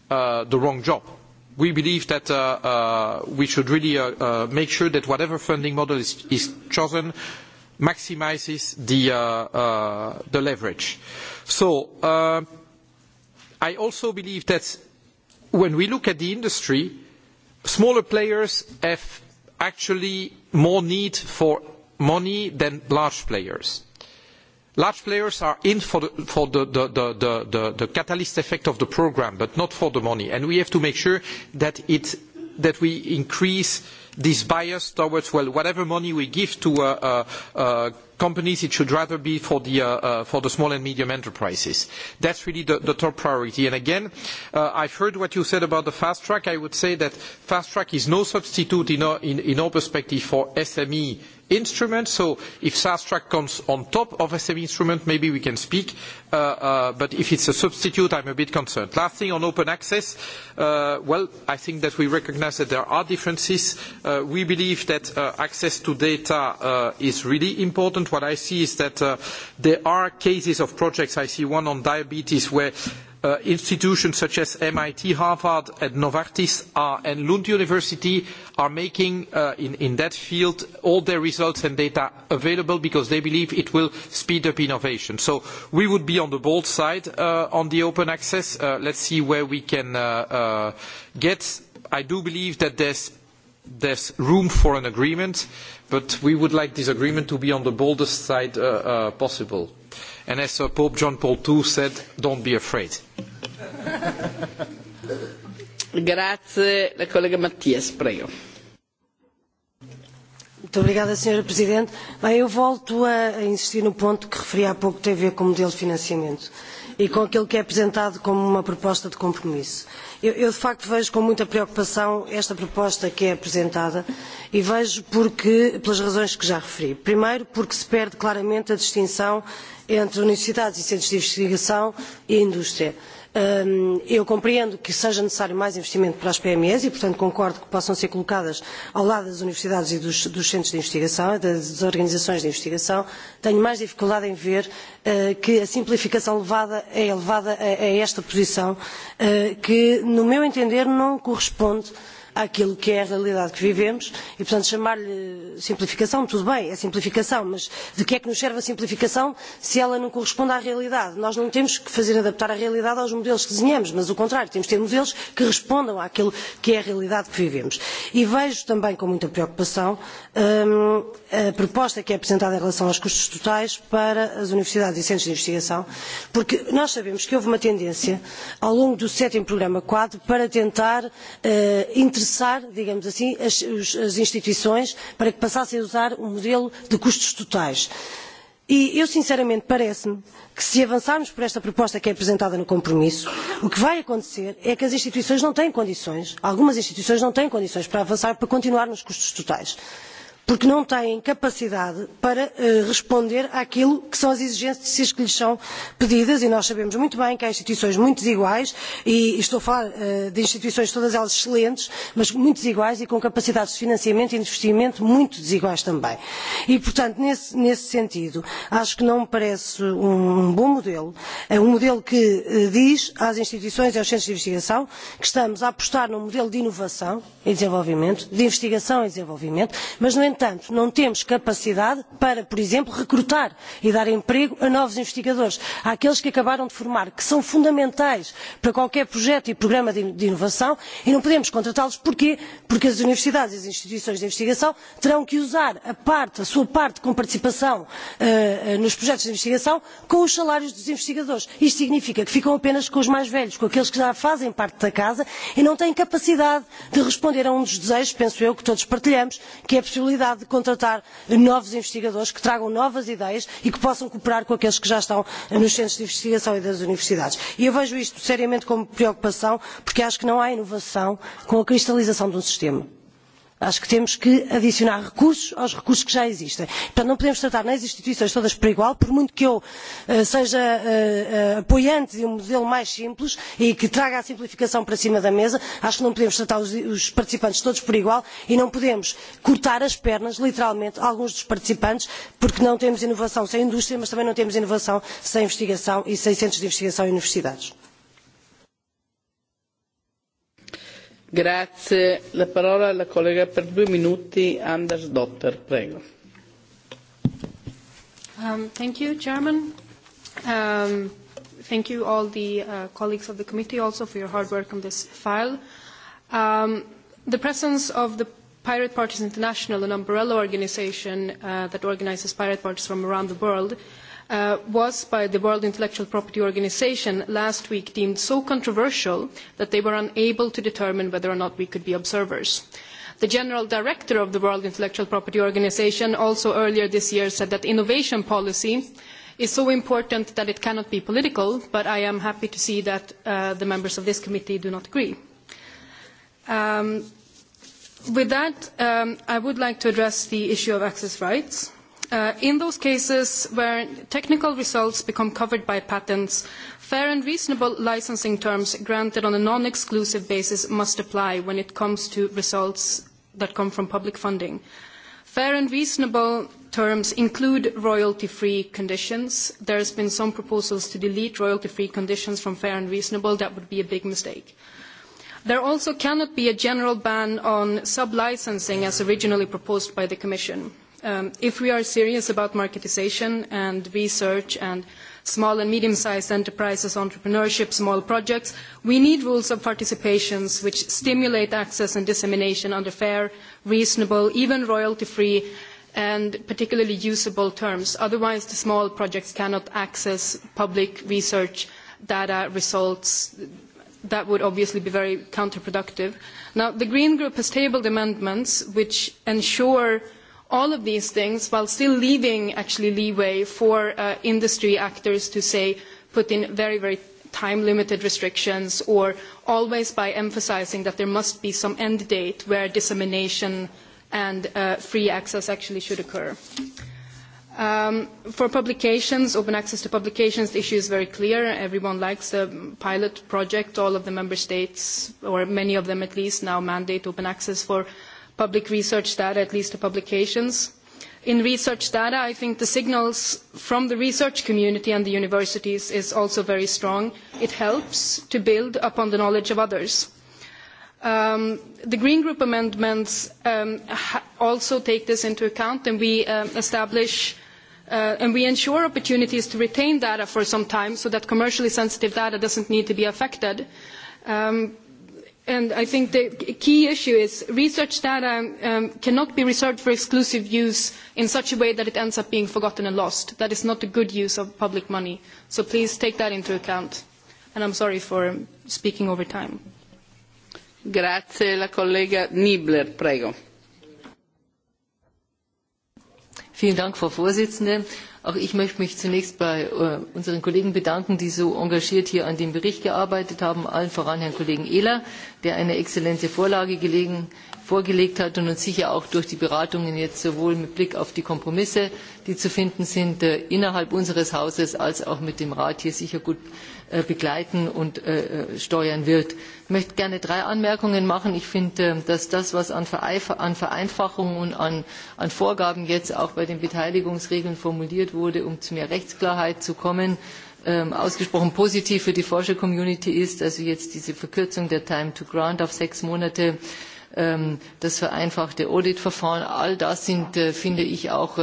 uh, the wrong job. We believe that uh, uh, we should really uh, uh, make sure that whatever funding model is, is chosen maximizes the, uh, uh, the leverage. So uh, I also believe that when we look at the industry, smaller players have actually more need for money than large players. Large players are in for the, for the, the, the, the, the catalyst effect of the program, but not for the money. And we have to make sure that, it, that we increase uh, this bias towards, well, whatever money we give to uh, uh, uh, companies, it should rather be for the, uh, uh, for the small and medium enterprises. That's really the, the top priority. And again, uh, I've heard what you said about the fast track. I would say that fast track is no substitute in our, uh, in, in our perspective for SME uh, instrument. So if SASTRAC comes on top of SME instrument, maybe we can speak. Uh, uh, but if it's a substitute, I'm a bit concerned. Last thing on open access, uh, well, I think that we recognize that there are differences. Uh, we believe that uh, access to data uh, is really important. What I see is that uh, there are cases of projects. I see one on diabetes where Uh, institutions such as MIT, Harvard, and Novartis are, uh, and Lund University are making uh, in, in that field all their results and data available because they believe it will speed up innovation. So we would be on the bold side uh, on the open access. Uh, let's see where we can uh, uh, get. I do believe that there's there's room for an agreement, but we would like this agreement to be on the boldest side uh, uh, possible. And as uh, Pope John Paul II said, don't be afraid. Grazie, la collega Mattias, prego. Muito obrigada, Sra. Presidente. Bem, eu volto a insistir no ponto que referi há pouco, tem a ver com o modelo de financiamento e com aquilo que é apresentado como uma proposta de compromisso. Uh, Eu, eu de facto vejo com muita preocupação esta proposta que é apresentada e vejo porque, pelas razões que já referi. Primeiro, porque se perde claramente a distinção entre universidades e centros de investigação e a indústria. Uh, Eu compreendo que seja necessário mais investimento para as PMEs e, portanto, concordo que possam ser colocadas ao lado das universidades e dos, dos centros de investigação, das organizações de investigação. Tenho mais dificuldade em ver uh, que a simplificação levada é elevada a, a esta posição, uh, que, no meu entender, não corresponde uh, àquilo que é a realidade que vivemos e, portanto, chamar-lhe simplificação, tudo bem, é simplificação, mas de que é que nos serve a simplificação se ela não corresponde à realidade? Nós não temos que fazer adaptar a realidade aos modelos que desenhamos, mas o contrário, temos que ter modelos que respondam àquilo que é a realidade que vivemos. E vejo também com muita preocupação hum, a proposta que é apresentada em relação aos custos totais para as universidades e centros de investigação, porque nós sabemos que houve uma tendência ao longo do sétimo programa quadro para tentar uh, interessar engessar, digamos assim, as, as instituições para que passassem a usar o um modelo de custos totais. E eu, sinceramente, parece-me que se avançarmos por esta proposta que é apresentada no compromisso, o que vai acontecer é que as instituições não têm condições, algumas instituições não têm condições para avançar, para continuar nos custos totais porque não têm capacidade para uh, responder àquilo que são as exigências que lhes são pedidas e nós sabemos muito bem que há instituições muito desiguais e estou a falar uh, de instituições todas elas excelentes, mas muito desiguais e com capacidades de financiamento e de investimento muito desiguais também. E, portanto, nesse, nesse sentido, acho que não me parece um, um bom modelo, é um modelo que uh, diz às instituições e aos centros de investigação que estamos a apostar num modelo de inovação e desenvolvimento, de investigação e desenvolvimento, mas, no entanto, entanto não temos capacidade para por exemplo recrutar e dar emprego a novos investigadores àqueles que acabaram de formar que são fundamentais para qualquer projeto e programa de inovação e não podemos contratá los porquê? porque as universidades e as instituições de investigação terão que usar a parte a sua parte com participação uh, nos projetos de investigação com os salários dos investigadores. isto significa que ficam apenas com os mais velhos com aqueles que já fazem parte da casa e não têm capacidade de responder a um dos desejos penso eu que todos partilhamos que é a possibilidade necessidade de contratar novos investigadores que tragam novas ideias e que possam cooperar com aqueles que já estão nos centros de investigação e das universidades. E eu vejo isto seriamente como preocupação, porque acho que não há inovação com a cristalização de um sistema. Acho que temos que adicionar recursos aos recursos que já existem. Portanto, não podemos tratar nas instituições todas por igual, por muito que eu uh, seja uh, uh, apoiante de um modelo mais simples e que traga a simplificação para cima da mesa, acho que não podemos tratar os, os participantes todos por igual e não podemos cortar as pernas, literalmente, a alguns dos participantes, porque não temos inovação sem indústria, mas também não temos inovação sem investigação e sem centros de investigação e universidades. Grazie. La parola alla collega per due minuti, Anders Dotter, prego. Um, thank you, Chairman. Um, thank you all the uh, colleagues of the committee also for your hard work on this file. Um, the presence of the Pirate Parties International, an umbrella organization uh, that organizes pirate parties from around the world, uh, uh, was by the World Intellectual Property Organization last week deemed so controversial that they were unable to determine whether or not we could be observers. The General Director of the World Intellectual Property Organization also earlier this year said that innovation policy is so important that it cannot be political, but I am happy to see that uh, the members of this committee do not agree. Um, with that, um, I would like to address the issue of access rights. Uh, in those cases where technical results become covered by patents, fair and reasonable licensing terms granted on a non-exclusive basis must apply when it comes to results that come from public funding. Fair and reasonable terms include royalty-free conditions. There has been some proposals to delete royalty-free conditions from fair and reasonable. That would be a big mistake. There also cannot be a general ban on sub-licensing as originally proposed by the Commission um, if we are serious about marketization and research and small and medium-sized enterprises, entrepreneurship, small projects, we need rules of participations which stimulate access and dissemination under fair, reasonable, even royalty-free and particularly usable terms. Otherwise, the small projects cannot access public research data results. That would obviously be very counterproductive. Now, the Green Group has tabled amendments which ensure all of these things while still leaving actually leeway for uh, industry actors to say put in very very time limited restrictions or always by emphasizing that there must be some end date where dissemination and uh, free access actually should occur. Um, for publications, open access to publications, the issue is very clear. Everyone likes the pilot project. All of the member states, or many of them at least, now mandate open access for public research data, at least the publications. In research data, I think the signals from the research community and the universities is also very strong. It helps to build upon the knowledge of others. Um, the Green Group amendments um, ha also take this into account, and we um, establish uh, and we ensure opportunities to retain data for some time so that commercially sensitive data doesn't need to be affected. Um, and I think the key issue is research data um, cannot be reserved for exclusive use in such a way that it ends up being forgotten and lost. That is not a good use of public money. So please take that into account. And I'm sorry for speaking over time. Grazie, la collega Nibler, prego. Vielen Dank, Frau Vorsitzende. Auch ich möchte mich zunächst bei äh, unseren Kollegen bedanken, die so engagiert hier an dem Bericht gearbeitet haben, allen voran Herrn Kollegen Ehler, der eine exzellente Vorlage gelegen, vorgelegt hat und uns sicher auch durch die Beratungen jetzt sowohl mit Blick auf die Kompromisse, die zu finden sind, äh, innerhalb unseres Hauses als auch mit dem Rat hier sicher gut Äh, begleiten und äh, äh, steuern wird. Ich möchte gerne drei Anmerkungen machen. Ich finde, ähm, dass das, was an Vereinfachung und an, an Vorgaben jetzt auch bei den Beteiligungsregeln formuliert wurde, um zu mehr Rechtsklarheit zu kommen, ähm, ausgesprochen positiv für die Forscher-Community ist, also jetzt diese Verkürzung der Time to Grant auf sechs Monate, ähm, das vereinfachte Auditverfahren, all das sind, finde ich, auch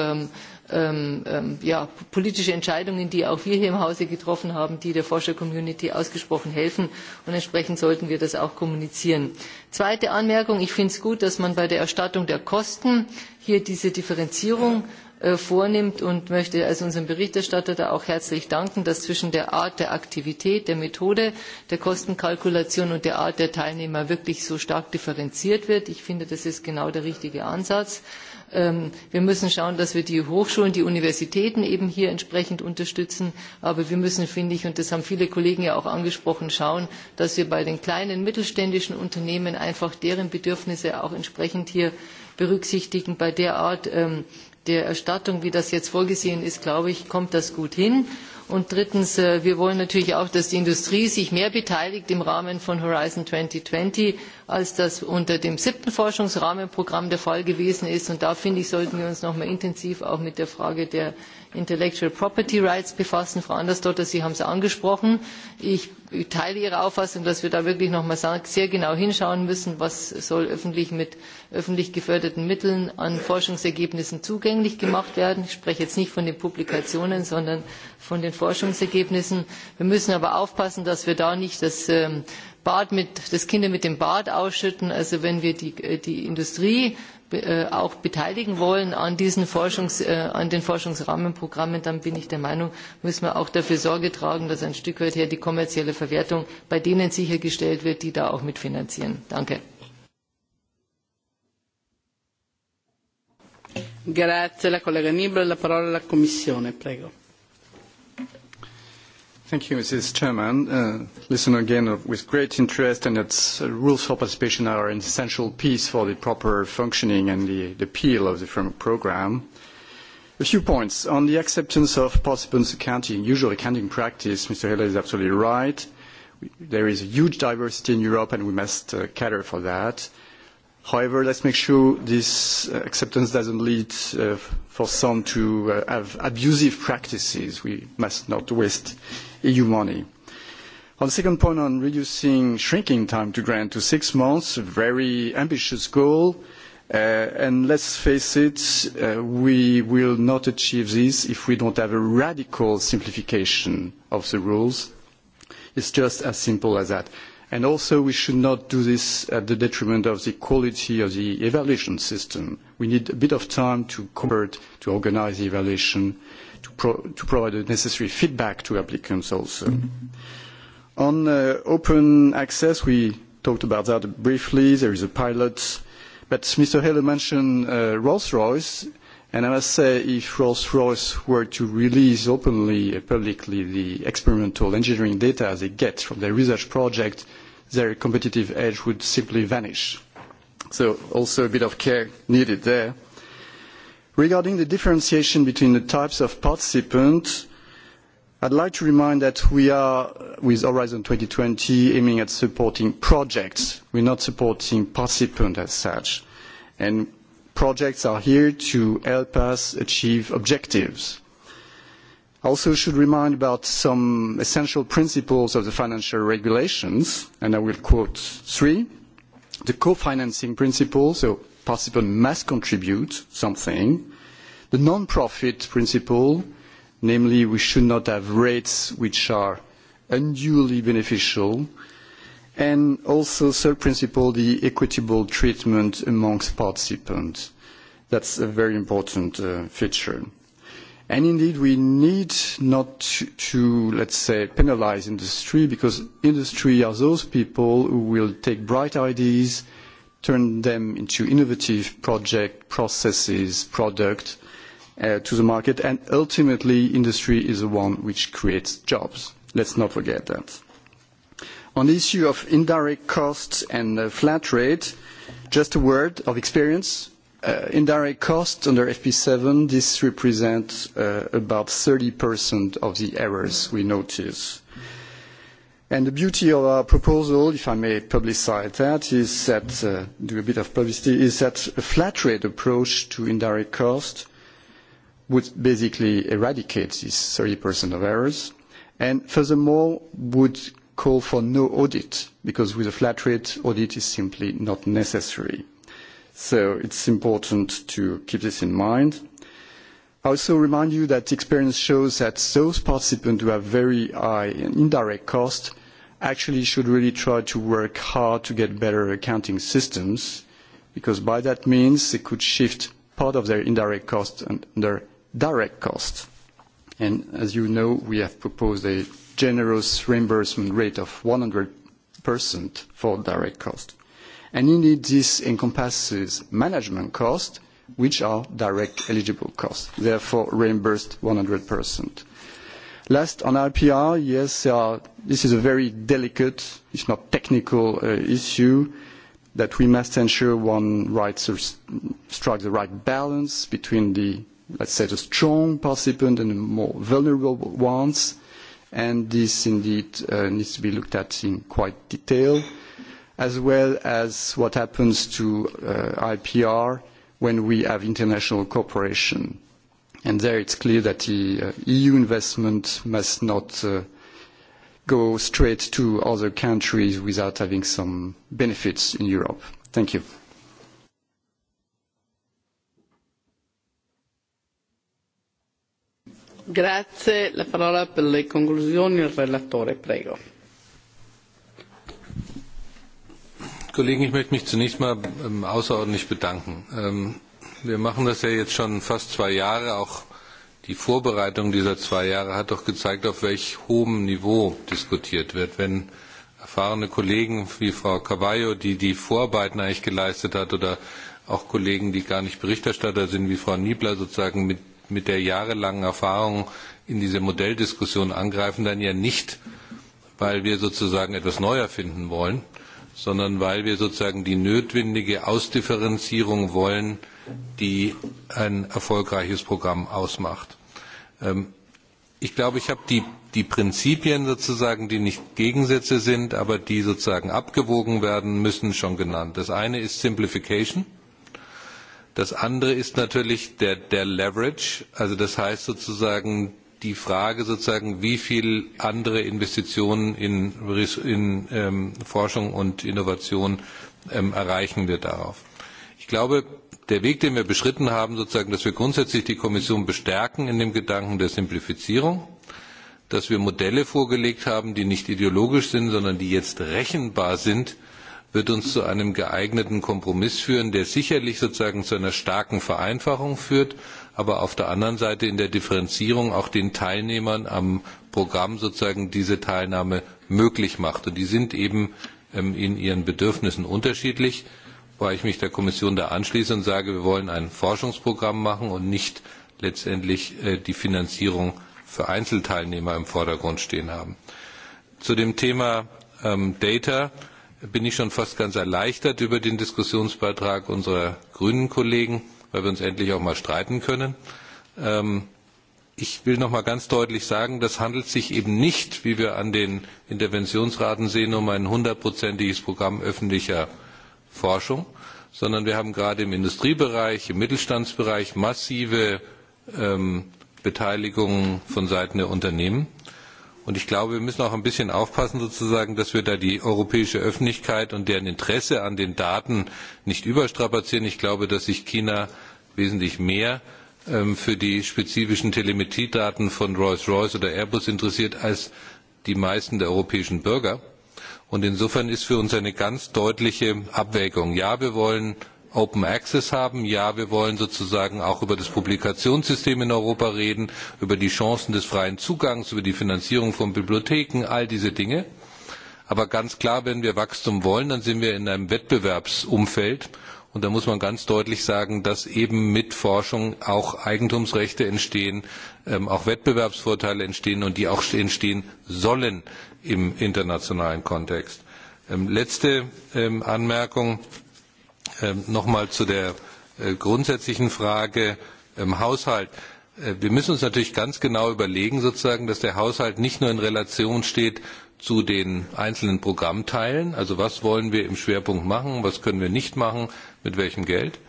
ähm, ähm, ja, politische Entscheidungen, die auch wir hier im Hause getroffen haben, die der Forscher-Community ausgesprochen helfen. Und entsprechend sollten wir das auch kommunizieren. Zweite Anmerkung. Ich finde es gut, dass man bei der Erstattung der Kosten hier diese Differenzierung äh, vornimmt und möchte also unserem Berichterstatter da auch herzlich danken, dass zwischen der Art der Aktivität, der Methode, der Kostenkalkulation und der Art der Teilnehmer wirklich so stark differenziert wird. Ich finde, das ist genau der richtige Ansatz. Äh, Ähm, wir müssen schauen, dass wir die Hochschulen, die Universitäten eben hier entsprechend unterstützen. Aber wir müssen, finde ich, und das haben viele Kollegen ja auch angesprochen, schauen, dass wir bei den kleinen mittelständischen Unternehmen einfach deren Bedürfnisse auch entsprechend hier berücksichtigen. Bei der Art ähm, der Erstattung, wie das jetzt vorgesehen ist, glaube ich, kommt das gut hin. Und drittens, äh, wir wollen natürlich auch, dass die Industrie sich mehr beteiligt im Rahmen von Horizon 2020, als das unter dem siebten Forschungsrahmenprogramm der Fall gewesen ist. Und da, finde ich, sollten wir uns nochmal intensiv auch mit der Frage der Intellectual Property Rights befassen. Frau Andersdotter, Sie haben es angesprochen. Ich teile Ihre Auffassung, dass wir da wirklich nochmal sehr genau hinschauen müssen, was soll öffentlich mit öffentlich geförderten Mitteln an Forschungsergebnissen zugänglich gemacht werden. Ich spreche jetzt nicht von den Publikationen, sondern von den Forschungsergebnissen. Wir müssen aber aufpassen, dass wir da nicht das ähm, Bad mit, das Kinder mit dem Bad ausschütten. Also wenn wir die, äh, die Industrie äh, auch beteiligen wollen an, diesen Forschungs, äh, an den Forschungsrahmenprogrammen, dann bin ich der Meinung, müssen wir auch dafür Sorge tragen, dass ein Stück weit her die kommerzielle Verwertung bei denen sichergestellt wird, die da auch mitfinanzieren. Danke. Grazie, la collega Nibel, la parola alla Commissione, prego. Thank you, Mrs. Chairman. Uh, listen again uh, with great interest, and its uh, rules for participation are an essential piece for the proper functioning and the, the appeal of the framework program. A few points. On the acceptance of participants' accounting, usual accounting practice, Mr. Heller is absolutely right. There is a huge diversity in Europe, and we must uh, cater for that. Uh, However, let's make sure this acceptance doesn't lead uh, for some to uh, have abusive practices. We must not waste EU money. On the second point on reducing shrinking time to grant to six months, a very ambitious goal. Uh, and let's face it, uh, we will not achieve this if we don't have a radical simplification of the rules. It's just as simple as that. And also, we should not do this at the detriment of the quality of the evaluation system. We need a bit of time to convert, to organize the evaluation, to, pro to provide the necessary feedback to applicants also. Mm-hmm. On uh, open access, we talked about that briefly. There is a pilot. But Mr. Heller mentioned uh, Rolls-Royce, and I must say, if Rolls-Royce were to release openly, uh, publicly, the experimental engineering data they get from their research project, their competitive edge would simply vanish. So also a bit of care needed there. Regarding the differentiation between the types of participants, I'd like to remind that we are, with Horizon 2020, aiming at supporting projects. We're not supporting participants as such. And projects are here to help us achieve objectives also should remind about some essential principles of the financial regulations, and I will quote three. The co-financing principle, so participant must contribute something. The non-profit principle, namely we should not have rates which are unduly beneficial. And also third principle, the equitable treatment amongst participants. That's a very important uh, feature. And indeed, we need not to, to, let's say, penalize industry, because industry are those people who will take bright ideas, turn them into innovative project, processes, product uh, to the market, and ultimately, industry is the one which creates jobs. Let's not forget that. On the issue of indirect costs and uh, flat rate, just a word of experience Uh, indirect costs under FP7, this represents uh, about 30% of the errors we notice. And the beauty of our proposal, if I may publicize that, is that, uh, do a bit of publicity, is that a flat rate approach to indirect cost would basically eradicate these 30% of errors, and furthermore, would call for no audit, because with a flat rate, audit is simply not necessary. So it's important to keep this in mind. I also remind you that experience shows that those participants who have very high indirect costs actually should really try to work hard to get better accounting systems, because by that means they could shift part of their indirect costs and their direct costs. And as you know, we have proposed a generous reimbursement rate of 100% for direct costs. And indeed, this encompasses management costs, which are direct eligible costs, therefore reimbursed 100%. Last, on IPR, yes, are, this is a very delicate, if not technical, uh, issue that we must ensure one writes or strikes the right balance between the, let's say, the strong participant and the more vulnerable ones. And this indeed uh, needs to be looked at in quite detail as well as what happens to uh, IPR when we have international cooperation. And there it's clear that the uh, EU investment must not uh, go straight to other countries without having some benefits in Europe. Thank you. Grazie. La parola per le conclusioni al relatore, prego. Kollegen, ich möchte mich zunächst mal ähm, außerordentlich bedanken. Ähm, wir machen das ja jetzt schon fast zwei Jahre. Auch die Vorbereitung dieser zwei Jahre hat doch gezeigt, auf welch hohem Niveau diskutiert wird. Wenn erfahrene Kollegen wie Frau Cavallo, die die Vorarbeiten eigentlich geleistet hat, oder auch Kollegen, die gar nicht Berichterstatter sind, wie Frau Niebler sozusagen mit, mit der jahrelangen Erfahrung in diese Modelldiskussion angreifen, dann ja nicht, weil wir sozusagen etwas neu erfinden wollen, äh, sondern weil wir sozusagen die notwendige Ausdifferenzierung wollen, die ein erfolgreiches Programm ausmacht. Ähm, ich glaube, ich habe die, die Prinzipien sozusagen, die nicht Gegensätze sind, aber die sozusagen abgewogen werden müssen, schon genannt. Das eine ist Simplification. Das andere ist natürlich der, der Leverage, also das heißt sozusagen die Frage sozusagen, wie viel andere Investitionen in, in ähm, Forschung und Innovation ähm, erreichen wir darauf. Ich glaube, der Weg, den wir beschritten haben, sozusagen, dass wir grundsätzlich die Kommission bestärken in dem Gedanken der Simplifizierung, dass wir Modelle vorgelegt haben, die nicht ideologisch sind, sondern die jetzt rechenbar sind, wird uns zu einem geeigneten Kompromiss führen, der sicherlich sozusagen zu einer starken Vereinfachung führt, aber auf der anderen Seite in der Differenzierung auch den Teilnehmern am Programm sozusagen diese Teilnahme möglich macht. Und die sind eben ähm, in ihren Bedürfnissen unterschiedlich, weil ich mich der Kommission da anschließe und sage, wir wollen ein Forschungsprogramm machen und nicht letztendlich äh, die Finanzierung für Einzelteilnehmer im Vordergrund stehen haben. Zu dem Thema ähm, Data bin ich schon fast ganz erleichtert über den Diskussionsbeitrag unserer grünen Kollegen weil wir uns endlich auch mal streiten können. Ähm, ich will noch mal ganz deutlich sagen, das handelt sich eben nicht, wie wir an den Interventionsraten sehen, um ein hundertprozentiges Programm öffentlicher Forschung, sondern wir haben gerade im Industriebereich, im Mittelstandsbereich massive ähm, Beteiligungen von Seiten der Unternehmen. Äh, Und ich glaube, wir müssen auch ein bisschen aufpassen, sozusagen, dass wir da die europäische Öffentlichkeit und deren Interesse an den Daten nicht überstrapazieren. Ich glaube, dass sich China wesentlich mehr ähm, für die spezifischen Telemetriedaten von Rolls-Royce oder Airbus interessiert als die meisten der europäischen Bürger. Und insofern ist für uns eine ganz deutliche Abwägung. Ja, wir wollen Open Access haben. Ja, wir wollen sozusagen auch über das Publikationssystem in Europa reden, über die Chancen des freien Zugangs, über die Finanzierung von Bibliotheken, all diese Dinge. Aber ganz klar, wenn wir Wachstum wollen, dann sind wir in einem Wettbewerbsumfeld. Und da muss man ganz deutlich sagen, dass eben mit Forschung auch Eigentumsrechte entstehen, ähm, auch Wettbewerbsvorteile entstehen und die auch entstehen sollen im internationalen Kontext. Ähm, letzte ähm, Anmerkung. Ähm, nochmal zu der äh, grundsätzlichen Frage im ähm, Haushalt. Äh, wir müssen uns natürlich ganz genau überlegen, sozusagen, dass der Haushalt nicht nur in Relation steht zu den einzelnen Programmteilen, also was wollen wir im Schwerpunkt machen, was können wir nicht machen, mit welchem Geld,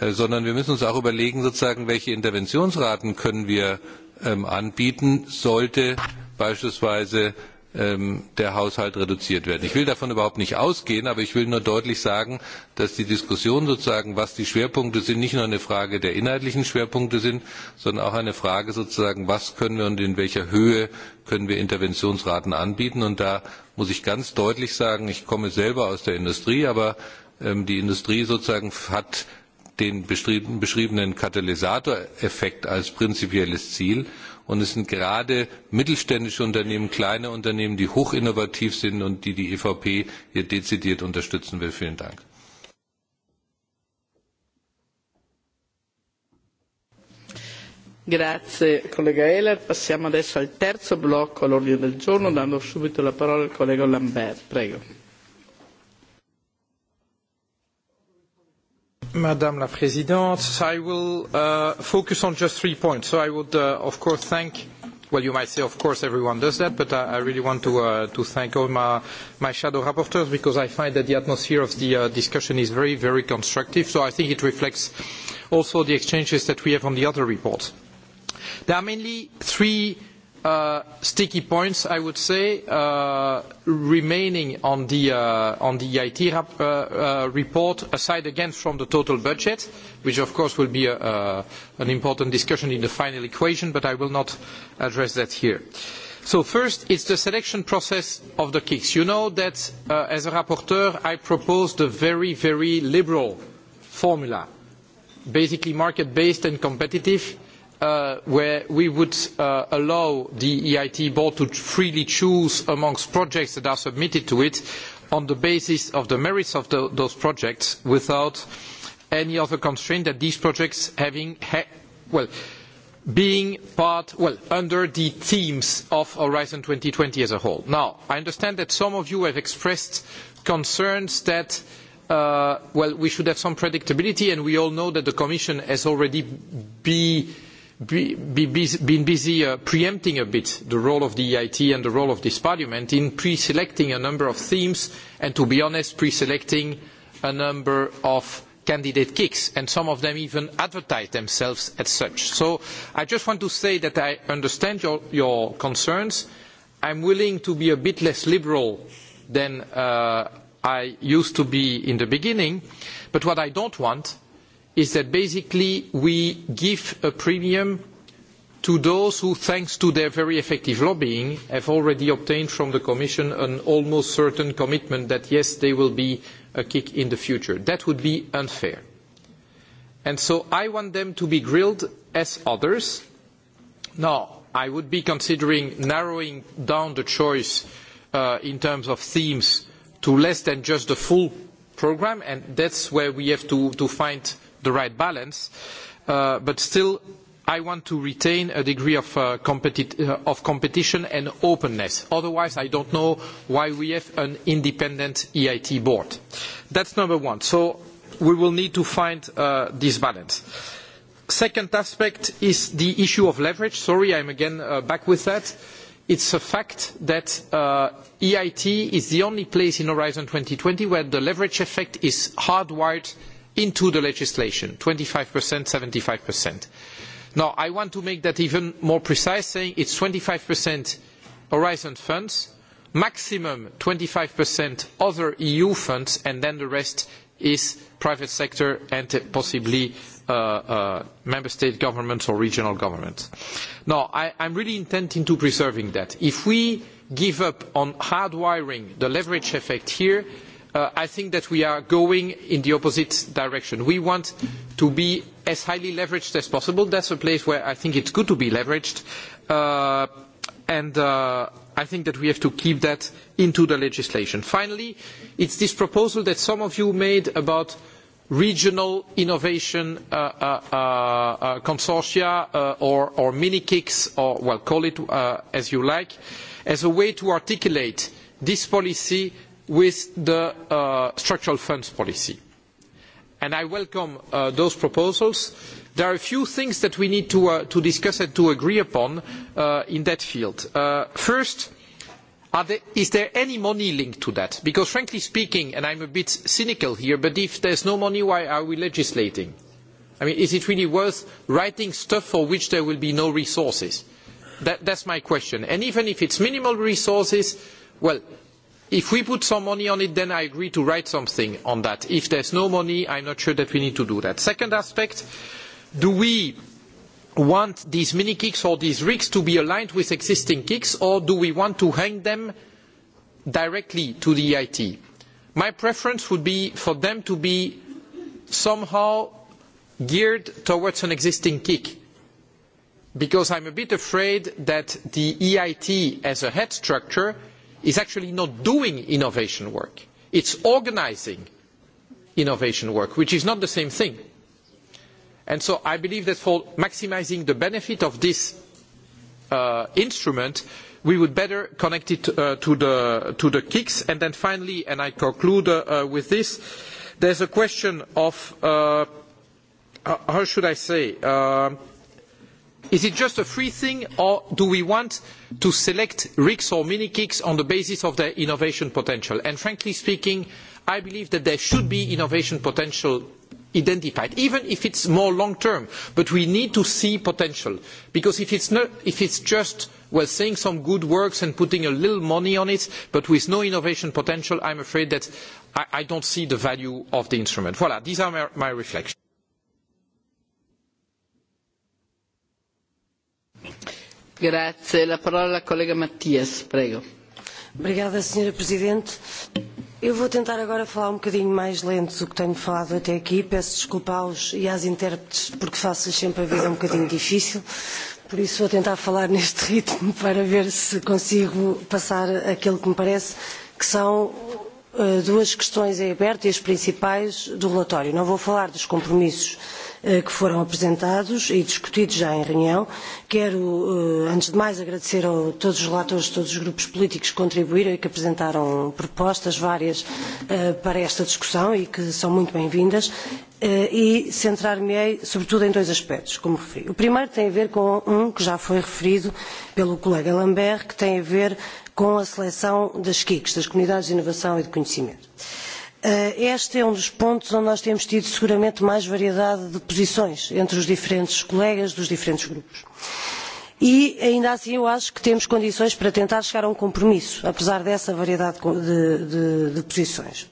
äh, sondern wir müssen uns auch überlegen, sozusagen, welche Interventionsraten können wir ähm, anbieten, sollte beispielsweise Ähm, der Haushalt reduziert werden. Ich will davon überhaupt nicht ausgehen, aber ich will nur deutlich sagen, dass die Diskussion sozusagen, was die Schwerpunkte sind, nicht nur eine Frage der inhaltlichen Schwerpunkte sind, sondern auch eine Frage sozusagen, was können wir und in welcher Höhe können wir Interventionsraten anbieten. Und da muss ich ganz deutlich sagen, ich komme selber aus der Industrie, aber ähm, die Industrie sozusagen hat den beschriebenen Katalysatoreffekt als prinzipielles Ziel Und es sind gerade mittelständische Unternehmen, kleine Unternehmen, die hochinnovativ sind und die die EVP hier dezidiert unterstützen will. Vielen Dank. grazie collega ehler passiamo adesso al terzo blocco all'ordine del giorno dando subito la parola al collega lamberts prego. Madam la Présidente, I will uh, focus on just three points. So I would, uh, of course, thank Well, you might say, of course, everyone does that, but I, I really want to, uh, to thank all my, my shadow rapporteurs because I find that the atmosphere of the uh, discussion is very, very constructive. So I think it reflects also the exchanges that we have on the other reports. There are mainly three uh, sticky points, I would say, uh, remaining on the, uh, on the e IT rap, uh, uh, report, aside again from the total budget, which of course will be a, uh, uh, an important discussion in the final equation, but I will not address that here. So first, it's the selection process of the KICs. You know that, uh, as a rapporteur, I proposed a very, very liberal formula, basically market-based and competitive, uh, where we would uh, allow the EIT board to freely choose amongst projects that are submitted to it on the basis of the merits of the, those projects without any other constraint that these projects having ha well being part well under the themes of Horizon 2020 as a whole. Now, I understand that some of you have expressed concerns that uh, well we should have some predictability and we all know that the commission has already be uh, be, be, been busy uh, preempting a bit the role of the EIT and the role of this parliament in pre-selecting a number of themes and, to be honest, pre-selecting a number of candidate kicks, and some of them even advertise themselves as such. So I just want to say that I understand your, your concerns. I'm willing to be a bit less liberal than uh, I used to be in the beginning, but what I don't want is that basically we give a premium to those who, thanks to their very effective lobbying, have already obtained from the Commission an almost certain commitment that, yes, they will be a kick in the future. That would be unfair. And so I want them to be grilled as others. Now, I would be considering narrowing down the choice uh, in terms of themes to less than just the full program, and that's where we have to, to find uh, the right balance. Uh, but still, I want to retain a degree of, uh, competi uh, of competition and openness. Otherwise, I don't know why we have an independent EIT board. That's number one. So we will need to find uh, this balance. Second aspect is the issue of leverage. Sorry, I'm again uh, back with that. It's a fact that uh, EIT is the only place in Horizon 2020 where the leverage effect is hardwired into the legislation, 25%, 75%. Now, I want to make that even more precise, saying it's 25% Horizon funds, maximum 25% other EU funds, and then the rest is private sector and possibly uh, uh, member state governments or regional governments. Now, I, I'm really intending to preserving that. If we give up on hardwiring the leverage effect here, uh, I think that we are going in the opposite direction. We want to be as highly leveraged as possible. That's a place where I think it's good to be leveraged. Uh, and uh, I think that we have to keep that into the legislation. Finally, it's this proposal that some of you made about regional innovation uh, uh, uh, uh consortia uh, or, or mini KICs, or well, call it uh, as you like, as a way to articulate this policy with the uh, structural funds policy. And I welcome uh, those proposals. There are a few things that we need to, uh, to discuss and to agree upon uh, in that field. Uh, first, are there, is there any money linked to that? Because frankly speaking, and I'm a bit cynical here, but if there's no money, why are we legislating? I mean, is it really worth writing stuff for which there will be no resources? That, that's my question. And even if it's minimal resources, well, If we put some money on it, then I agree to write something on that. If there's no money, I'm not sure that we need to do that. Second aspect, do we want these mini kicks or these rigs to be aligned with existing kicks, or do we want to hang them directly to the EIT? My preference would be for them to be somehow geared towards an existing kick, because I'm a bit afraid that the EIT as a head structure is actually not doing innovation work. It's organizing innovation work, which is not the same thing. And so I believe that for maximizing the benefit of this uh, instrument, we would better connect it uh, to, the, to the kicks. And then finally, and I conclude uh, uh, with this, there's a question of, uh, uh, how should I say, uh, Is it just a free thing, or do we want to select RICs or mini-KICs on the basis of their innovation potential? And frankly speaking, I believe that there should be innovation potential identified, even if it's more long-term. But we need to see potential, because if it's, not, if it's just well, saying some good works and putting a little money on it, but with no innovation potential, I'm afraid that I, I don't see the value of the instrument. Voilà, these are my, my reflections. Grazie. La parola collega Mattias, prego. Obrigada, Sra. Presidente. Eu vou tentar agora falar um bocadinho mais lento do que tenho falado até aqui. Peço desculpa aos e às intérpretes, porque faço-lhes sempre a vida um bocadinho difícil. Por isso vou tentar falar <laughs> neste ritmo para ver se consigo passar aquilo que me parece que são uh, duas questões em aberto e as principais do relatório. Não vou falar dos compromissos uh, Eh, que foram apresentados e discutidos já em reunião. Quero, eh, antes de mais, agradecer a todos os relatores de todos os grupos políticos que contribuíram e que apresentaram propostas várias eh, para esta discussão e que são muito bem-vindas e centrar-me-ei sobretudo em dois aspectos, como referi. O primeiro tem a ver com um que já foi referido pelo colega Lambert, que tem a ver com a seleção das KICs, das Comunidades de Inovação e de Conhecimento. Uh, Eh, este é um dos pontos onde nós temos tido seguramente mais variedade de posições entre os diferentes colegas dos diferentes grupos. E ainda assim eu acho que temos condições para tentar chegar a um compromisso, apesar dessa variedade de, de, de posições.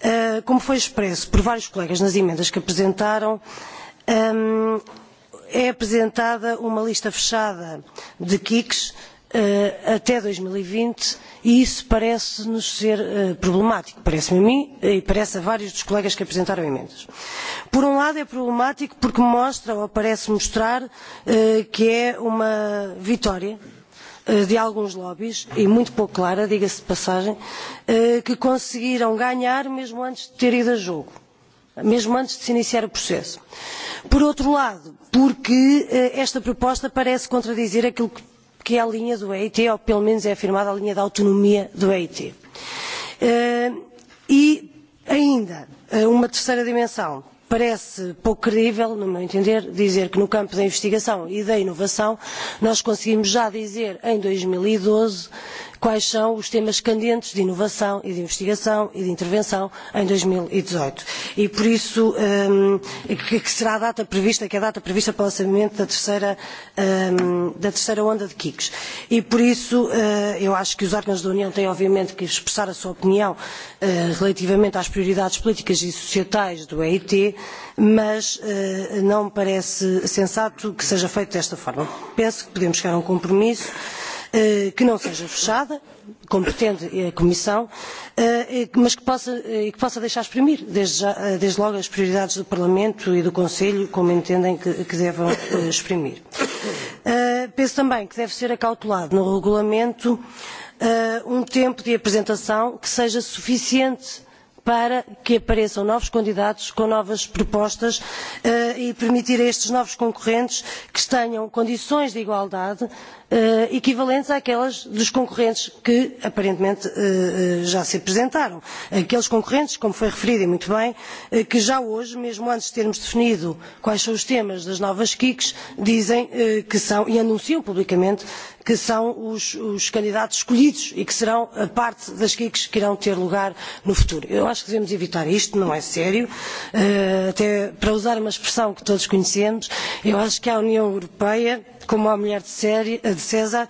Eh, como foi expresso por vários colegas nas emendas que apresentaram, ehm, é apresentada uma lista fechada de KICs uh, até 2020 e, e isso parece-nos ser uh, problemático, parece-me a mim eh, e parece a vários dos colegas que apresentaram emendas. Por um lado é problemático porque mostra ou parece mostrar uh, que é uma vitória de alguns lobbies, e muito pouco clara, diga-se de passagem, que conseguiram ganhar mesmo antes de ter ido a jogo, mesmo antes de se iniciar o processo. Por outro lado, porque esta proposta parece contradizer aquilo que que é a linha do EIT, ou pelo menos é afirmada a linha da autonomia do EIT. Eh, e ainda, eh, uma terceira dimensão. Parece pouco credível, no meu entender, dizer que no campo da investigação e da inovação nós conseguimos já dizer em 2012 quais são os temas candentes de inovação e de investigação e de intervenção em 2018. E, e por isso, um, que, que será a data prevista, que é a data prevista para o lançamento da terceira, um, da terceira onda de KICs. E por isso, uh, eu acho que os órgãos da União têm obviamente que expressar a sua opinião uh, relativamente às prioridades políticas e societais do EIT, mas uh, não me parece sensato que seja feito desta forma. Penso que podemos chegar a um compromisso. Uh, Eh, que não seja fechada, como pretende eh, a Comissão, eh, e mas que possa, e que possa deixar exprimir, desde, já, desde logo, as prioridades do Parlamento e do Conselho, como entendem que, que devam exprimir. Penso também que deve ser acautelado no regulamento um tempo de apresentação que seja suficiente para que apareçam novos candidatos com novas propostas eh, e permitir a estes novos concorrentes que tenham condições de igualdade eh, equivalentes àquelas dos concorrentes que aparentemente eh, já se apresentaram. Aqueles concorrentes, como foi referido e muito bem, que já hoje, mesmo antes de termos definido quais são os temas das novas KICs, dizem que são e anunciam publicamente que são os, os candidatos escolhidos e que serão a parte das CICs que irão ter lugar no futuro. Eu acho que devemos evitar isto, não é sério. Uh, até para usar uma expressão que todos conhecemos, eu acho que a União Europeia, como a mulher de, série, de César,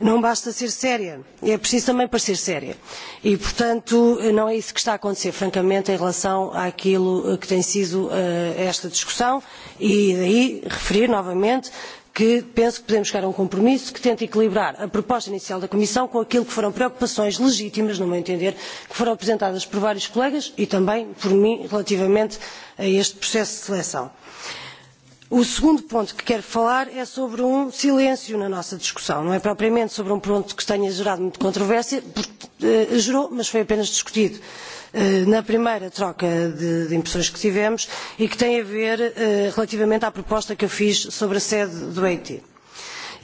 não basta ser séria, é preciso também parecer séria. E, portanto, não é isso que está a acontecer, francamente, em relação àquilo que tem sido uh, esta discussão. E daí referir novamente que penso que podemos chegar a um compromisso que tente equilibrar a proposta inicial da Comissão com aquilo que foram preocupações legítimas, no meu entender, que foram apresentadas por vários colegas e também por mim relativamente a este processo de seleção. Uh, O segundo ponto que quero falar é sobre um silêncio na nossa discussão. Não é propriamente sobre um ponto que tenha gerado muita controvérsia, porque, uh, gerou, mas foi apenas discutido uh, na primeira troca de, de impressões que tivemos e que tem a ver uh, relativamente à proposta que eu fiz sobre a sede do EIT.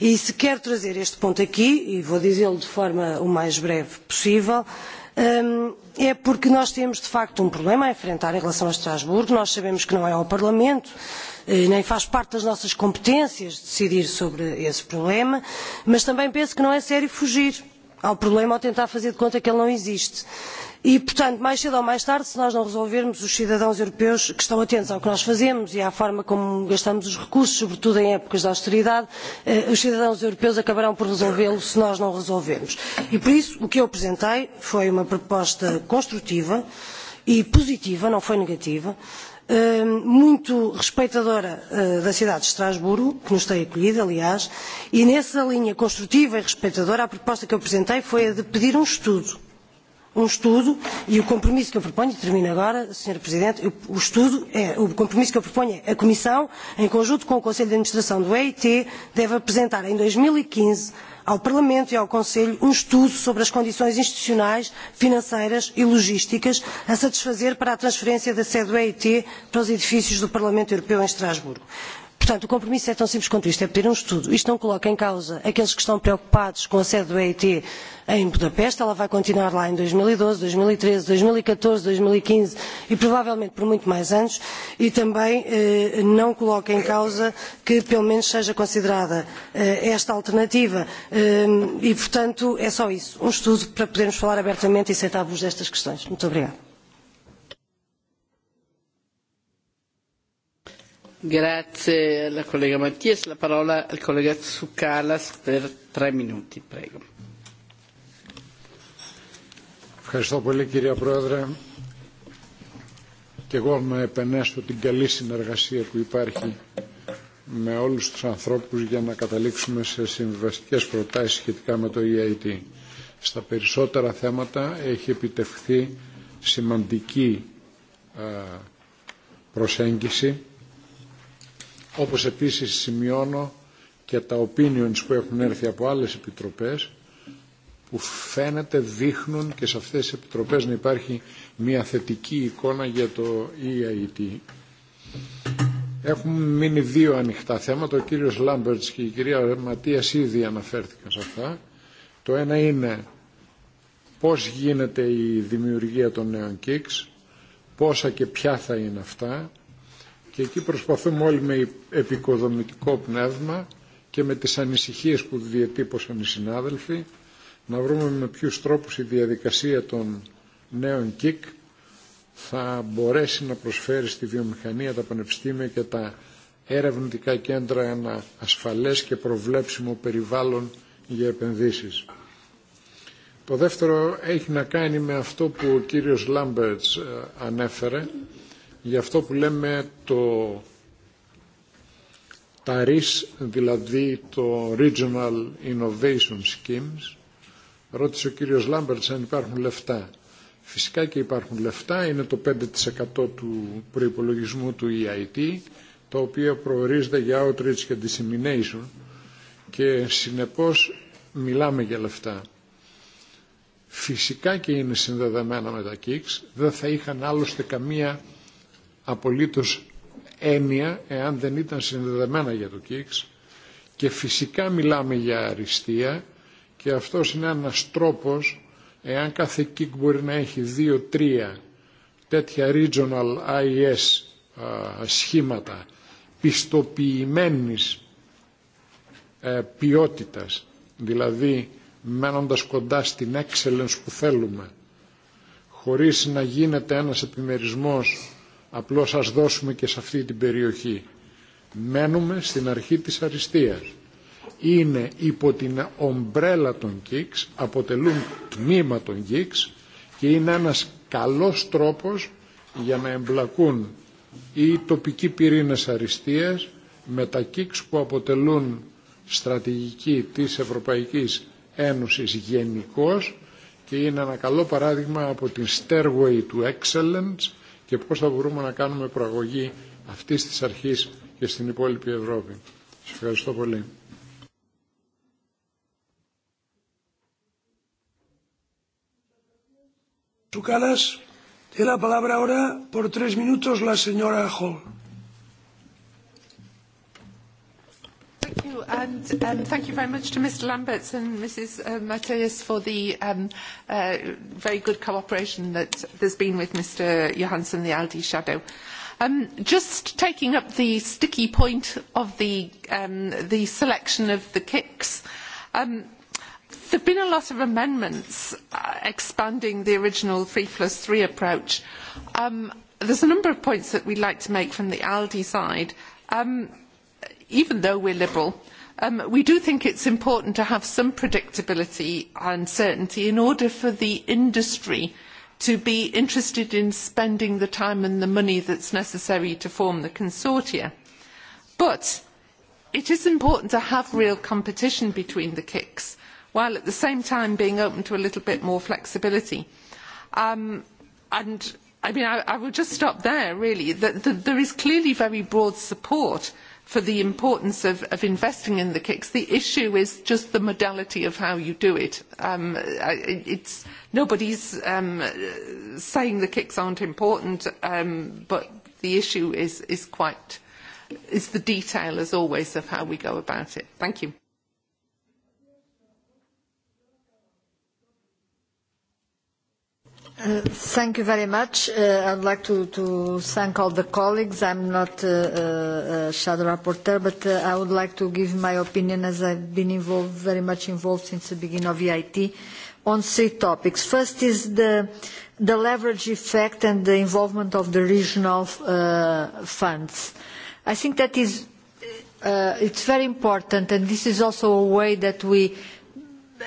E se quero trazer este ponto aqui, e vou dizê-lo de forma o mais breve possível, um, é porque nós temos de facto um problema a enfrentar em relação a Estrasburgo. Nós sabemos que não é ao Parlamento, Eh, nem faz parte das nossas competências decidir sobre esse problema, mas também penso que não é sério fugir ao problema ao tentar fazer de conta que ele não existe. E, portanto, mais cedo ou mais tarde, se nós não resolvermos, os cidadãos europeus que estão atentos ao que nós fazemos e à forma como gastamos os recursos, sobretudo em épocas de austeridade, eh, os cidadãos europeus acabarão por resolvê-lo se nós não resolvermos. E, por isso, o que eu apresentei foi uma proposta construtiva e positiva, não foi negativa, muito respeitadora da cidade de Estrasburgo, que nos tem acolhido, aliás, e nessa linha construtiva e respeitadora, a proposta que eu apresentei foi a de pedir um estudo. Um estudo, e o compromisso que eu proponho, e termino agora, Sr. Presidente, o estudo é, o compromisso que eu proponho é a Comissão, em conjunto com o Conselho de Administração do EIT, deve apresentar em 2015 ao Parlamento e ao Conselho um estudo sobre as condições institucionais, financeiras e logísticas a satisfazer para a transferência da sede do EIT para os edifícios do Parlamento Europeu em Estrasburgo. Portanto, o compromisso é tão simples quanto isto, é pedir um estudo. Isto não coloca em causa aqueles que estão preocupados com a sede do EIT em Budapeste, ela vai continuar lá em 2012, 2013, 2014, 2015 e provavelmente por muito mais anos, e também eh, não coloca em causa que pelo menos seja considerada eh, esta alternativa. Eh, e, portanto, é só isso, um estudo para podermos falar abertamente e sem tabus destas questões. Muito obrigada. Grazie alla collega Mattias. La parola al collega Tsoukalas per tre minuti, prego. Ευχαριστώ πολύ κυρία Πρόεδρε. Και εγώ να επενέσω την καλή συνεργασία που υπάρχει με όλους τους ανθρώπους για να καταλήξουμε σε συμβιβαστικές προτάσεις σχετικά με το EIT. Στα περισσότερα θέματα έχει επιτευχθεί σημαντική προσέγγιση όπως επίσης σημειώνω και τα opinions που έχουν έρθει από άλλες επιτροπές που φαίνεται δείχνουν και σε αυτές τις επιτροπές να υπάρχει μια θετική εικόνα για το EIT. Έχουν μείνει δύο ανοιχτά θέματα. Ο κύριος Λάμπερτς και η κυρία Ματίας ήδη αναφέρθηκαν σε αυτά. Το ένα είναι πώς γίνεται η δημιουργία των νέων ΚΙΚΣ, πόσα και ποια θα είναι αυτά, Και εκεί προσπαθούμε όλοι με επικοδομητικό πνεύμα και με τις ανησυχίες που διατύπωσαν οι συνάδελφοι να βρούμε με ποιους τρόπους η διαδικασία των νέων ΚΙΚ θα μπορέσει να προσφέρει στη βιομηχανία, τα πανεπιστήμια και τα ερευνητικά κέντρα ένα ασφαλές και προβλέψιμο περιβάλλον για επενδύσεις. Το δεύτερο έχει να κάνει με αυτό που ο κύριος Λάμπερτς ανέφερε, για αυτό που λέμε το τα RIS, δηλαδή το Regional Innovation Schemes. Ρώτησε ο κύριος Λάμπερτς αν υπάρχουν λεφτά. Φυσικά και υπάρχουν λεφτά, είναι το 5% του προϋπολογισμού του EIT, το οποίο προορίζεται για outreach και dissemination και συνεπώς μιλάμε για λεφτά. Φυσικά και είναι συνδεδεμένα με τα KICS, δεν θα είχαν άλλωστε καμία απολύτως έννοια εάν δεν ήταν συνδεδεμένα για το ΚΙΚΣ και φυσικά μιλάμε για αριστεία και αυτός είναι ένας τρόπος εάν κάθε kick μπορεί να έχει δύο-τρία τέτοια regional IES α, σχήματα πιστοποιημένης ε, ποιότητας, δηλαδή μένοντας κοντά στην excellence που θέλουμε, χωρίς να γίνεται ένας επιμερισμός απλώς σας δώσουμε και σε αυτή την περιοχή. Μένουμε στην αρχή της αριστείας. Είναι υπό την ομπρέλα των ΚΙΚΣ, αποτελούν τμήμα των ΚΙΚΣ και είναι ένας καλός τρόπος για να εμπλακούν οι τοπικοί πυρήνες αριστείας με τα ΚΙΚΣ που αποτελούν στρατηγική της Ευρωπαϊκής Ένωσης γενικώ και είναι ένα καλό παράδειγμα από την Stairway to Excellence και πώς θα μπορούμε να κάνουμε προαγωγή αυτής της αρχής και στην υπόλοιπη Ευρώπη. Σας ευχαριστώ πολύ. Τσουκάλας, tiene la palabra ahora por tres minutos la señora Hall. And um, thank you very much to Mr. Lamberts and Mrs. Uh, Mateus for the um, uh, very good cooperation that there's been with Mr. Johansson, the ALDI shadow. Um, just taking up the sticky point of the, um, the selection of the kicks, um, there have been a lot of amendments uh, expanding the original 3 plus 3 approach. Um, there's a number of points that we'd like to make from the ALDI side. Um, even though we're liberal, Um, we do think it's important to have some predictability and certainty in order for the industry to be interested in spending the time and the money that's necessary to form the consortia. But it is important to have real competition between the KICs, while at the same time being open to a little bit more flexibility. Um, and I mean, I, I will just stop there, really. The, the, there is clearly very broad support uh, for the importance of, of investing in the kicks. The issue is just the modality of how you do it. Um, it's, nobody's um, saying the kicks aren't important, um, but the issue is, is quite, is the detail as always of how we go about it. Thank you. Uh, thank you very much. Uh, I'd like to, to thank all the colleagues. I'm not uh, uh, a shadow rapporteur, but uh, I would like to give my opinion as I've been involved, very much involved since the beginning of EIT on three topics. First is the, the leverage effect and the involvement of the regional uh, funds. I think that is uh, it's very important, and this is also a way that we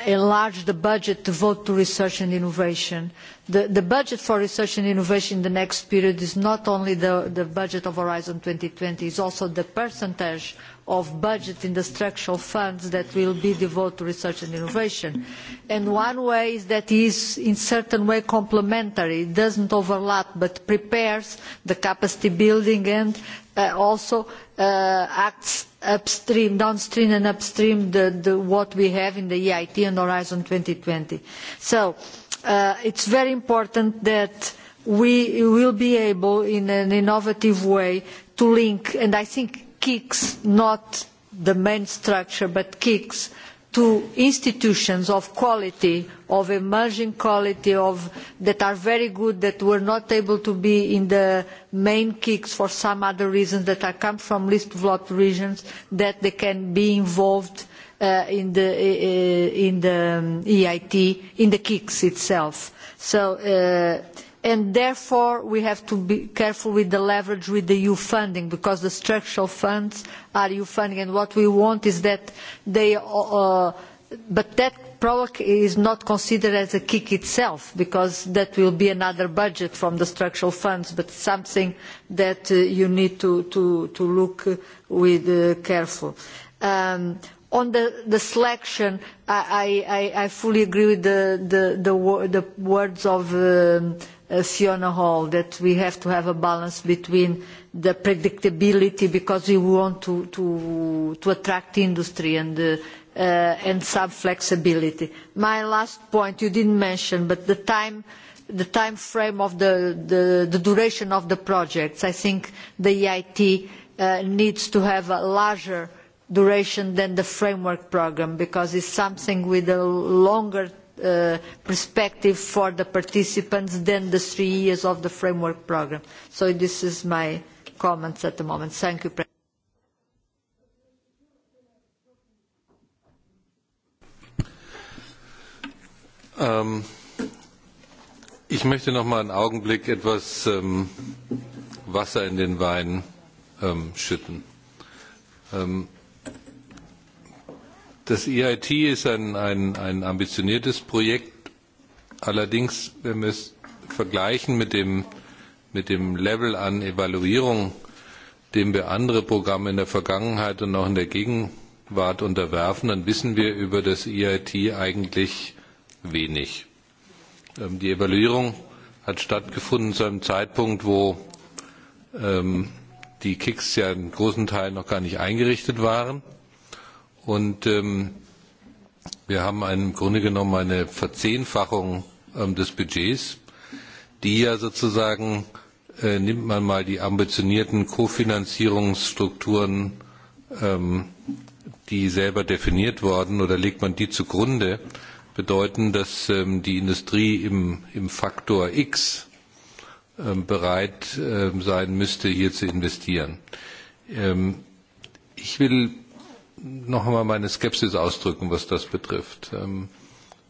enlarge the budget devoted to research and innovation. The, the budget for research and innovation in the next period is not only the, the budget of Horizon 2020, it's also the percentage of budget in the structural funds that will be devoted to research and innovation. And one way is that it is in certain way complementary, it doesn't overlap, but prepares the capacity building and uh, also uh, acts upstream, downstream and upstream the, the, what we have in the EIT and Horizon 2020. So uh, it's very important that we will be able in an innovative way to link, and I think KICS, not the main structure, but KICS, uh, to institutions of quality, of emerging quality, of, that are very good, that were not able to be in the main kicks for some other reasons, that are come from least developed regions, that they can be involved uh, in the, uh, uh in the um, EIT, in the kicks itself. So uh, and therefore we have to be careful with the leverage with the EU funding because the structural funds are EU funding and what we want is that they uh, uh but that probably is not considered as a kick itself because that will be another budget from the structural funds but something that uh, you need to, to, to look with uh, careful. Um, on the, the selection, I, I, I fully agree with the, the, the, the words of um, uh, Fiona uh, Hall that we have to have a balance between the predictability because we want to, to, to attract industry and, uh, uh, and some flexibility. My last point you didn't mention, but the time, the time frame of the, the, the duration of the projects. I think the EIT uh, needs to have a larger duration than the framework program because it's something with a longer uh, perspective for the participants than the three years of the framework program. So this is my comments at the moment. Thank you. Ähm, ich möchte noch mal einen Augenblick etwas ähm, Wasser in den Wein ähm, schütten. Ähm, Das EIT ist ein, ein, ein ambitioniertes Projekt. Allerdings, wenn wir es vergleichen mit dem, mit dem Level an Evaluierung, dem wir andere Programme in der Vergangenheit und auch in der Gegenwart unterwerfen, dann wissen wir über das EIT eigentlich wenig. Ähm, die Evaluierung hat stattgefunden zu einem Zeitpunkt, wo ähm, die Kicks ja in großen Teilen noch gar nicht eingerichtet waren. Und ähm, wir haben einen, im Grunde genommen eine Verzehnfachung ähm, des Budgets, die ja sozusagen, äh, nimmt man mal die ambitionierten Kofinanzierungsstrukturen, ähm, die selber definiert worden oder legt man die zugrunde, bedeuten, dass ähm, die Industrie im, im Faktor X ähm, bereit ähm, sein müsste, hier zu investieren. Ähm, ich will noch einmal meine Skepsis ausdrücken, was das betrifft. Ähm,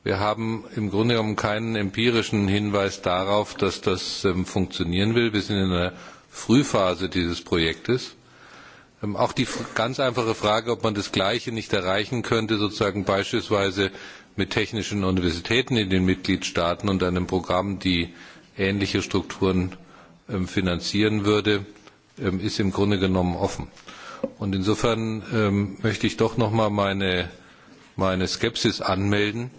wir haben im Grunde genommen keinen empirischen Hinweis darauf, dass das ähm, funktionieren will. Wir sind in einer Frühphase dieses Projektes. Ähm, auch die ganz einfache Frage, ob man das Gleiche nicht erreichen könnte, sozusagen beispielsweise mit technischen Universitäten in den Mitgliedstaaten und einem Programm, die ähnliche Strukturen ähm, finanzieren würde, ähm, ist im Grunde genommen offen. Und insofern ähm, möchte ich doch noch mal meine, meine Skepsis anmelden,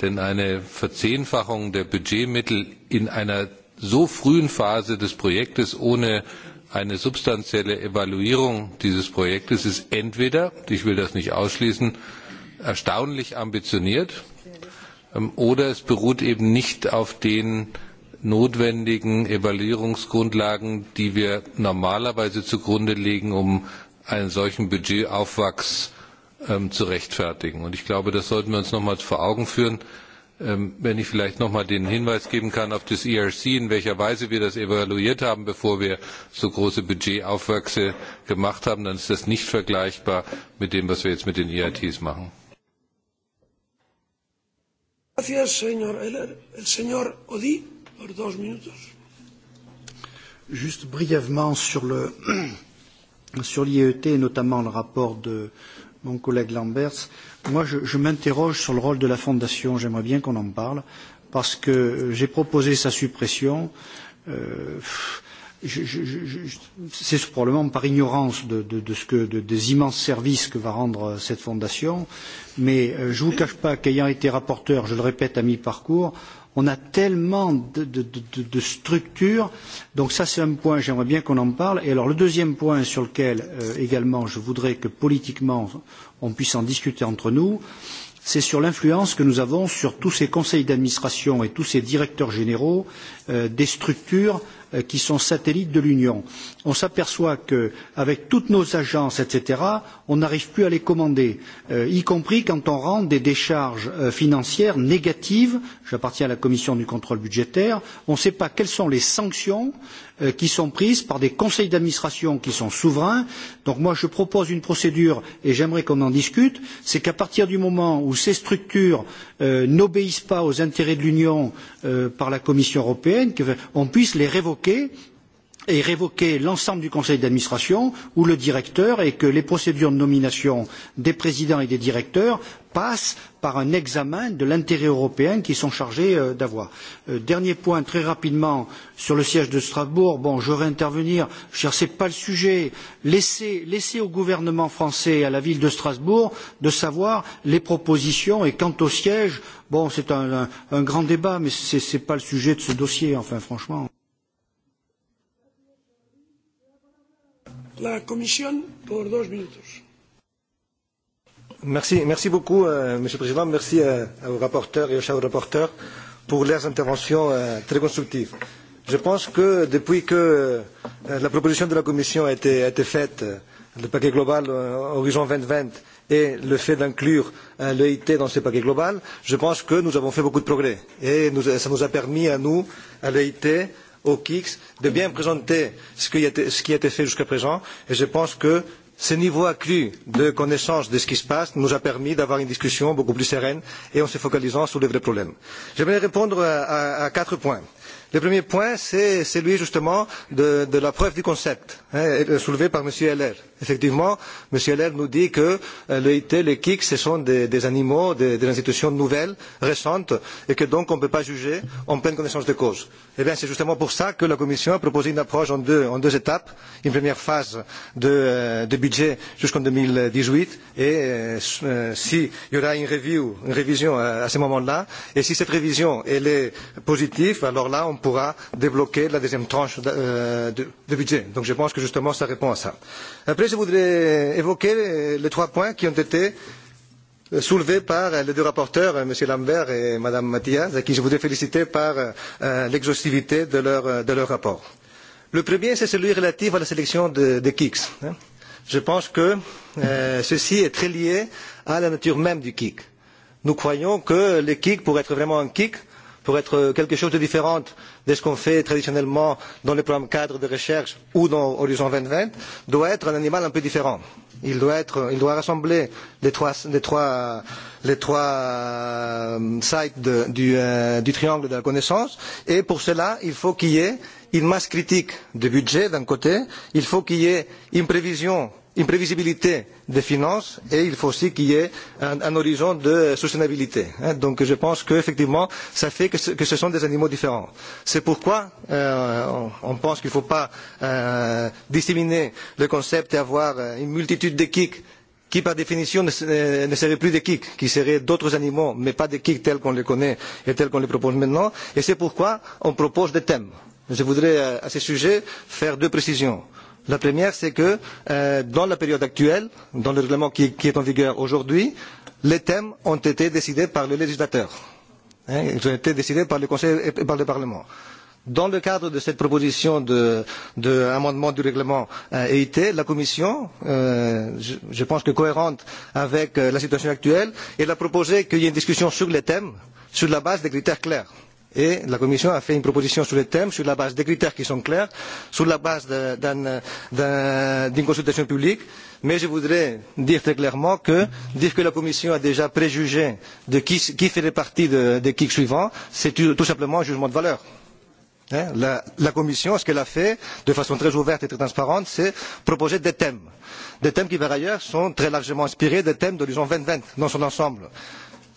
denn eine Verzehnfachung der Budgetmittel in einer so frühen Phase des Projektes ohne eine substanzielle Evaluierung dieses Projektes ist entweder, ich will das nicht ausschließen, erstaunlich ambitioniert ähm, oder es beruht eben nicht auf den notwendigen Evaluierungsgrundlagen, die wir normalerweise zugrunde legen, um einen solchen Budgetaufwachs ähm, zu rechtfertigen. Und ich glaube, das sollten wir uns nochmals vor Augen führen. Ähm, wenn ich vielleicht nochmal den Hinweis geben kann auf das ERC, in welcher Weise wir das evaluiert haben, bevor wir so große Budgetaufwachse gemacht haben, dann ist das nicht vergleichbar mit dem, was wir jetzt mit den EITs machen. Gracias, señor Heller. El señor Odi, por dos minutos. Juste brièvement sur le sur l'IET et notamment le rapport de mon collègue Lamberts, moi je, je m'interroge sur le rôle de la Fondation, j'aimerais bien qu'on en parle, parce que j'ai proposé sa suppression. Euh, je, je, je, c'est probablement par ignorance de, de, de ce que, de, des immenses services que va rendre cette fondation, mais euh, je ne vous cache pas qu'ayant été rapporteur, je le répète à mi-parcours, on a tellement de, de, de, de structures. Donc ça, c'est un point, j'aimerais bien qu'on en parle. Et alors le deuxième point sur lequel euh, également je voudrais que politiquement on puisse en discuter entre nous, c'est sur l'influence que nous avons sur tous ces conseils d'administration et tous ces directeurs généraux euh, des structures euh, Euh, qui sont satellites de l'Union. On s'aperçoit qu'avec toutes nos agences, etc., on n'arrive plus à les commander, euh, y compris quand on rend des décharges euh, financières négatives. J'appartiens à la commission du contrôle budgétaire. On ne sait pas quelles sont les sanctions euh, qui sont prises par des conseils d'administration qui sont souverains. Donc moi je propose une procédure et j'aimerais qu'on en discute, c'est qu'à partir du moment où ces structures euh, n'obéissent pas aux intérêts de l'Union euh, par la Commission européenne, on puisse les révoquer et révoquer l'ensemble du conseil d'administration ou le directeur et que les procédures de nomination des présidents et des directeurs passent par un examen de l'intérêt européen qu'ils sont chargés euh, d'avoir. Euh, dernier point très rapidement sur le siège de Strasbourg. Bon, je vais intervenir, ce n'est pas le sujet. Laissez, laissez au gouvernement français et à la ville de Strasbourg de savoir les propositions et quant au siège, bon, c'est un, un, un grand débat, mais ce n'est pas le sujet de ce dossier, enfin franchement. La Comisión por dos minutos. Merci, merci beaucoup, euh, Monsieur le Président. Merci euh, aux rapporteurs et aux chers rapporteurs pour leurs interventions euh, très constructives. Je pense que depuis que euh, la proposition de la Commission a été, a été faite, euh, le paquet global euh, Horizon 2020 et le fait d'inclure euh, le IT dans ce paquet global, je pense que nous avons fait beaucoup de progrès. Et nous, ça nous a permis à nous, à l'EIT, au KIX, de bien présenter ce qui a été, ce qui a été fait jusqu'à présent. Et je pense que ce niveau accru de connaissance de ce qui se passe nous a permis d'avoir une discussion beaucoup plus sereine et en se focalisant sur les vrais problèmes. J'aimerais répondre à, à, à quatre points. Le premier point, c'est celui justement de, de la preuve du concept, hein, euh, soulevé par M. Heller. Euh, Effectivement, M. Heller nous dit que euh, le IT, le KIC, ce sont des, des animaux, des, des institutions nouvelles, récentes, et que donc on ne peut pas juger en pleine connaissance de cause. Eh bien, c'est justement pour ça que la Commission a proposé une approche en deux, en deux étapes. Une première phase de, euh, de budget jusqu'en 2018, et euh, euh s'il y aura une, review, une révision à, à ce moment-là, et si cette révision elle est positive, alors là, on pourra débloquer la deuxième tranche de, euh, de, de budget. Donc je pense que justement, ça répond à ça. Après, je voudrais évoquer les trois points qui ont été euh, soulevés par euh, les deux rapporteurs, euh, M. Lambert et Mme Mathias, à qui je voudrais féliciter par euh, l'exhaustivité de leur, de leur rapport. Le premier, c'est celui relatif à la sélection des de KICS. Je pense que euh, ceci est très lié à la nature même du KIC. Nous croyons que le KIC, pour être vraiment un KIC, euh, pour être quelque chose de différent de ce qu'on fait traditionnellement dans les programmes cadres de recherche ou dans Horizon 2020, doit être un animal un peu différent. Il doit, être, il doit rassembler les trois, les trois, les trois euh, sites de, du, euh, du triangle de la connaissance et pour cela, il faut qu'il y ait une masse critique de budget d'un côté, il faut qu'il y ait une prévision imprévisibilité des finances et il faut aussi qu'il y ait un, un horizon de soutenabilité. Hein. Donc je pense qu'effectivement, ça fait que ce, que ce sont des animaux différents. C'est pourquoi euh, on, on pense qu'il ne faut pas euh, disséminer le concept et avoir euh, une multitude de kicks qui par définition ne, euh, ne seraient plus des kicks, qui seraient d'autres animaux, mais pas des kicks tels qu'on les connaît et tels qu'on les propose maintenant. Et c'est pourquoi on propose des thèmes. Je voudrais euh, à ce sujet faire deux précisions. Euh, La première, c'est que euh, dans la période actuelle, dans le règlement qui, qui est en vigueur aujourd'hui, les thèmes ont été décidés par le législateur. Hein, ils ont été décidés par le Conseil et par le Parlement. Dans le cadre de cette proposition d'amendement de, de amendement du règlement euh, EIT, la Commission, euh, je, je pense que cohérente avec euh, la situation actuelle, elle a proposé qu'il y ait une discussion sur les thèmes sur la base de critères clairs. Euh, et la Commission a fait une proposition sur le thème sur la base de critères qui sont clairs, sur la base d'une un, consultation publique. Mais je voudrais dire très clairement que dire que la Commission a déjà préjugé de qui, qui ferait partie de, de qui suivant, c'est tout, tout simplement un jugement de valeur. Hein, la, la Commission, ce qu'elle a fait de façon très ouverte et très transparente, c'est proposer des thèmes. Des thèmes qui, par ailleurs, sont très largement inspirés des thèmes d'Horizon 2020 dans son ensemble. Euh,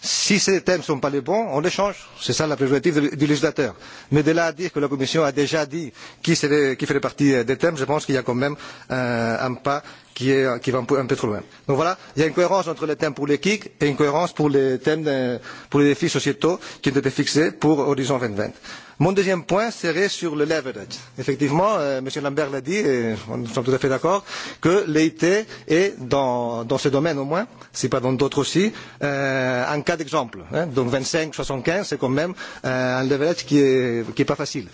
si ces thèmes ne sont pas les bons, on les change. C'est ça la prérogative du législateur. Mais de là à dire que la Commission a déjà dit qui, serait, qui ferait partie euh, des thèmes, je pense qu'il y a quand même euh, un pas qui, est, qui va un peu, un peu trop loin. Donc voilà, il y a une cohérence entre les thèmes pour les KIC et une cohérence pour les thèmes, de, euh, pour les défis sociétaux qui ont été fixés pour Horizon 2020. Mon deuxième point serait sur le leverage. Effectivement, euh, M. Lambert l'a dit, et nous sommes tout à fait d'accord, que l'EIT est, dans, dans ce domaine au moins, si pas dans d'autres aussi, euh, un cas d'exemple. Hein. Donc 25-75, c'est quand même euh, un leverage qui n'est qui est pas facile.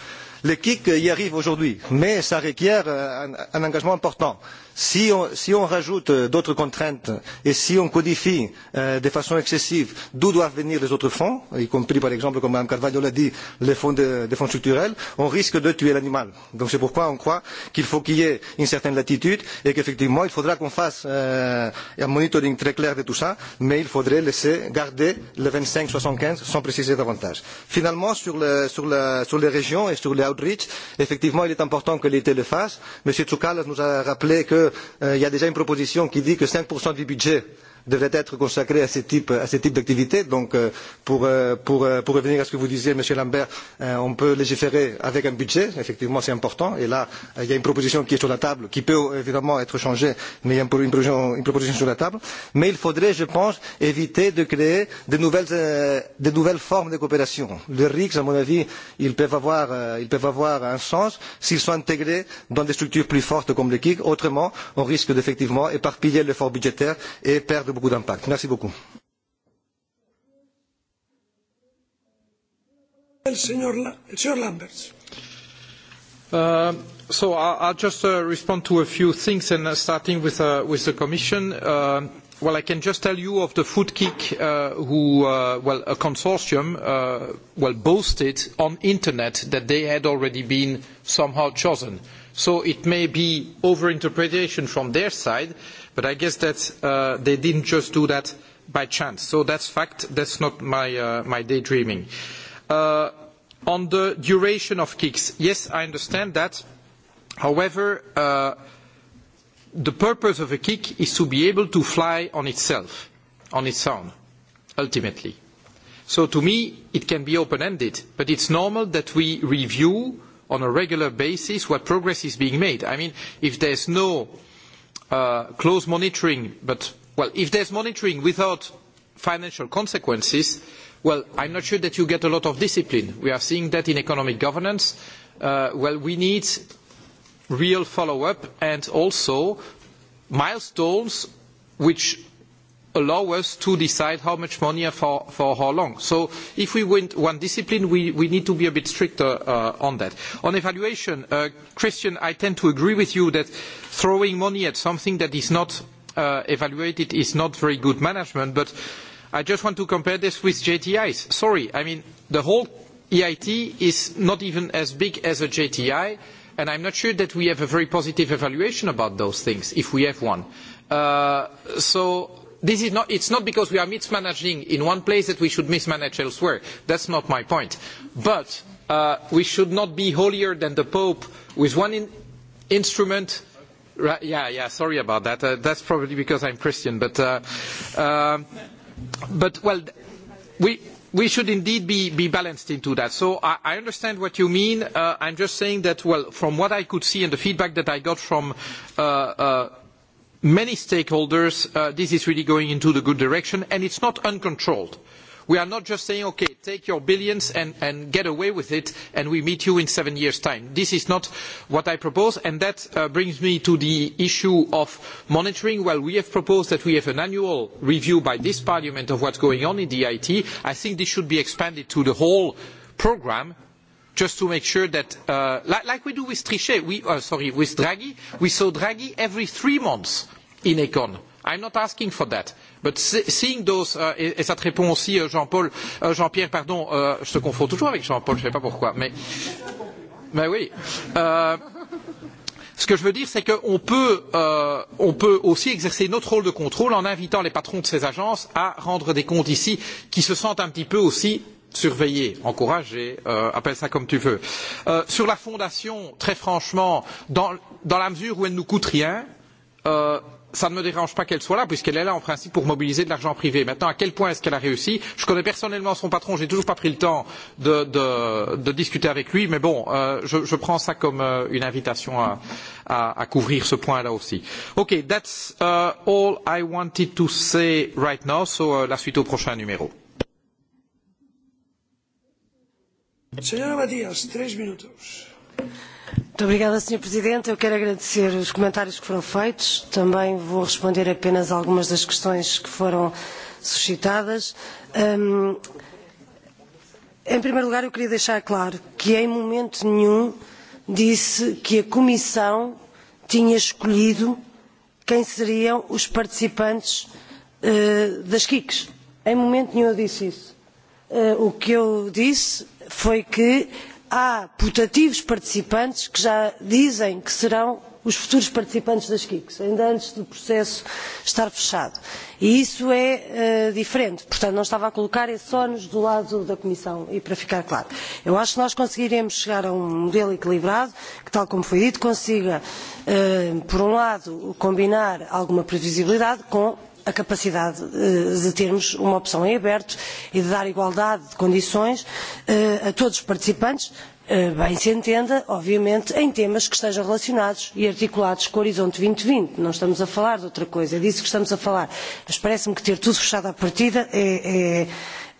Le KIC y arrive aujourd'hui, mais ça requiert euh, un, un engagement important Si on, si on rajoute euh, d'autres contraintes et si on codifie euh, de façon excessive d'où doivent venir les autres fonds, y compris par exemple, comme Mme Carvalho l'a dit, les fonds, de, des fonds structurels, on risque de tuer l'animal. Donc c'est pourquoi on croit qu'il faut qu'il y ait une certaine latitude et qu'effectivement il faudra qu'on fasse euh, un monitoring très clair de tout ça, mais il faudrait laisser garder le 25-75 sans préciser davantage. Finalement, sur, le, sur, la, sur les régions et sur les outreach, effectivement il est important que l'État le fasse. M. Tsoukalas nous a rappelé que qu'il euh, y a déjà une proposition qui dit que cinq du budget euh, devrait être consacré à ce type, à ce type d'activité. Donc, euh, pour, euh, pour, euh, pour revenir à ce que vous disiez, Monsieur Lambert, on peut légiférer avec un budget. Effectivement, c'est important. Et là, il y a une proposition qui est sur la table, qui peut évidemment être changée, mais il y a une proposition, une proposition sur la table. Mais il faudrait, je pense, éviter de créer de nouvelles, euh, de nouvelles formes de coopération. Le RICS, à mon avis, ils peuvent avoir, euh, ils peuvent avoir un sens s'ils sont intégrés dans des structures plus fortes comme le KIC. Autrement, on risque d'effectivement éparpiller l'effort budgétaire et perdre de beaucoup d'impact. Merci beaucoup. Uh, so I'll, I'll just uh, respond to a few things, and uh, starting with, uh, with the Commission. Uh, well, I can just tell you of the Food Kick, uh, who, uh, well, a consortium, uh, well, boasted on internet that they had already been somehow chosen. So it may be overinterpretation from their side, uh, But I guess that uh, they didn't just do that by chance. So that's fact. That's not my, uh, my daydreaming. Uh, on the duration of kicks, yes, I understand that. However, uh, the purpose of a kick is to be able to fly on itself, on its own, ultimately. So to me, it can be open-ended, but it's normal that we review on a regular basis what progress is being made. I mean, if there's no uh, uh, close monitoring, but well, if there's monitoring without financial consequences, well, I'm not sure that you get a lot of discipline. We are seeing that in economic governance. Uh, well, we need real follow-up and also milestones which allow us to decide how much money and for, for how long. So if we win one discipline, we, we need to be a bit stricter uh, on that. On evaluation, uh, Christian, I tend to agree with you that throwing money at something that is not uh, evaluated is not very good management, but I just want to compare this with JTIs. Sorry, I mean, the whole EIT is not even as big as a JTI, and I'm not sure that we have a very positive evaluation about those things, if we have one. Uh, so this is not, it's not because we are mismanaging in one place that we should mismanage elsewhere. That's not my point. But uh, we should not be holier than the Pope with one in instrument. Right, yeah, yeah, sorry about that. Uh, that's probably because I'm Christian. But, uh, uh, but well, we, we should indeed be, be balanced into that. So I, I understand what you mean. Uh, I'm just saying that, well, from what I could see and the feedback that I got from uh, uh, many stakeholders, uh, this is really going into the good direction, and it's not uncontrolled. We are not just saying, "Okay, take your billions and, and get away with it, and we meet you in seven years' time." This is not what I propose, and that uh, brings me to the issue of monitoring. Well, we have proposed that we have an annual review by this parliament of what's going on in the IT. I think this should be expanded to the whole program, just to make sure that, uh, like, like we do with Trichet, we, uh, sorry, with Draghi, we saw Draghi every three months in Econ. I'm not asking for that. But seeing those, uh, et, et ça te répond aussi uh, Jean-Paul, uh, Jean-Pierre, pardon, uh, je te confonds toujours avec Jean-Paul, je ne sais pas pourquoi, mais, mais oui. Uh, Ce que je veux dire, c'est qu'on peut, euh, on peut aussi exercer notre rôle de contrôle en invitant les patrons de ces agences à rendre des comptes ici, qui se sentent un petit peu aussi surveiller, encourager, euh, appelle ça comme tu veux. Euh, sur la fondation, très franchement, dans, dans la mesure où elle ne nous coûte rien, euh, ça ne me dérange pas qu'elle soit là, puisqu'elle est là en principe pour mobiliser de l'argent privé. Maintenant, à quel point est-ce qu'elle a réussi Je connais personnellement son patron, j'ai toujours pas pris le temps de, de, de discuter avec lui, mais bon, euh, je, je prends ça comme euh, une invitation à, à, à couvrir ce point-là aussi. Ok, that's uh, all I wanted to say right now, so uh, la suite au prochain numéro. Senhora Matias, três minutos. Muito obrigada, Sr. Presidente. Eu quero agradecer os comentários que foram feitos. Também vou responder apenas algumas das questões que foram suscitadas. Um, em primeiro lugar, eu queria deixar claro que em momento nenhum disse que a Comissão tinha escolhido quem seriam os participantes uh, das KICs. Em momento nenhum eu disse isso. Uh, o que eu disse foi que há putativos participantes que já dizem que serão os futuros participantes das kics ainda antes do processo estar fechado e isso é uh, diferente portanto não estava a colocar esse ónus do lado da comissão e para ficar claro eu acho que nós conseguiremos chegar a um modelo equilibrado que tal como foi dito consiga uh, por um lado combinar alguma previsibilidade com a capacidade eh, de termos uma opção em aberto e de dar igualdade de condições eh, a todos os participantes, eh, bem se entenda, obviamente, em temas que estejam relacionados e articulados com o Horizonte 2020. E não estamos a falar de outra coisa, é disso que estamos a falar. Mas parece-me que ter tudo fechado à partida é,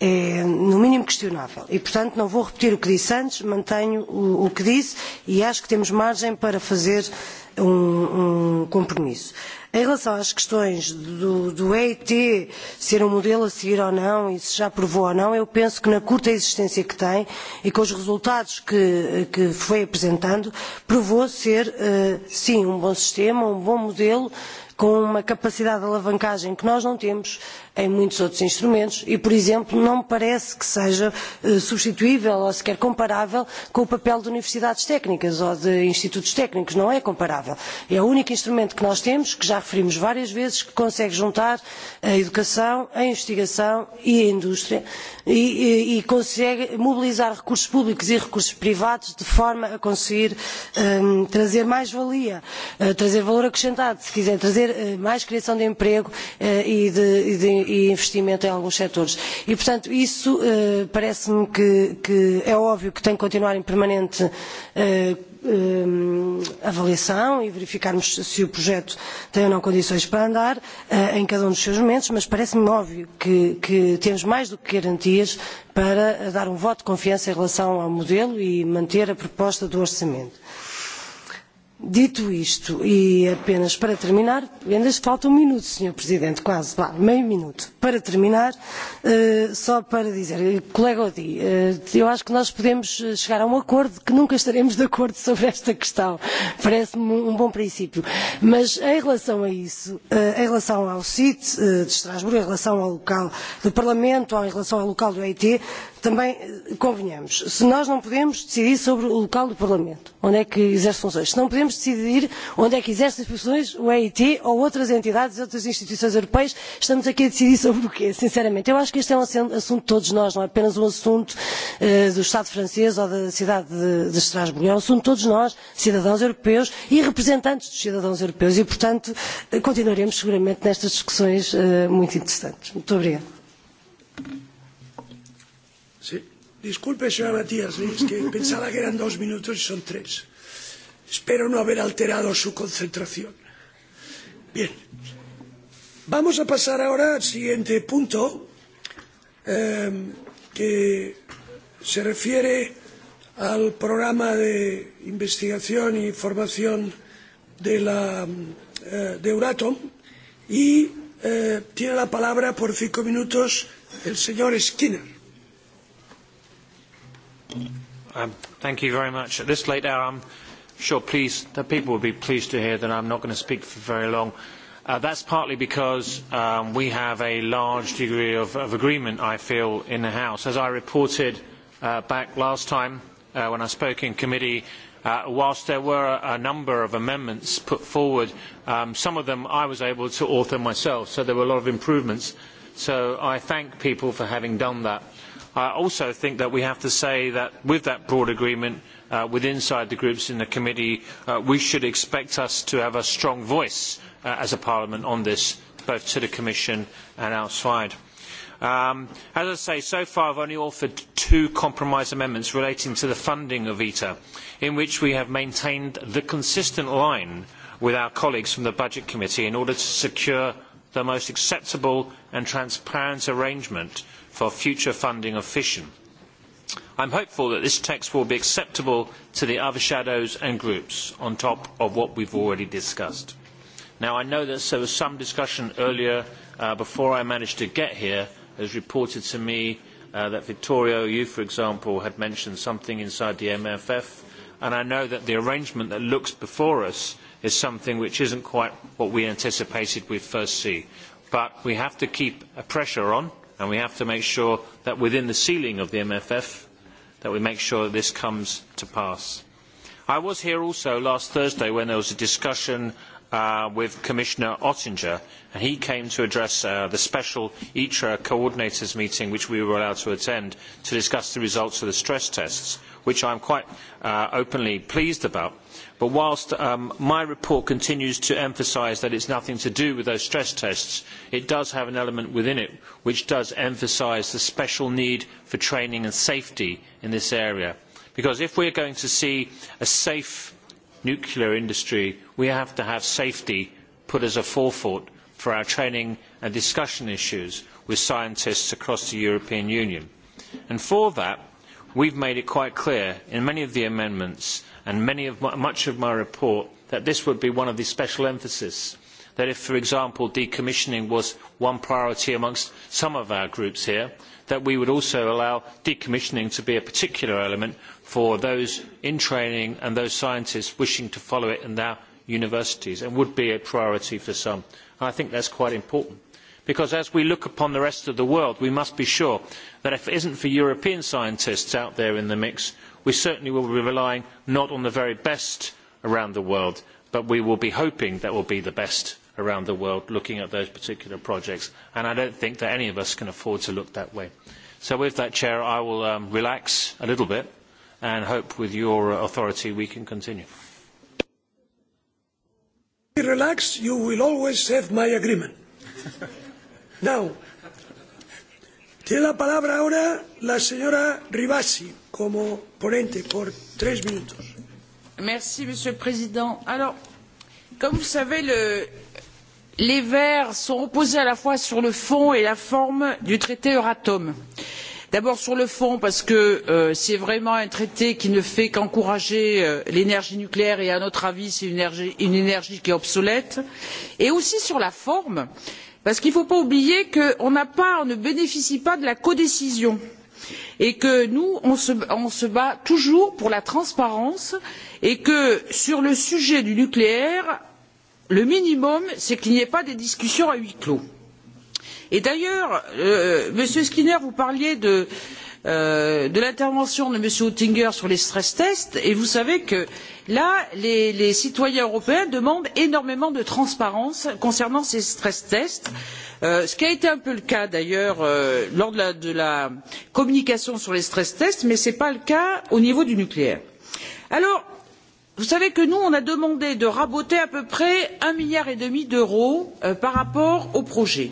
é, é no mínimo questionável. E, portanto, não vou repetir o que disse antes, mantenho o, o que disse e acho que temos margem para fazer um, um compromisso. Uh, Em relação às questões do, do EIT ser um modelo a seguir ou não e se já provou ou não, eu penso que na curta existência que tem e com os resultados que, que foi apresentando, provou ser, eh, sim, um bom sistema, um bom modelo, com uma capacidade de alavancagem que nós não temos em muitos outros instrumentos e, por exemplo, não me parece que seja eh, substituível ou sequer comparável com o papel de universidades técnicas ou de institutos técnicos. Não é comparável. É o único instrumento que nós temos, que já referimos várias vezes, que consegue juntar a educação, a investigação e a indústria e, e, e consegue mobilizar recursos públicos e recursos privados de forma a conseguir um, eh, trazer mais valia, uh, eh, trazer valor acrescentado, se quiser, trazer uh, mais criação de emprego uh, e de, e de e investimento em alguns setores. E, portanto, isso eh, parece-me que, que é óbvio que tem que continuar em permanente eh, eh, avaliação e verificarmos se o projeto tem ou não condições para andar eh, em cada um dos seus momentos, mas parece-me óbvio que, que temos mais do que garantias para dar um voto de confiança em relação ao modelo e manter a proposta do orçamento. Dito isto, e apenas para terminar, ainda falta um minuto, Sr. Presidente, quase, vá, meio minuto. Para terminar, uh, só para dizer, eh, colega Odi, uh, eu acho que nós podemos chegar a um acordo, que nunca estaremos de acordo sobre esta questão. Parece-me um, um bom princípio. Mas em relação a isso, uh, em relação ao CIT de Estrasburgo, em relação ao local do Parlamento, ou em relação ao local do EIT, também convenhamos se nós não podemos decidir sobre o local do parlamento onde é que exerce funções se não podemos decidir onde é que exerce funções o eit ou outras entidades outras instituições europeias estamos aqui a decidir sobre o quê sinceramente eu acho que este é um assunto de todos nós não é apenas um assunto uh, do estado francês ou da cidade de, de estrasburgo é um assunto de todos nós cidadãos europeus e representantes dos cidadãos europeus e portanto eh, continuaremos seguramente nestas discussões uh, muito interessantes muito obrigada Disculpe, señora Matías, ¿eh? es que pensaba que eran dos minutos y son tres. Espero no haber alterado su concentración. Bien. Vamos a pasar ahora al siguiente punto, eh, que se refiere al programa de investigación y formación de, la, eh, de Euratom y eh, tiene la palabra por cinco minutos el señor Skinner. Um, thank you very much. At this late hour, I'm sure pleased that people will be pleased to hear that I'm not going to speak for very long. Uh, that's partly because um, we have a large degree of, of agreement, I feel, in the House. As I reported uh, back last time uh, when I spoke in committee, uh, whilst there were a, a number of amendments put forward, um, some of them I was able to author myself, so there were a lot of improvements. So I thank people for having done that. I also think that we have to say that with that broad agreement uh, with inside the groups in the committee, uh, we should expect us to have a strong voice uh, as a parliament on this, both to the Commission and outside. Um, as I say, so far I've only offered two compromise amendments relating to the funding of ITA, e in which we have maintained the consistent line with our colleagues from the Budget Committee in order to secure the most acceptable and transparent arrangement uh, for future funding of fission. I am hopeful that this text will be acceptable to the other shadows and groups on top of what we've already discussed. Now I know that there was some discussion earlier uh, before I managed to get here as reported to me uh, that Vittorio, you for example, had mentioned something inside the MFF and I know that the arrangement that looks before us is something which isn't quite what we anticipated we'd first see. But we have to keep a pressure on and we have to make sure that within the ceiling of the MFF that we make sure that this comes to pass. I was here also last Thursday when there was a discussion uh, with Commissioner Ottinger and he came to address uh, the special ITRA coordinators meeting which we were allowed to attend to discuss the results of the stress tests which I'm quite uh, openly pleased about. Uh, But whilst um, my report continues to emphasise that it's nothing to do with those stress tests, it does have an element within it which does emphasise the special need for training and safety in this area. Because if we're going to see a safe nuclear industry, we have to have safety put as a forethought for our training and discussion issues with scientists across the European Union. And for that, we've made it quite clear in many of the amendments and many of my, much of my report that this would be one of the special emphasis that if for example decommissioning was one priority amongst some of our groups here that we would also allow decommissioning to be a particular element for those in training and those scientists wishing to follow it in their universities and would be a priority for some. And I think that's quite important because as we look upon the rest of the world we must be sure that if it isn't for European scientists out there in the mix we certainly will be relying not on the very best around the world, but we will be hoping that will be the best around the world looking at those particular projects. And I don't think that any of us can afford to look that way. So with that, Chair, I will um, relax a little bit and hope with your uh, authority we can continue. Relax, you will always have my agreement. now, tiene la palabra ahora la señora Rivasi como ponente por tres minutos. Merci, Monsieur le Président. Alors, comme vous savez, le, les Verts sont opposés à la fois sur le fond et la forme du traité Euratom. D'abord sur le fond, parce que euh, c'est vraiment un traité qui ne fait qu'encourager euh, l'énergie nucléaire et à notre avis, c'est une énergie, une énergie qui est obsolète. Et aussi sur la forme, parce qu'il ne faut pas oublier qu'on ne bénéficie pas de la codécision. Euh, et que nous on se, on se bat toujours pour la transparence et que sur le sujet du nucléaire le minimum c'est qu'il n'y ait pas de discussions à huis clos. et d'ailleurs euh, monsieur skinner vous parliez de euh, euh, de l'intervention de m. oettinger sur les stress tests et vous savez que là les, les citoyens européens demandent énormément de transparence concernant ces stress tests euh, ce qui a été un peu le cas d'ailleurs euh, lors de la, de la communication sur les stress tests mais ce n'est pas le cas au niveau du nucléaire. alors vous savez que nous on a demandé de raboter à peu près un milliard et demi d'euros euh, par rapport au projet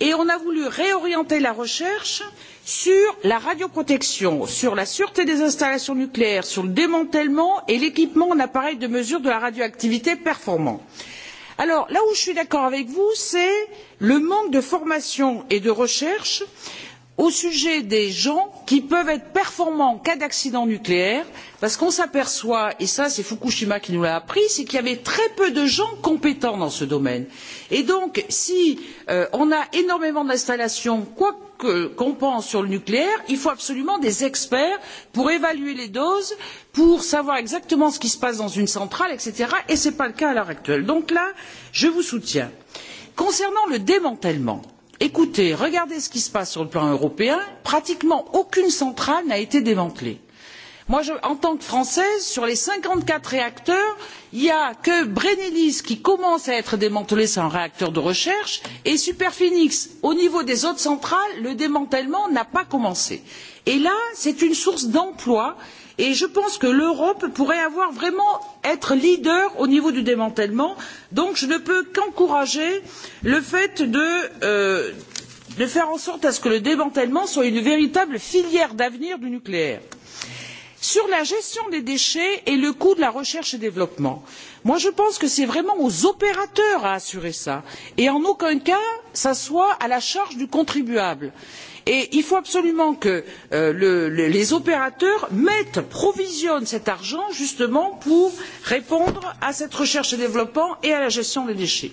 et on a voulu réorienter la recherche sur la radioprotection sur la sûreté des installations nucléaires sur le démantèlement et l'équipement en appareils de mesure de la radioactivité performants. Alors, là où je suis d'accord avec vous c'est le manque de formation et de recherche sur au sujet des gens qui peuvent être performants en cas d'accident nucléaire parce qu'on s'aperçoit et ça c'est fukushima qui nous l'a appris c'est qu'il y avait très peu de gens compétents dans ce domaine et donc si euh, on a énormément d'installations quoi qu'on qu pense sur le nucléaire il faut absolument des experts pour évaluer les doses pour savoir exactement ce qui se passe dans une centrale etc. et ce n'est pas le cas à l'heure actuelle. donc là je vous soutiens. concernant le démantèlement je écoutez regardez ce qui se passe sur le plan européen pratiquement aucune centrale n'a été démantelée. Moi, je, en tant que française sur les cinquante quatre réacteurs il n'y a que brennelis qui commence à être démantelé c'est un réacteur de recherche et superphénix. au niveau des autres centrales le démantèlement n'a pas commencé. et là c'est une source d'emplois qui et je pense que l'europe pourrait avoir, vraiment être leader au niveau du démantèlement donc je ne peux qu'encourager le fait de, euh, de faire en sorte à ce que le démantèlement soit une véritable filière d'avenir du nucléaire. sur la gestion des déchets et le coût de la recherche et développement moi je pense que c'est vraiment aux opérateurs à assurer ça et en aucun cas ça soit à la charge du contribuable. il et il faut absolument que euh, le, le, les opérateurs mettent provisionnent cet argent justement pour répondre à cette recherche et développement et à la gestion des déchets.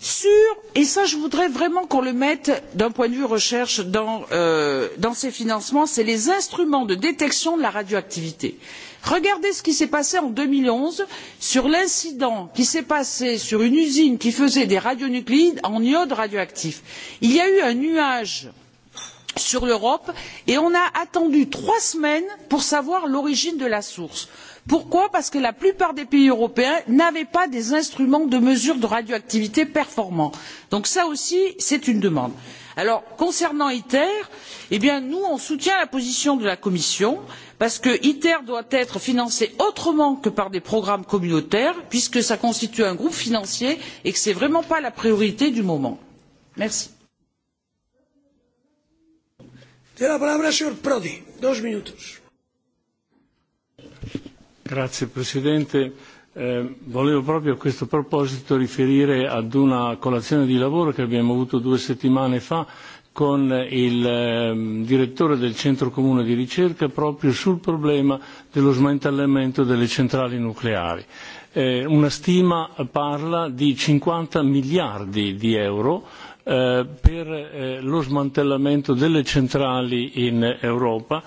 Sur, et ça je voudrais vraiment qu'on le mette d'un point de vue recherche dans, euh, dans ces financements c'est les instruments de détection de la radioactivité regardez ce qui s'est passé en deux mille onze sur l'incident qui s'est passé sur une usine qui faisait des radionucléides en iode radioactif il y a eu un nuage de sur l'europe et on a attendu trois semaines pour savoir l'origine de la source. pourquoi? parce que la plupart des pays européens n'avaient pas des instruments de mesure de radioactivité performants. donc ça aussi c'est une demande. Alors, concernant iter eh bien, nous on soutient la position de la commission parce que iter doit être financé autrement que par des programmes communautaires puisque cela constitue un groupe financier et que ce n'est vraiment pas la priorité du moment. merci signor presidente eh, volevo proprio a questo proposito riferire ad una colazione di lavoro che abbiamo avuto due settimane fa con il eh, direttore del centro comune di ricerca proprio sul problema dello smantellamento delle centrali nucleari. Eh, una stima parla di cinquanta miliardi di euro eh, per eh, lo smantellamento delle centrali in Europa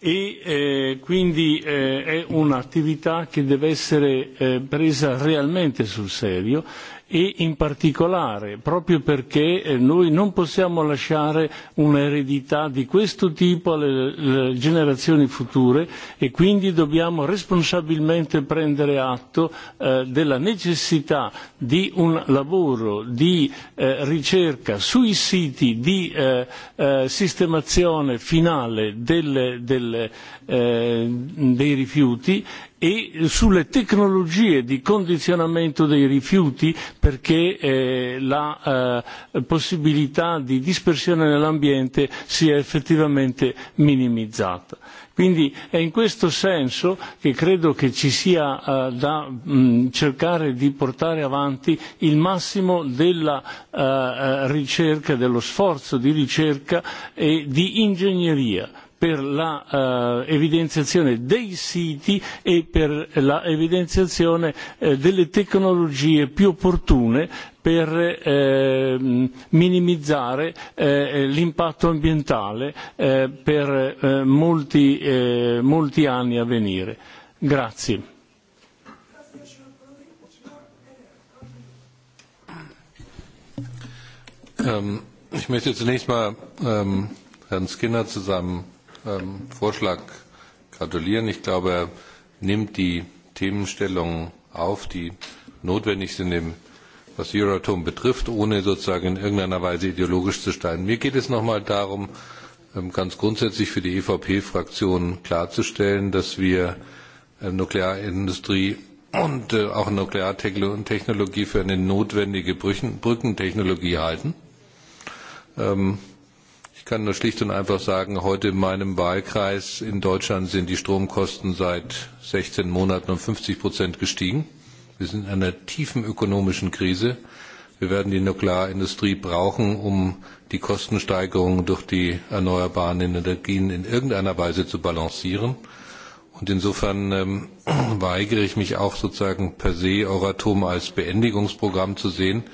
e eh, quindi eh, è un'attività che deve essere eh, presa realmente sul serio e in particolare proprio perché eh, noi non possiamo lasciare un'eredità di questo tipo alle, alle generazioni future e quindi dobbiamo responsabilmente prendere atto eh, della necessità di un lavoro di eh, ricerca sui siti di eh, eh, sistemazione finale delle, delle, eh, dei rifiuti e sulle tecnologie di condizionamento dei rifiuti perché eh, la eh, possibilità di dispersione nell'ambiente sia effettivamente minimizzata. Quindi è in questo senso che credo che ci sia eh, da mh, mm, cercare di portare avanti il massimo della eh, eh, ricerca, dello sforzo di ricerca e di ingegneria per l'evidenziazione eh, dei siti e per l'evidenziazione eh, delle tecnologie più opportune per eh, minimizzare eh, l'impatto ambientale eh, per eh, molti, eh, molti anni a venire. Grazie. Ähm, ich möchte zunächst mal ähm, Herrn Skinner zu seinem ähm, Vorschlag gratulieren. Ich glaube, er nimmt die Themenstellungen auf, die notwendig sind, im, was Euratom betrifft, ohne sozusagen in irgendeiner Weise ideologisch zu steigen. Mir geht es nochmal darum, ähm, ganz grundsätzlich für die EVP-Fraktion klarzustellen, dass wir äh, Nuklearindustrie und äh, auch Nukleartechnologie für eine notwendige Brüchen, Brückentechnologie halten. Ähm, kann nur schlicht und einfach sagen, heute in meinem Wahlkreis in Deutschland sind die Stromkosten seit 16 Monaten um 50 Prozent gestiegen. Wir sind in einer tiefen ökonomischen Krise. Wir werden die Nuklearindustrie brauchen, um die Kostensteigerungen durch die erneuerbaren Energien in irgendeiner Weise zu balancieren. Und insofern ähm, weigere ich mich auch sozusagen per se Euratom als Beendigungsprogramm zu sehen. Äh,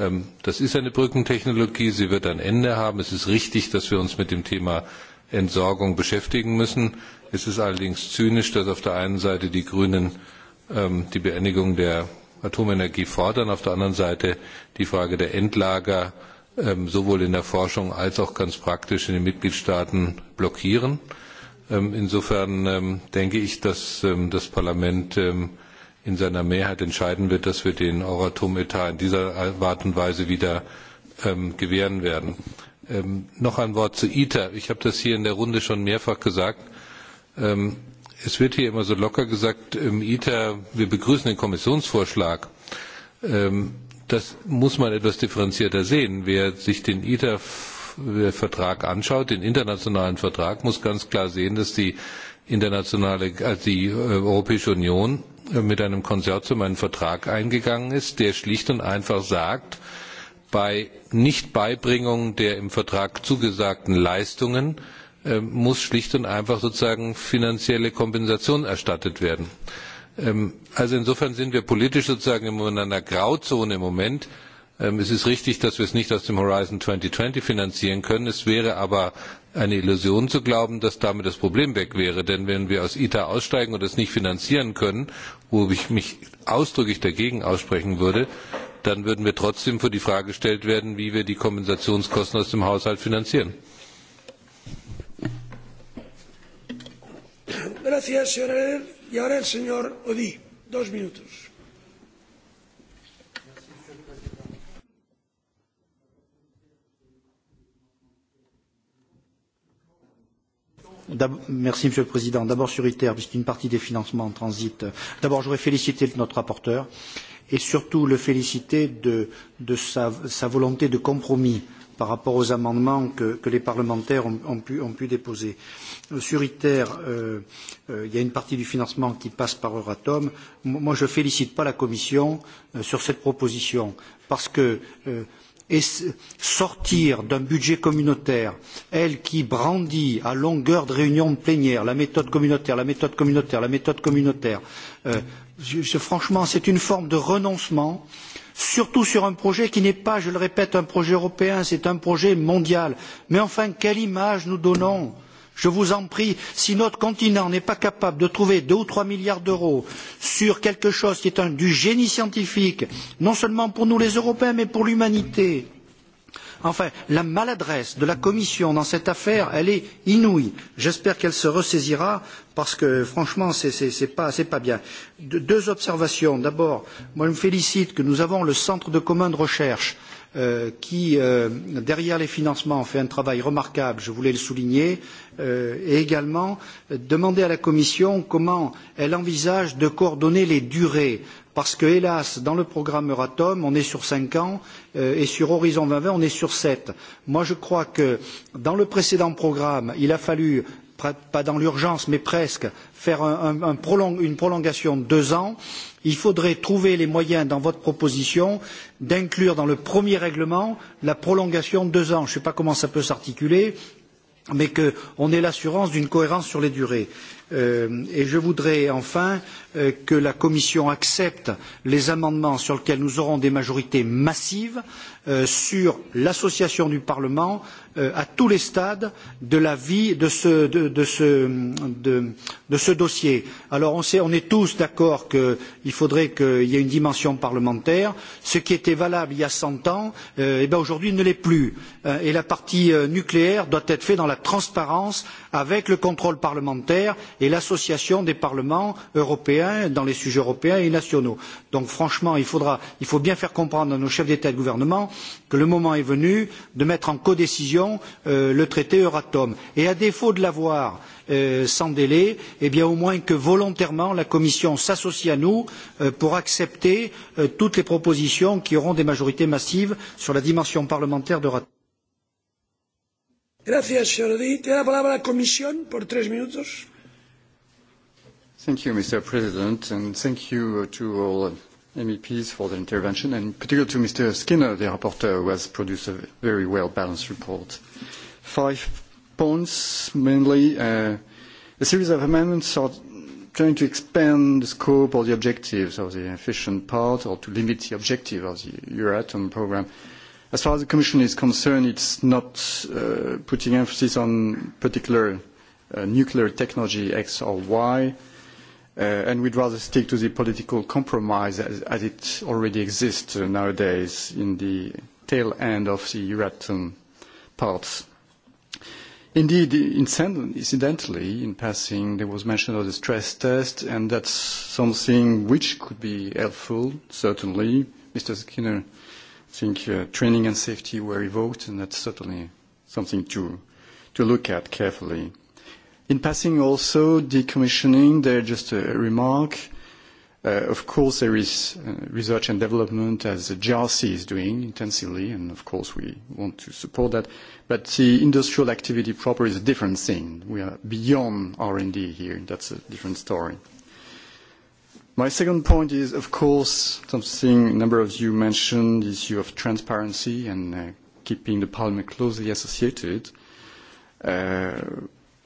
Ähm, das ist eine Brückentechnologie, sie wird ein Ende haben. Es ist richtig, dass wir uns mit dem Thema Entsorgung beschäftigen müssen. Es ist allerdings zynisch, dass auf der einen Seite die Grünen ähm, die Beendigung der Atomenergie fordern, auf der anderen Seite die Frage der Endlager ähm, sowohl in der Forschung als auch ganz praktisch in den Mitgliedstaaten blockieren. Ähm, insofern ähm, denke ich, dass ähm, das Parlament ähm, in seiner Mehrheit entscheiden wird, dass wir den Euratom-Etat in dieser Art und Weise wieder ähm, gewähren werden. Ähm, noch ein Wort zu ITER. Ich habe das hier in der Runde schon mehrfach gesagt. Ähm, es wird hier immer so locker gesagt, ähm, ITER, wir begrüßen den Kommissionsvorschlag. Ähm, das muss man etwas differenzierter sehen. Wer sich den ITER-Vertrag anschaut, den internationalen Vertrag, muss ganz klar sehen, dass die internationale, also äh, die äh, Europäische Union mit einem Konsortium einen Vertrag eingegangen ist, der schlicht und einfach sagt, bei Nichtbeibringung der im Vertrag zugesagten Leistungen äh, muss schlicht und einfach sozusagen finanzielle Kompensation erstattet werden. Ähm, also insofern sind wir politisch sozusagen in einer Grauzone im Moment. Ähm, es ist richtig, dass wir es nicht aus dem Horizon 2020 finanzieren können. Es wäre aber eine Illusion zu glauben, dass damit das Problem weg wäre. Denn wenn wir aus ITER aussteigen und es nicht finanzieren können, wo ich mich ausdrücklich dagegen aussprechen würde, dann würden wir trotzdem vor die Frage gestellt werden, wie wir die Kompensationskosten aus dem Haushalt finanzieren. Gracias, señor. Y ahora el señor Odi. Dos minutos. Merci, Monsieur le Président. D'abord sur ITER, puisqu'une partie des financements en transit. Euh, d'abord, je voudrais féliciter notre rapporteur et surtout le féliciter de, de sa, sa volonté de compromis par rapport aux amendements que, que les parlementaires ont, ont, pu, ont pu déposer. Euh, sur ITER, euh, euh, il y a une partie du financement qui passe par Euratom. Moi, je ne félicite pas la Commission euh, sur cette proposition parce que euh, et sortir d'un budget communautaire, elle qui brandit à longueur de réunions plénières la méthode communautaire, la méthode communautaire, la méthode communautaire, euh, je, je, franchement, c'est une forme de renoncement surtout sur un projet qui n'est pas, je le répète, un projet européen, c'est un projet mondial. Mais enfin, quelle image nous donnons euh, je vous en prie si notre continent n'est pas capable de trouver deux ou trois milliards d'euros sur quelque chose qui est un, du génie scientifique non seulement pour nous les européens mais pour l'humanité enfin la maladresse de la commission dans cette affaire elle est inouïe j'espère qu'elle se ressaisira parce que franchement c'est c'est pas c'est pas bien de, deux observations d'abord moi je me félicite que nous avons le centre de commun de recherche euh, euh, qui, euh, derrière les financements, fait un travail remarquable, je voulais le souligner, euh, et également euh, demander à la Commission comment elle envisage de coordonner les durées parce que, hélas, dans le programme Euratom, on est sur 5 ans euh, et sur Horizon 2020, on est sur 7. Moi, je crois que dans le précédent programme, il a fallu pas dans l'urgence, mais presque, faire un, un, un prolong, une prolongation de deux ans, il faudrait trouver les moyens dans votre proposition d'inclure dans le premier règlement la prolongation de deux ans. Je ne sais pas comment ça peut s'articuler, mais qu'on ait l'assurance d'une cohérence sur les durées. Euh, Euh, et je voudrais enfin euh, que la Commission accepte les amendements sur lesquels nous aurons des majorités massives euh, sur l'association du Parlement euh, à tous les stades de la vie de ce, de, de ce, de, de ce dossier. Alors on, sait, on est tous d'accord qu'il faudrait qu'il y ait une dimension parlementaire. Ce qui était valable il y a 100 ans, euh, eh aujourd'hui ne l'est plus. Euh, et la partie euh, nucléaire doit être faite dans la transparence avec le contrôle parlementaire et l'association des parlements européens dans les sujets européens et nationaux. Donc franchement, il, faudra, il faut bien faire comprendre à nos chefs d'État et de gouvernement que le moment est venu de mettre en codécision euh, le traité Euratom. Et à défaut de l'avoir euh, sans délai, eh bien au moins que volontairement la Commission s'associe à nous euh, pour accepter euh, toutes les propositions qui auront des majorités massives sur la dimension parlementaire d'Euratom. Gracias, señor Odi. Tiene la palabra la Comisión por tres minutos. Thank you, Mr. President, and thank you to all MEPs for their intervention, and particularly to Mr. Skinner, the rapporteur, who has produced a very well-balanced report. Five points, mainly. Uh, a series of amendments are trying to expand the scope or the objectives of the efficient part or to limit the objective of the Euratom program. As far as the Commission is concerned, it's not uh, putting emphasis on particular uh, nuclear technology X or Y, uh, uh, and we'd rather stick to the political compromise as, as it already exists uh, nowadays in the tail end of the Euratom parts. Indeed, incidentally, in passing, there was mention of the stress test, and that's something which could be helpful, certainly. Mr. Skinner, I think uh, training and safety were evoked, and that's certainly something to, to look at carefully. In passing also, decommissioning, there just a remark. Uh, of course, there is uh, research and development as the GRC is doing intensively, and of course we want to support that. But the industrial activity proper is a different thing. We are beyond R&D here. That's a different story. My second point is, of course, something a number of you mentioned, the issue of transparency and uh, keeping the parliament closely associated. Uh,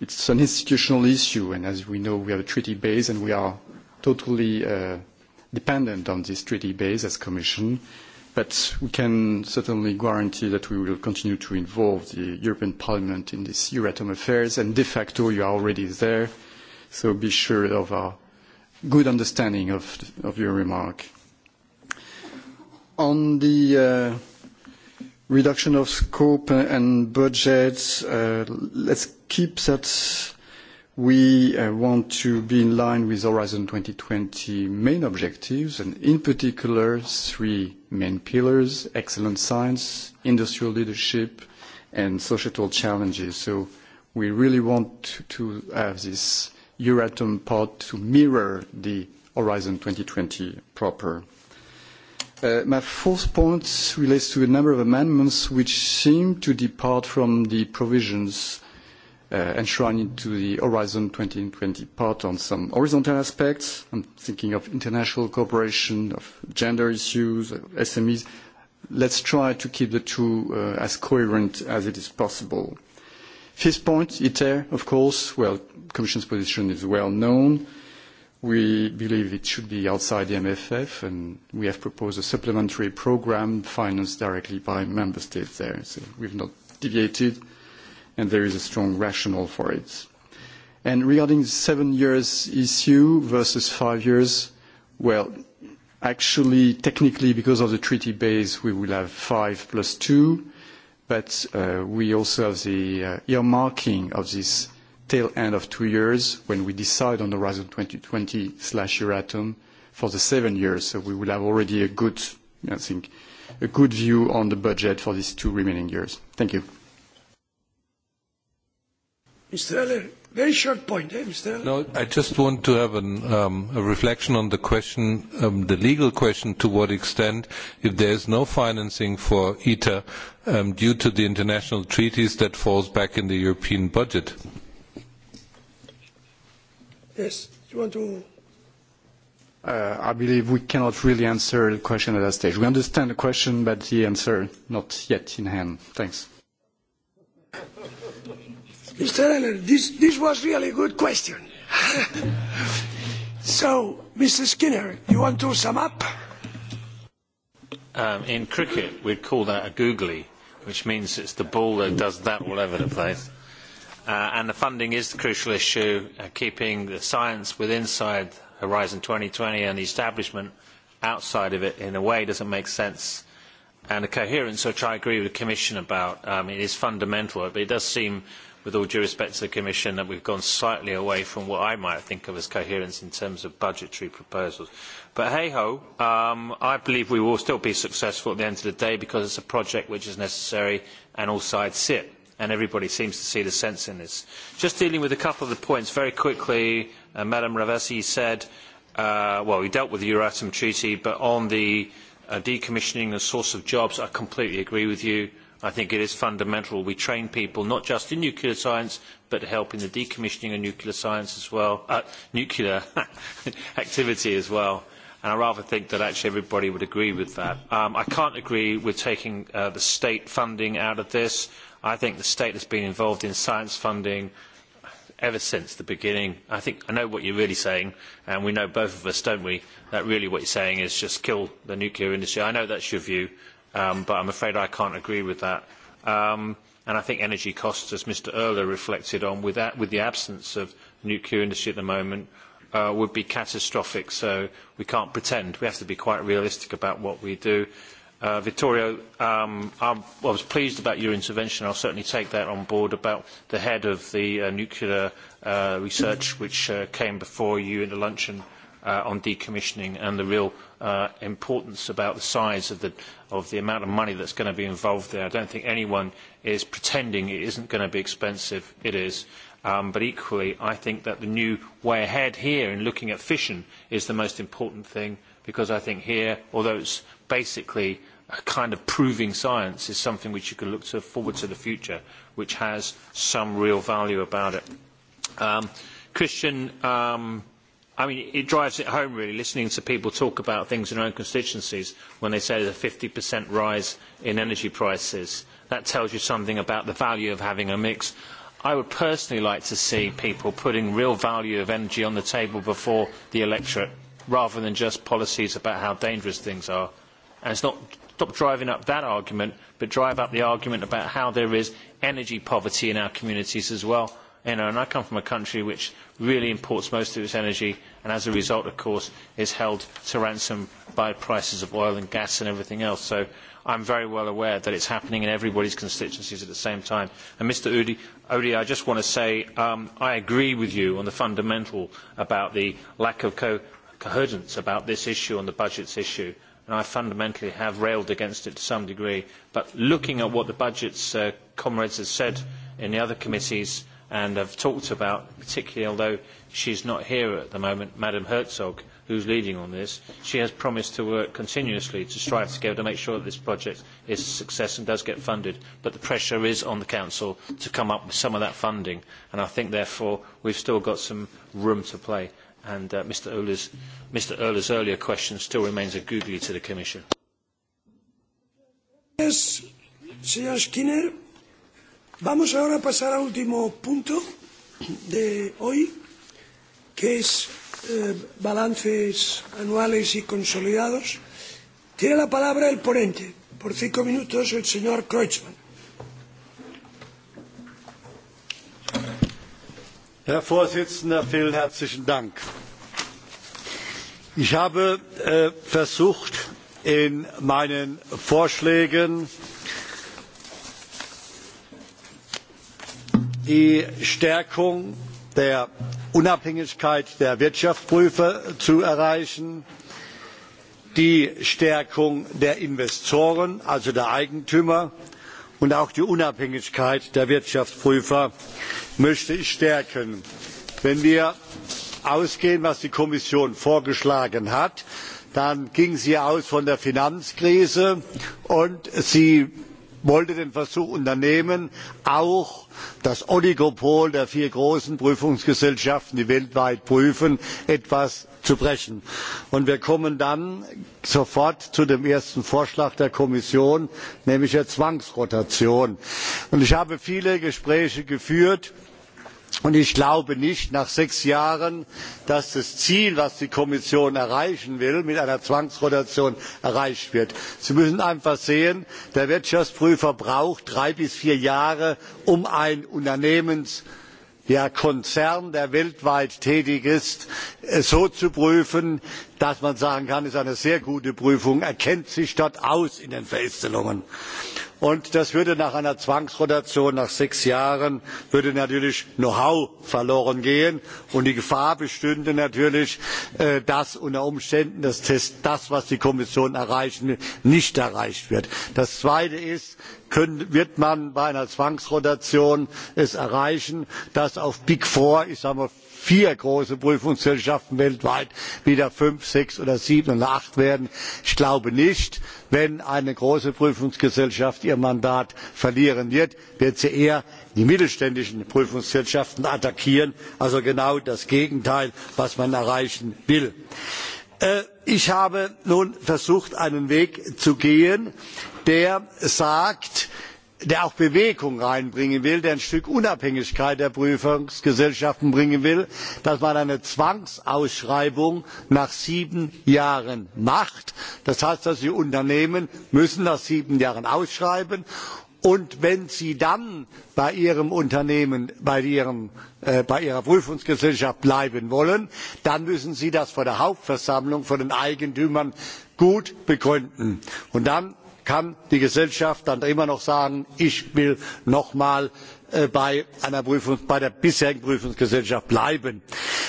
It's an institutional issue, and as we know, we have a treaty base, and we are totally uh, dependent on this treaty base as Commission. But we can certainly guarantee that we will continue to involve the European Parliament in this Euratom affairs, and de facto, you are already there, so be sure of our good understanding of, of your remark. On the uh, reduction of scope and budgets, uh, let's keep that we uh, want to be in line with Horizon 2020 main objectives, and in particular, three main pillars: excellent science, industrial leadership, and societal challenges. So we really want to have this Euratom part to mirror the Horizon 2020 proper. Uh, my fourth point relates to a number of amendments which seem to depart from the provisions uh, enshrined into the Horizon 2020 part on some horizontal aspects. I'm thinking of international cooperation, of gender issues, of SMEs. Let's try to keep the two uh, as coherent as it is possible. Fifth point, ITER, of course. Well, Commission's position is well known. Uh, We believe it should be outside the MFF, and we have proposed a supplementary program financed directly by member states there. So we've not deviated, and there is a strong rationale for it. And regarding the seven years issue versus five years, well, actually, technically, because of the treaty base, we will have five plus two, but uh, we also have the uh, earmarking of this tail end of two years when we decide on Horizon 2020/Euratom for the seven years. So we will have already a good, I think, a good view on the budget for these two remaining years. Thank you. Mr. Eller, very short point, eh, Mr. Eller? No, I just want to have an, um, a reflection on the question, um, the legal question, to what extent, if there is no financing for ITER um, due to the international treaties, that falls back in the European budget. Mm-hmm. Yes, you want to? Uh, I believe we cannot really answer the question at that stage. We understand the question, but the answer not yet in hand. Thanks. Mr. Eller, this, this was really a good question. <laughs> so, Mr. Skinner, you want to sum up? Um, in cricket, we'd call that a googly, which means it's the ball that does that all over the place. Uh, and the funding is the crucial issue, uh, keeping the science within inside Horizon 2020 and the establishment outside of it in a way doesn't make sense. And the coherence, which I agree with the Commission about, um, it is fundamental, but it does seem, with all due respect to the Commission, that we've gone slightly away from what I might think of as coherence in terms of budgetary proposals. But hey-ho, um, I believe we will still be successful at the end of the day because it's a project which is necessary and all sides see it and everybody seems to see the sense in this. Just dealing with a couple of the points very quickly, uh, Madam Ravasi said, uh, well, we dealt with the Euratom Treaty, but on the uh, decommissioning and source of jobs, I completely agree with you. I think it is fundamental we train people not just in nuclear science, but to help in the decommissioning of nuclear science as well, uh, nuclear <laughs> activity as well and I rather think that actually everybody would agree with that. Um, I can't agree with taking uh, the state funding out of this. I think the state has been involved in science funding ever since the beginning. I think I know what you're really saying, and we know both of us, don't we, that really what you're saying is just kill the nuclear industry. I know that's your view, um, but I'm afraid I can't agree with that. Um, and I think energy costs, as Mr. Erler reflected on, with, that, with the absence of the nuclear industry at the moment, uh, would be catastrophic. So we can't pretend. We have to be quite realistic about what we do. Uh, Vittorio, um, I was pleased about your intervention. I'll certainly take that on board about the head of the uh, nuclear uh, research, which uh, came before you in the luncheon uh, on decommissioning and the real uh, importance about the size of the, of the amount of money that's going to be involved there. I don't think anyone is pretending it isn't going to be expensive. It is. Um, but equally, I think that the new way ahead here in looking at fission is the most important thing because I think here, although it's basically a kind of proving science is something which you can look to forward to the future, which has some real value about it. Um, Christian, um, I mean, it drives it home really, listening to people talk about things in their own constituencies when they say there's a 50% rise in energy prices. That tells you something about the value of having a mix. I would personally like to see people putting real value of energy on the table before the electorate, rather than just policies about how dangerous things are. And it's not stop driving up that argument, but drive up the argument about how there is energy poverty in our communities as well. You know, and I come from a country which really imports most of its energy, and as a result, of course, is held to ransom by prices of oil and gas and everything else. So I'm very well aware that it's happening in everybody's constituencies at the same time. And Mr. Udi, Odi, I just want to say um, I agree with you on the fundamental about the lack of co coherence about this issue on the budgets issue and I fundamentally have railed against it to some degree. But looking at what the budgets uh, comrades have said in the other committees and have talked about, particularly although she's not here at the moment, Madam Herzog, who's leading on this, she has promised to work continuously to strive together to make sure that this project is a success and does get funded. But the pressure is on the Council to come up with some of that funding, and I think therefore we've still got some room to play and uh, Mr. Euler's, Mr. Euler's earlier question still remains a googly to the Commission. Yes, señor Skinner. Vamos ahora a pasar al último punto de hoy, que es eh, balances anuales y consolidados. Tiene la palabra el ponente, por cinco minutos, el señor Kreutzmann. herr präsident! vielen herzlichen dank! ich habe äh, versucht in meinen vorschlägen die stärkung der unabhängigkeit der wirtschaftsprüfer zu erreichen die stärkung der investoren also der eigentümer und auch die unabhängigkeit der wirtschaftsprüfer möchte ich stärken. wenn wir ausgehen was die kommission vorgeschlagen hat dann ging sie von der finanzkrise aus und sie wollte den versuch unternehmen auch das oligopol der vier großen prüfungsgesellschaften die weltweit prüfen etwas zu brechen. Und wir kommen dann sofort zu dem ersten vorschlag der kommission nämlich der zwangsrotation. Und ich habe viele gespräche geführt und ich glaube nicht nach sechs jahren dass das ziel das die kommission erreichen will mit einer zwangsrotation erreicht wird. sie müssen einfach sehen der wirtschaftsprüfer braucht drei bis vier jahre um ein unternehmens der konzern der weltweit tätig ist äh, so zu prüfen dass man sagen kann das ist eine sehr gute prüfung erkennt sich dort aus in den feststellungen und das würde nach einer zwangsrotation nach sechs jahren natürlich know how verloren gehen und die gefahr bestünde natürlich äh, dass unter umständen das was die kommission erreichen will nicht erreicht wird. das zweite ist wird man es bei einer zwangsrotation erreichen dass auf big four ich vier große prüfungsgesellschaften weltweit wieder fünf sechs oder sieben oder acht werden. ich glaube nicht wenn eine große prüfungsgesellschaft ihr mandat verlieren wird wird sie eher die mittelständischen prüfungsgesellschaften attackieren also genau das gegenteil was man erreichen will. Äh, ich habe nun versucht einen weg zu gehen der sagt der auch bewegung reinbringen will der ein stück unabhängigkeit der prüfungsgesellschaften bringen will dass man eine zwangsausschreibung nach sieben jahren macht. das heißt die unternehmen müssen nach sieben jahren ausschreiben und wenn sie dann bei ihrem unternehmen bei, ihrem, äh, bei ihrer prüfungsgesellschaft bleiben wollen dann müssen sie das vor der hauptversammlung vor den eigentümern gut begründen. und dann kann die gesellschaft dann immer noch sagen ich will noch mal Äh, bei, Prüfung, bei der bisherigen prüfungsgesellschaft bleiben.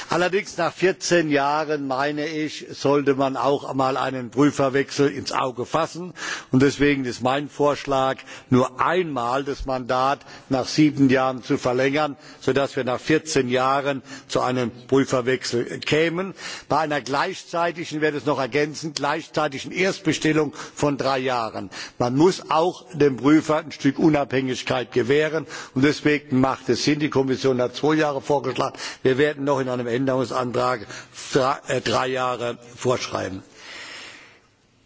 allerdings nach vierzehn jahren meine ich sollte man auch einmal einen prüferwechsel ins auge fassen und deswegen ist mein vorschlag nur einmal das mandat nach sieben jahren zu verlängern sodass wir nach vierzehn jahren zu einem prüferwechsel kämen bei einer gleichzeitigen ich werde es noch ergänzen gleichzeitigen erstbestellung von drei jahren. man muss auch dem prüfer ein stück unabhängigkeit gewähren deswegen macht es sinn die kommission hat zwei jahre vorgeschlagen wir werden noch in einem änderungsantrag drei äh, jahre vorschreiben.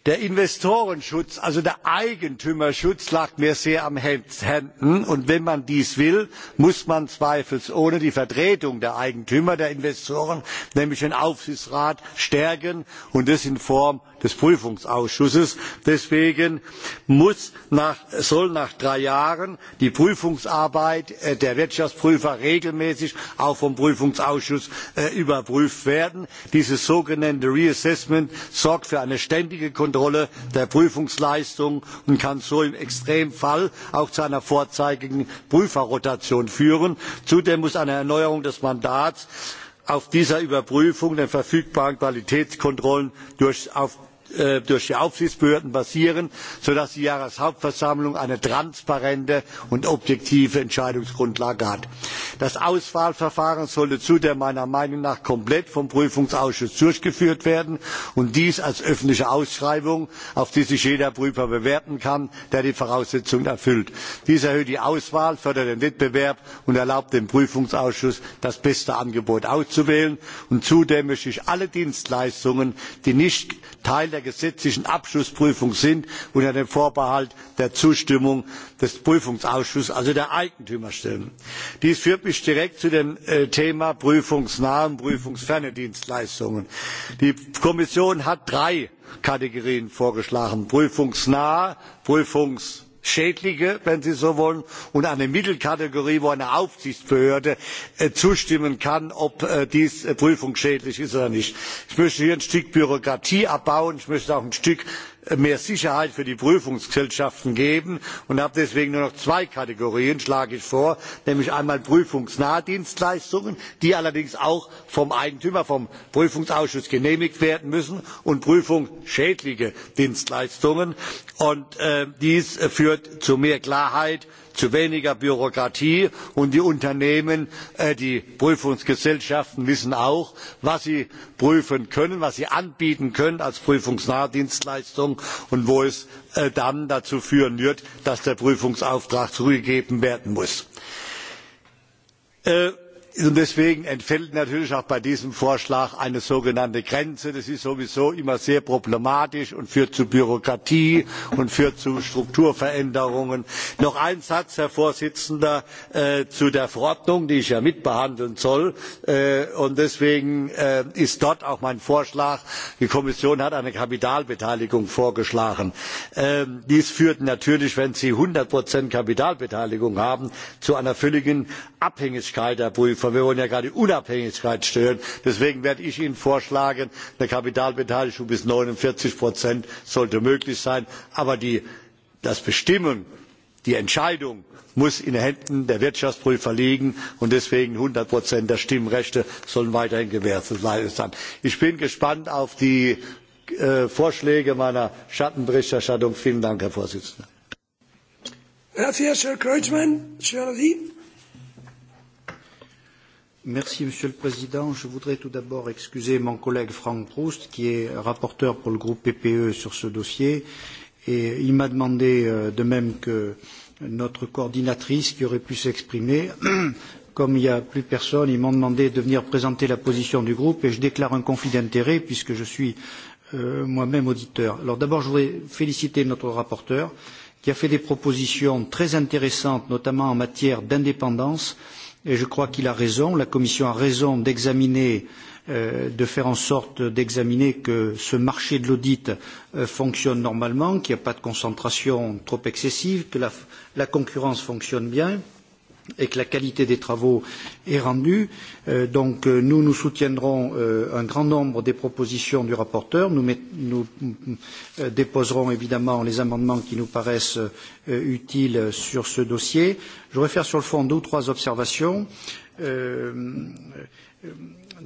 der investorenschutz also der eigentümerschutz lag mir sehr am herzen und wenn man dies will muss man zweifelsohne die vertretung der eigentümer der investoren nämlich den aufsichtsrat stärken und das in form des prüfungsausschusses. deswegen muss nach, soll nach drei jahren die prüfungsarbeit äh, der wirtschaftsprüfer regelmäßig auch vom prüfungsausschuss äh, überprüft werden. dieses sogenannte reassessment sorgt für eine ständige kontrolle der prüfungsleistung und kann so im extremfall auch zu einer vorzeitigen prüferrotation führen. zudem muss eine erneuerung des mandats auf dieser überprüfung den verfügbaren qualitätskontrollen durch, auf, Äh, durch die aufsichtsbehörden basieren sodass die jahreshauptversammlung eine transparente und objektive entscheidungsgrundlage hat. das auswahlverfahren sollte zudem meiner meinung nach komplett vom prüfungsausschuss durchgeführt werden und dies als öffentliche ausschreibung auf die sich jeder prüfer bewerben kann der die voraussetzungen erfüllt. dies erhöht die auswahl fördert den wettbewerb und erlaubt dem prüfungsausschuss das beste angebot auszuwählen. zudem möchte ich alle dienstleistungen die nicht teil der gesetzlichen abschlussprüfung sind unter dem vorbehalt der zustimmung des prüfungsausschusses also der eigentümerstellen. dies führt mich direkt zu dem äh, thema prüfungsnahe und prüfungsferne dienstleistungen. die kommission hat drei kategorien vorgeschlagen prüfungsnahe prüfungsferne schädliche wenn sie so wollen und eine mittelkategorie wo eine aufsichtsbehörde äh, zustimmen kann ob äh, dies äh, prüfungsschädlich ist oder nicht. ich möchte hier ein stück bürokratie abbauen ich möchte auch ein stück mehr sicherheit für die prüfungsgesellschaften geben und habe deswegen nur noch zwei kategorien schlage ich vor nämlich einmal prüfungsnahe dienstleistungen die allerdings auch vom eigentümer vom prüfungsausschuss genehmigt werden müssen und prüfungsschädliche dienstleistungen. Äh, dies führt zu mehr klarheit zu weniger bürokratie und die unternehmen äh, die prüfungsgesellschaften wissen auch was sie prüfen können was sie anbieten können als prüfungsnahe dienstleistung und wo es äh, dann dazu führen wird dass der prüfungsauftrag zurückgegeben werden muss. Äh, und deswegen entfällt natürlich auch bei diesem vorschlag eine sogenannte grenze. das ist sowieso immer sehr problematisch und führt zu bürokratie und führt zu strukturveränderungen. noch ein satz herr präsident äh, zu der verordnung die ich ja mitbehandeln soll äh, und deswegen äh, ist dort auch mein vorschlag die kommission hat eine kapitalbeteiligung vorgeschlagen. Ähm, dies führt natürlich wenn sie einhundert kapitalbeteiligung haben zu einer völligen abhängigkeit der aber wir wollen ja gerade unabhängigkeit steuern. deswegen werde ich ihnen vorschlagen eine kapitalbeteiligung bis neunundvierzig sollte möglich sein aber die das bestimmen die entscheidung muss in den händen der wirtschaftsprüfer liegen und deswegen einhundert der stimmrechte sollen weiterhin gewährleistet sein. ich bin gespannt auf die äh, vorschläge meiner schattenberichterstatter. vielen dank herr präsident! Merci, Monsieur le Président. Je voudrais tout d'abord excuser mon collègue Franck Proust, qui est rapporteur pour le groupe PPE sur ce dossier. Et il m'a demandé, euh, de même que notre coordinatrice qui aurait pu s'exprimer, <clears throat> comme il n'y a plus personne, ils m'ont demandé de venir présenter la position du groupe et je déclare un conflit d'intérêts puisque je suis euh, moi-même auditeur. Alors d'abord, je voudrais féliciter notre rapporteur qui a fait des propositions très intéressantes, notamment en matière d'indépendance, euh, et je crois qu'il a raison, la Commission a raison d'examiner euh, de faire en sorte d'examiner que ce marché de l'audit euh, fonctionne normalement, qu'il n'y a pas de concentration trop excessive, que la, la concurrence fonctionne bien. Euh, et que la qualité des travaux est rendue. Euh, donc euh, nous, nous soutiendrons euh, un grand nombre des propositions du rapporteur. Nous, met, nous euh, déposerons évidemment les amendements qui nous paraissent euh, utiles sur ce dossier. Je voudrais faire sur le fond deux ou trois observations. Euh, euh,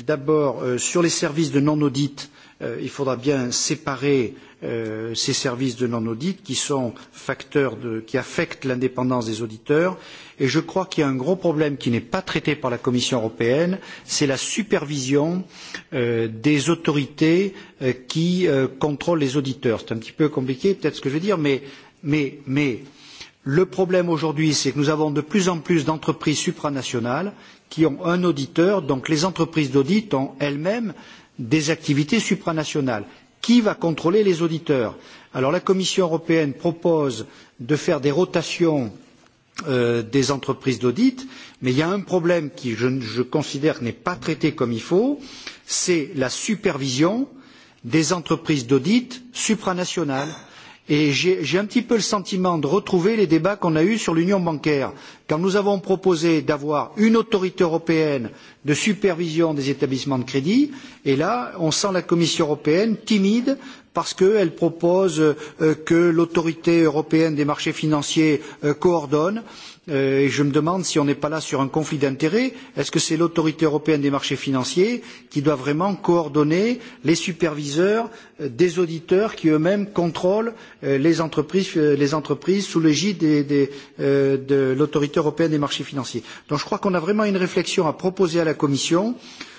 D'abord, euh, sur les services de non-audit, euh, il faudra bien séparer euh, euh, ces services de non-audit qui sont facteurs de, qui affectent l'indépendance des auditeurs. Et je crois qu'il y a un gros problème qui n'est pas traité par la Commission européenne, c'est la supervision euh, des autorités euh, qui euh, contrôlent les auditeurs. C'est un petit peu compliqué, peut-être ce que je veux dire, mais, mais, mais le problème aujourd'hui, c'est que nous avons de plus en plus d'entreprises supranationales qui ont un auditeur, donc les entreprises d'audit ont elles-mêmes des activités supranationales qui va contrôler les auditeurs? Alors la Commission européenne propose de faire des rotations euh, des entreprises d'audit, mais il y a un problème qui, je, je considère, n'est pas traité comme il faut, c'est la supervision des entreprises d'audit supranationales. Euh, Et j'ai un petit peu le sentiment de retrouver les débats qu'on a eus sur l'union bancaire, quand nous avons proposé d'avoir une autorité européenne de supervision des établissements de crédit, et là, on sent la Commission européenne timide parce qu'elle propose euh, que l'autorité européenne des marchés financiers euh, coordonne. Euh, Euh, et je me demande si on n'est pas là sur un conflit d'intérêts. Est-ce que c'est l'autorité européenne des marchés financiers qui doit vraiment coordonner les superviseurs euh, des auditeurs qui eux-mêmes contrôlent euh, les, entreprises, euh, les entreprises sous l'égide des, des, euh, de l'autorité européenne des marchés financiers Donc je crois qu'on a vraiment une réflexion à proposer à la Commission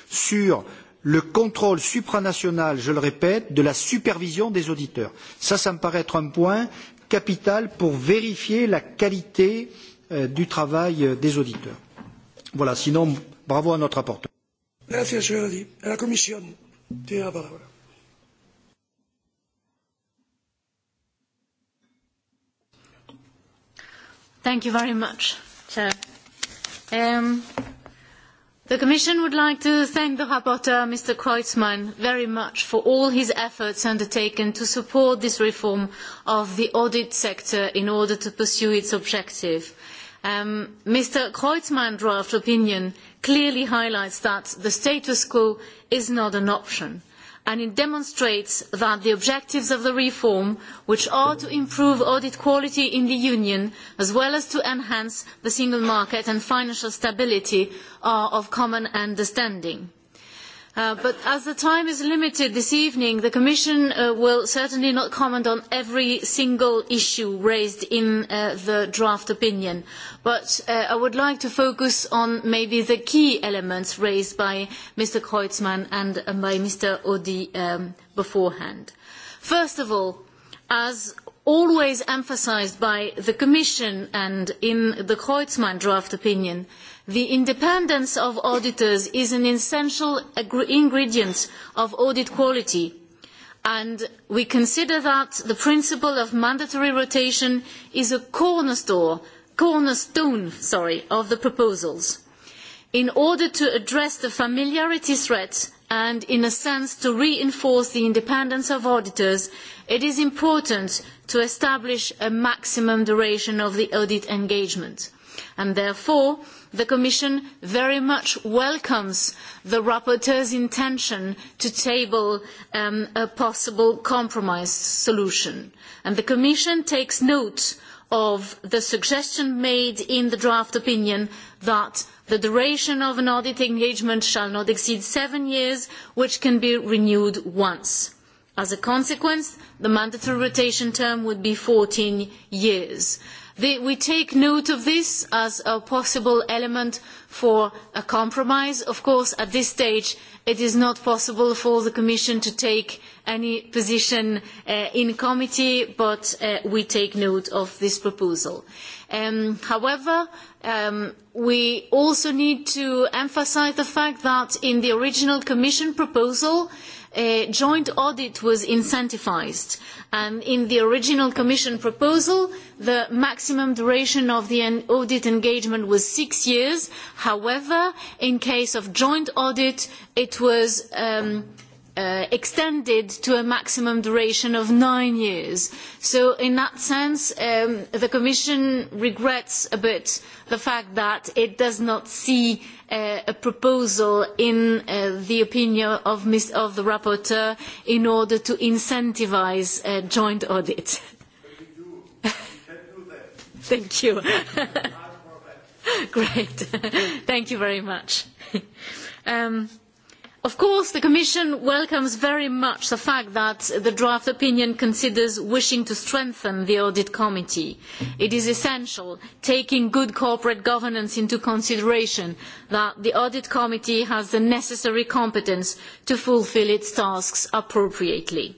sur le contrôle supranational, je le répète, de la supervision des auditeurs. Ça, ça me paraît être un point capital pour vérifier la qualité euh, euh, du travail euh, des auditeurs. Voilà, sinon, bravo à notre rapporteur. Gracias, Jordi. A la comisión tiene la palabra. Thank you very much, Chair. Um, the Commission would like to thank the rapporteur, Mr. Kreutzmann, very much for all his efforts undertaken to support this reform of the audit sector in order to pursue its objective. Um, Mr. Kreutzmann's draft opinion clearly highlights that the status quo is not an option and it demonstrates that the objectives of the reform, which are to improve audit quality in the Union, as well as to enhance the single market and financial stability, are of common understanding. Uh, but as the time is limited this evening, the Commission uh, will certainly not comment on every single issue raised in uh, the draft opinion. But uh, I would like to focus on maybe the key elements raised by Mr. Kreutzmann and uh, by Mr. Odi um, beforehand. First of all, as always emphasized by the Commission and in the Kreutzmann draft opinion, uh, The independence of auditors is an essential ingredient of audit quality, and we consider that the principle of mandatory rotation is a cornerstone, cornerstone sorry, of the proposals. In order to address the familiarity threat and, in a sense, to reinforce the independence of auditors, it is important to establish a maximum duration of the audit engagement. And therefore, the Commission very much welcomes the rapporteur's intention to table um, a possible compromise solution. And the Commission takes note of the suggestion made in the draft opinion that the duration of an audit engagement shall not exceed seven years, which can be renewed once. As a consequence, the mandatory rotation term would be 14 years. Uh, The, we take note of this as a possible element for a compromise. Of course, at this stage, it is not possible for the Commission to take uh, any position uh, in committee, but uh, we take note of this proposal. Um, however, um, we also need to emphasize the fact that in the original Commission proposal, uh, joint audit was incentivized. And in the original Commission proposal, the maximum duration of the audit engagement was six years. However, in case of joint audit, it was um, uh, extended to a maximum duration of nine years. So in that sense, um, the Commission regrets a bit the fact that it does not see uh, a proposal in uh, the opinion of, Ms. of the rapporteur in order to incentivize uh, joint audit. <laughs> Thank you. <laughs> Great. <laughs> Thank you very much. um, Of course, the Commission welcomes very much the fact that the draft opinion considers wishing to strengthen the Audit Committee. It is essential, taking good corporate governance into consideration, that the Audit Committee has the necessary competence to fulfil its tasks appropriately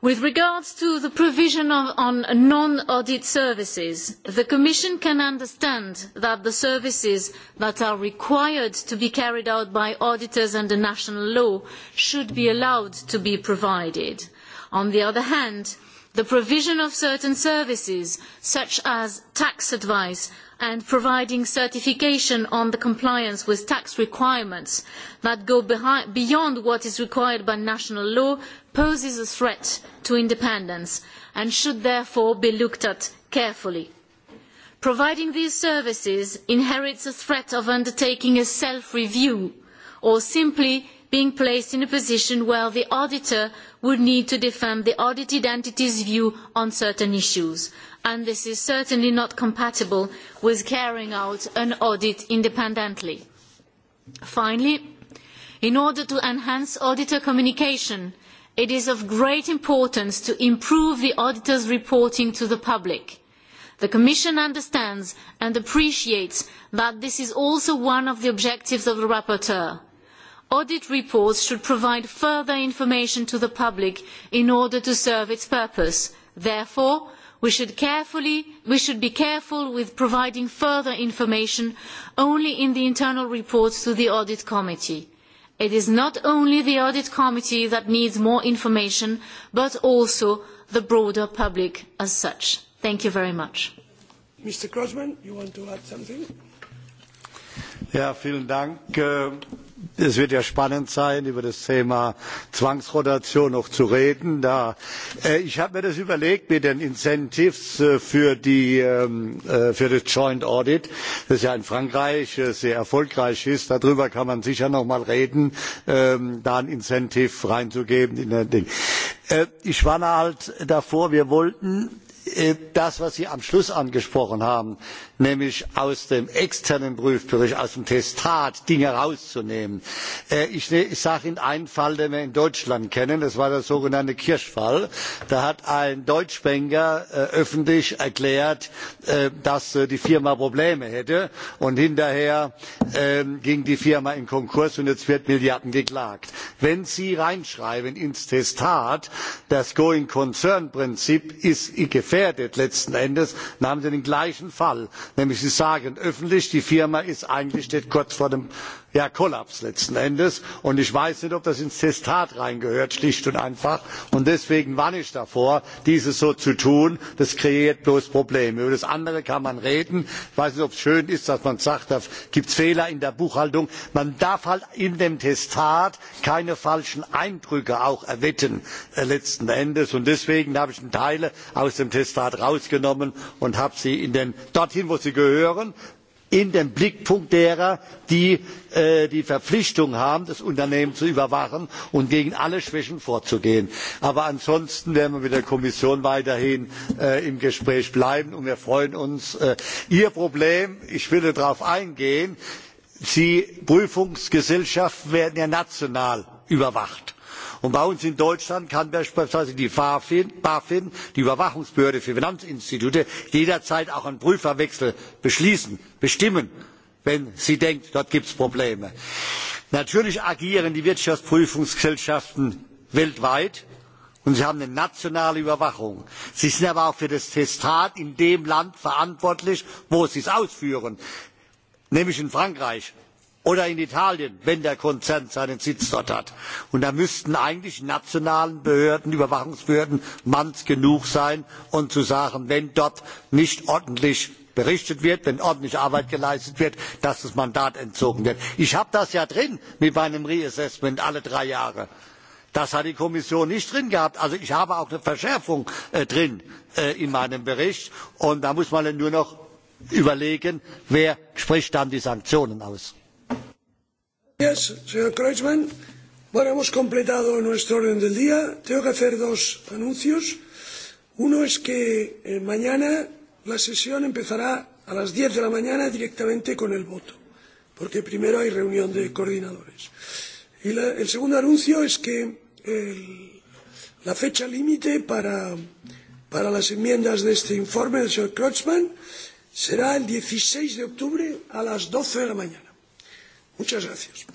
with regard to the provision of, on non audit services the commission can understand that the services that are required to be carried out by auditors under national law should be allowed to be provided. on the other hand the provision of certain services such as tax advice and providing certification on the compliance with tax requirements that go behind, beyond what is required by national law poses a threat to independence and should therefore be looked at carefully. Providing these services inherits a threat of undertaking a self-review or simply being placed in a position where the auditor would need to defend the audited entity's view on certain issues, and this is certainly not compatible with carrying out an audit independently. Finally, in order to enhance auditor communication it is of great importance to improve the auditor's reporting to the public. The Commission understands and appreciates that this is also one of the objectives of the rapporteur. Audit reports should provide further information to the public in order to serve its purpose. Therefore, we should, carefully, we should be careful with providing further information only in the internal reports to the Audit Committee It is not only the audit committee that needs more information, but also the broader public as such. Thank you very much. Mr. Crossman, you want to add something? Ja, vielen Dank. Äh es wird ja spannend sein über das thema zwangsrotation noch zu reden. Da, äh, ich habe mir das überlegt mit den incentives äh, für, die, ähm, äh, für das joint audit das ja in frankreich äh, sehr erfolgreich ist darüber kann man sicher noch mal reden ähm, da ein incentive reinzugeben in das ding. Äh, ich warne halt davor wir wollten äh, das was sie am schluss angesprochen haben nämlich aus dem externen prüfbericht aus dem testat dinge herauszunehmen. Äh, ich sage ihnen einen fall den wir in deutschland kennen das war der sogenannte kirsch fall da hat ein deutschbanker äh, öffentlich erklärt äh, dass die firma probleme hätte und hinterher ähm, ging die firma in konkurs und jetzt wird milliarden geklagt. wenn sie reinschreiben ins testat das going concern prinzip ist gefährdet letzten endes dann haben sie den gleichen fall nämlich sie sagen öffentlich die firma ist eigentlich steht kurz vor dem ja kollaps letzten endes und ich weiß nicht ob das ins testat reingehört schlicht und einfach und deswegen warne ich davor dies so zu tun das kreiert bloß probleme. über das andere kann man reden ich weiß nicht ob es schön ist dass man sagt da gibt es fehler in der buchhaltung man darf halt in dem testat keine falschen eindrücke auch erwecken äh, letzten endes und deswegen habe ich teile aus dem testat rausgenommen und habe sie dorthin wo sie gehören in den Blickpunkt derer, die äh, die Verpflichtung haben, das Unternehmen zu überwachen und gegen alle Schwächen vorzugehen. Aber ansonsten werden wir mit der Kommission weiterhin äh, im Gespräch bleiben und wir freuen uns. Äh, Ihr Problem, ich will darauf eingehen, die Prüfungsgesellschaften werden ja national überwacht Und bei uns in Deutschland kann beispielsweise die BaFin, BaFin die Überwachungsbehörde für Finanzinstitute, jederzeit auch einen Prüferwechsel beschließen, bestimmen, wenn sie denkt, dort gibt es Probleme. Natürlich agieren die Wirtschaftsprüfungsgesellschaften weltweit und sie haben eine nationale Überwachung. Sie sind aber auch für das Testat in dem Land verantwortlich, wo sie es ausführen, nämlich in Frankreich oder in Italien, wenn der Konzern seinen Sitz dort hat. Und da müssten eigentlich nationalen Behörden, Überwachungsbehörden Manns genug sein, um zu sagen, wenn dort nicht ordentlich berichtet wird, wenn ordentliche Arbeit geleistet wird, dass das Mandat entzogen wird. Ich habe das ja drin mit meinem Reassessment alle drei Jahre. Das hat die Kommission nicht drin gehabt. Also ich habe auch eine Verschärfung äh, drin äh, in meinem Bericht. Und da muss man dann nur noch überlegen, wer spricht dann die Sanktionen aus. Gracias, señor Kreutzmann. Bueno, hemos completado nuestro orden del día. Tengo que hacer dos anuncios. Uno es que eh, mañana la sesión empezará a las 10 de la mañana directamente con el voto, porque primero hay reunión de coordinadores. Y la, el segundo anuncio es que el, la fecha límite para, para las enmiendas de este informe del señor Kreutzmann será el 16 de octubre a las 12 de la mañana. Muchas gracias.